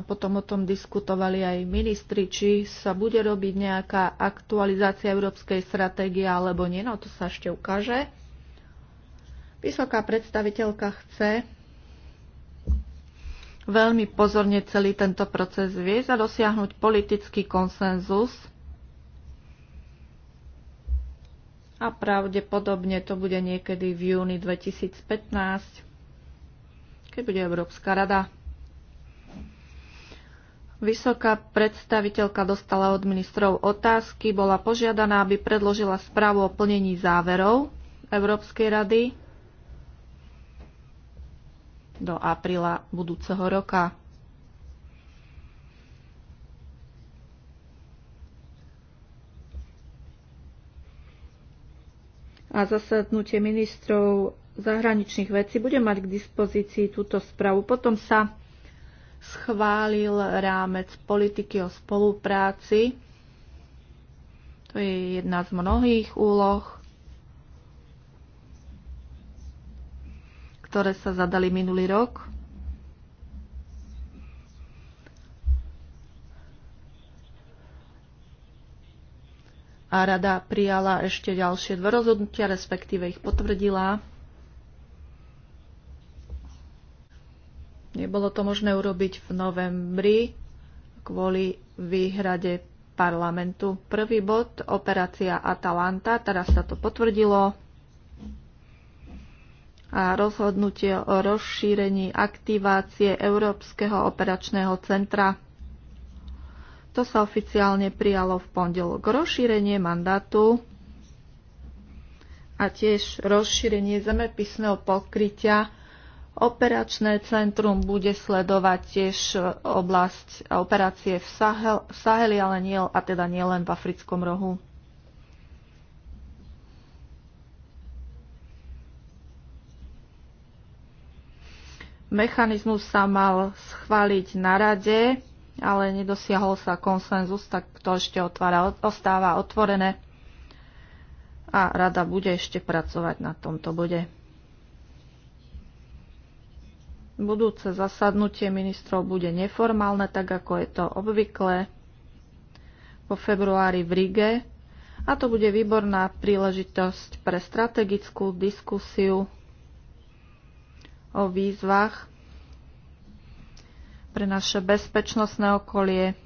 potom o tom diskutovali aj ministri, či sa bude robiť nejaká aktualizácia európskej stratégie alebo nie, no to sa ešte ukáže. Vysoká predstaviteľka chce veľmi pozorne celý tento proces viesť a dosiahnuť politický konsenzus a pravdepodobne to bude niekedy v júni 2015, keď bude Európska rada. Vysoká predstaviteľka dostala od ministrov otázky, bola požiadaná, aby predložila správu o plnení záverov Európskej rady do apríla budúceho roka. A zasadnutie ministrov zahraničných vecí bude mať k dispozícii túto správu. Potom sa schválil rámec politiky o spolupráci. To je jedna z mnohých úloh, ktoré sa zadali minulý rok. A rada prijala ešte ďalšie dve rozhodnutia, respektíve ich potvrdila. Nebolo to možné urobiť v novembri kvôli výhrade parlamentu. Prvý bod, operácia Atalanta, teraz sa to potvrdilo a rozhodnutie o rozšírení aktivácie Európskeho operačného centra. To sa oficiálne prijalo v pondelok. Rozšírenie mandátu a tiež rozšírenie zemepisného pokrytia Operačné centrum bude sledovať tiež e, oblasť operácie v, Sahel, v Saheli, ale nie, a teda nie len v africkom rohu. Mechanizmus sa mal schváliť na rade, ale nedosiahol sa konsenzus, tak to ešte otvára, ostáva otvorené a rada bude ešte pracovať na tomto bode. Budúce zasadnutie ministrov bude neformálne, tak ako je to obvykle po februári v Rige a to bude výborná príležitosť pre strategickú diskusiu o výzvach pre naše bezpečnostné okolie,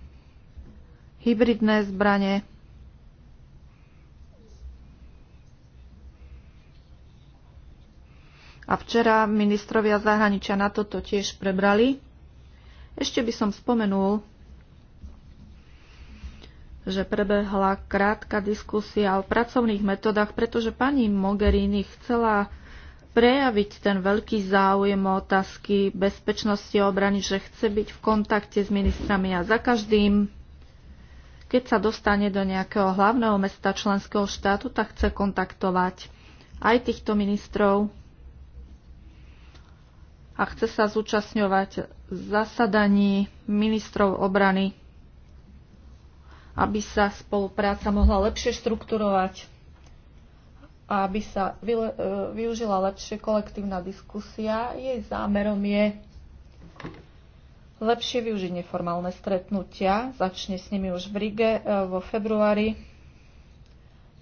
hybridné zbranie, A včera ministrovia zahraničia na toto tiež prebrali. Ešte by som spomenul, že prebehla krátka diskusia o pracovných metodách, pretože pani Mogherini chcela prejaviť ten veľký záujem o otázky bezpečnosti a obrany, že chce byť v kontakte s ministrami a za každým, keď sa dostane do nejakého hlavného mesta členského štátu, tak chce kontaktovať aj týchto ministrov a chce sa zúčastňovať zasadaní ministrov obrany, aby sa spolupráca mohla lepšie štrukturovať a aby sa e, využila lepšie kolektívna diskusia. Jej zámerom je lepšie využiť neformálne stretnutia. Začne s nimi už v Rige e, vo februári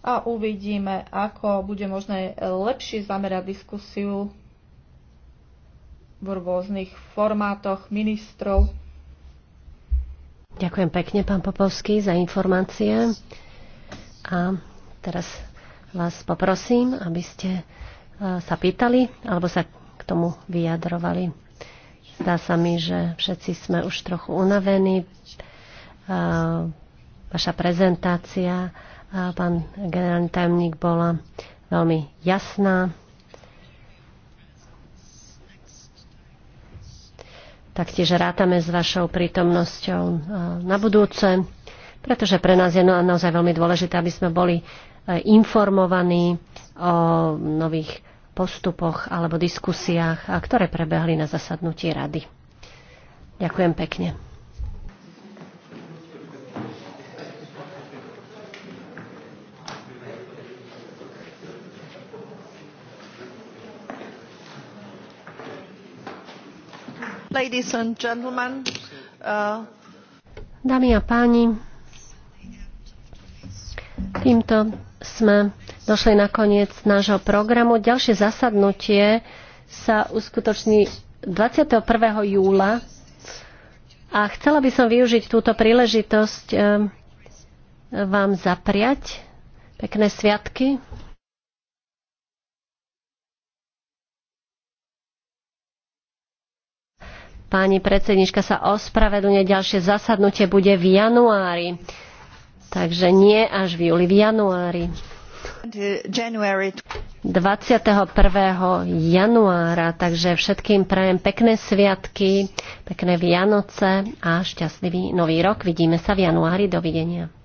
a uvidíme, ako bude možné lepšie zamerať diskusiu v rôznych formátoch ministrov. Ďakujem pekne, pán Popovský, za informácie. A teraz vás poprosím, aby ste e, sa pýtali alebo sa k tomu vyjadrovali. Zdá sa mi, že všetci sme už trochu unavení. E, vaša prezentácia, e, pán generálny tajomník, bola veľmi jasná. Taktiež rátame s vašou prítomnosťou eh, na budúce, pretože pre nás je no-, naozaj veľmi dôležité, aby sme boli eh, informovaní o nových postupoch alebo diskusiách, eh, ktoré prebehli na zasadnutí rady. Ďakujem pekne. Uh, Dámy a páni, týmto sme došli na koniec nášho programu. Ďalšie zasadnutie sa uskutoční 21. júla a chcela by som využiť túto príležitosť um, vám zapriať pekné sviatky. Pani predsednička sa ospravedlňuje, ďalšie zasadnutie bude v januári. Takže nie až v júli, v januári. 21. januára, takže všetkým prajem pekné sviatky, pekné Vianoce a šťastlivý nový rok. Vidíme sa v januári. Dovidenia.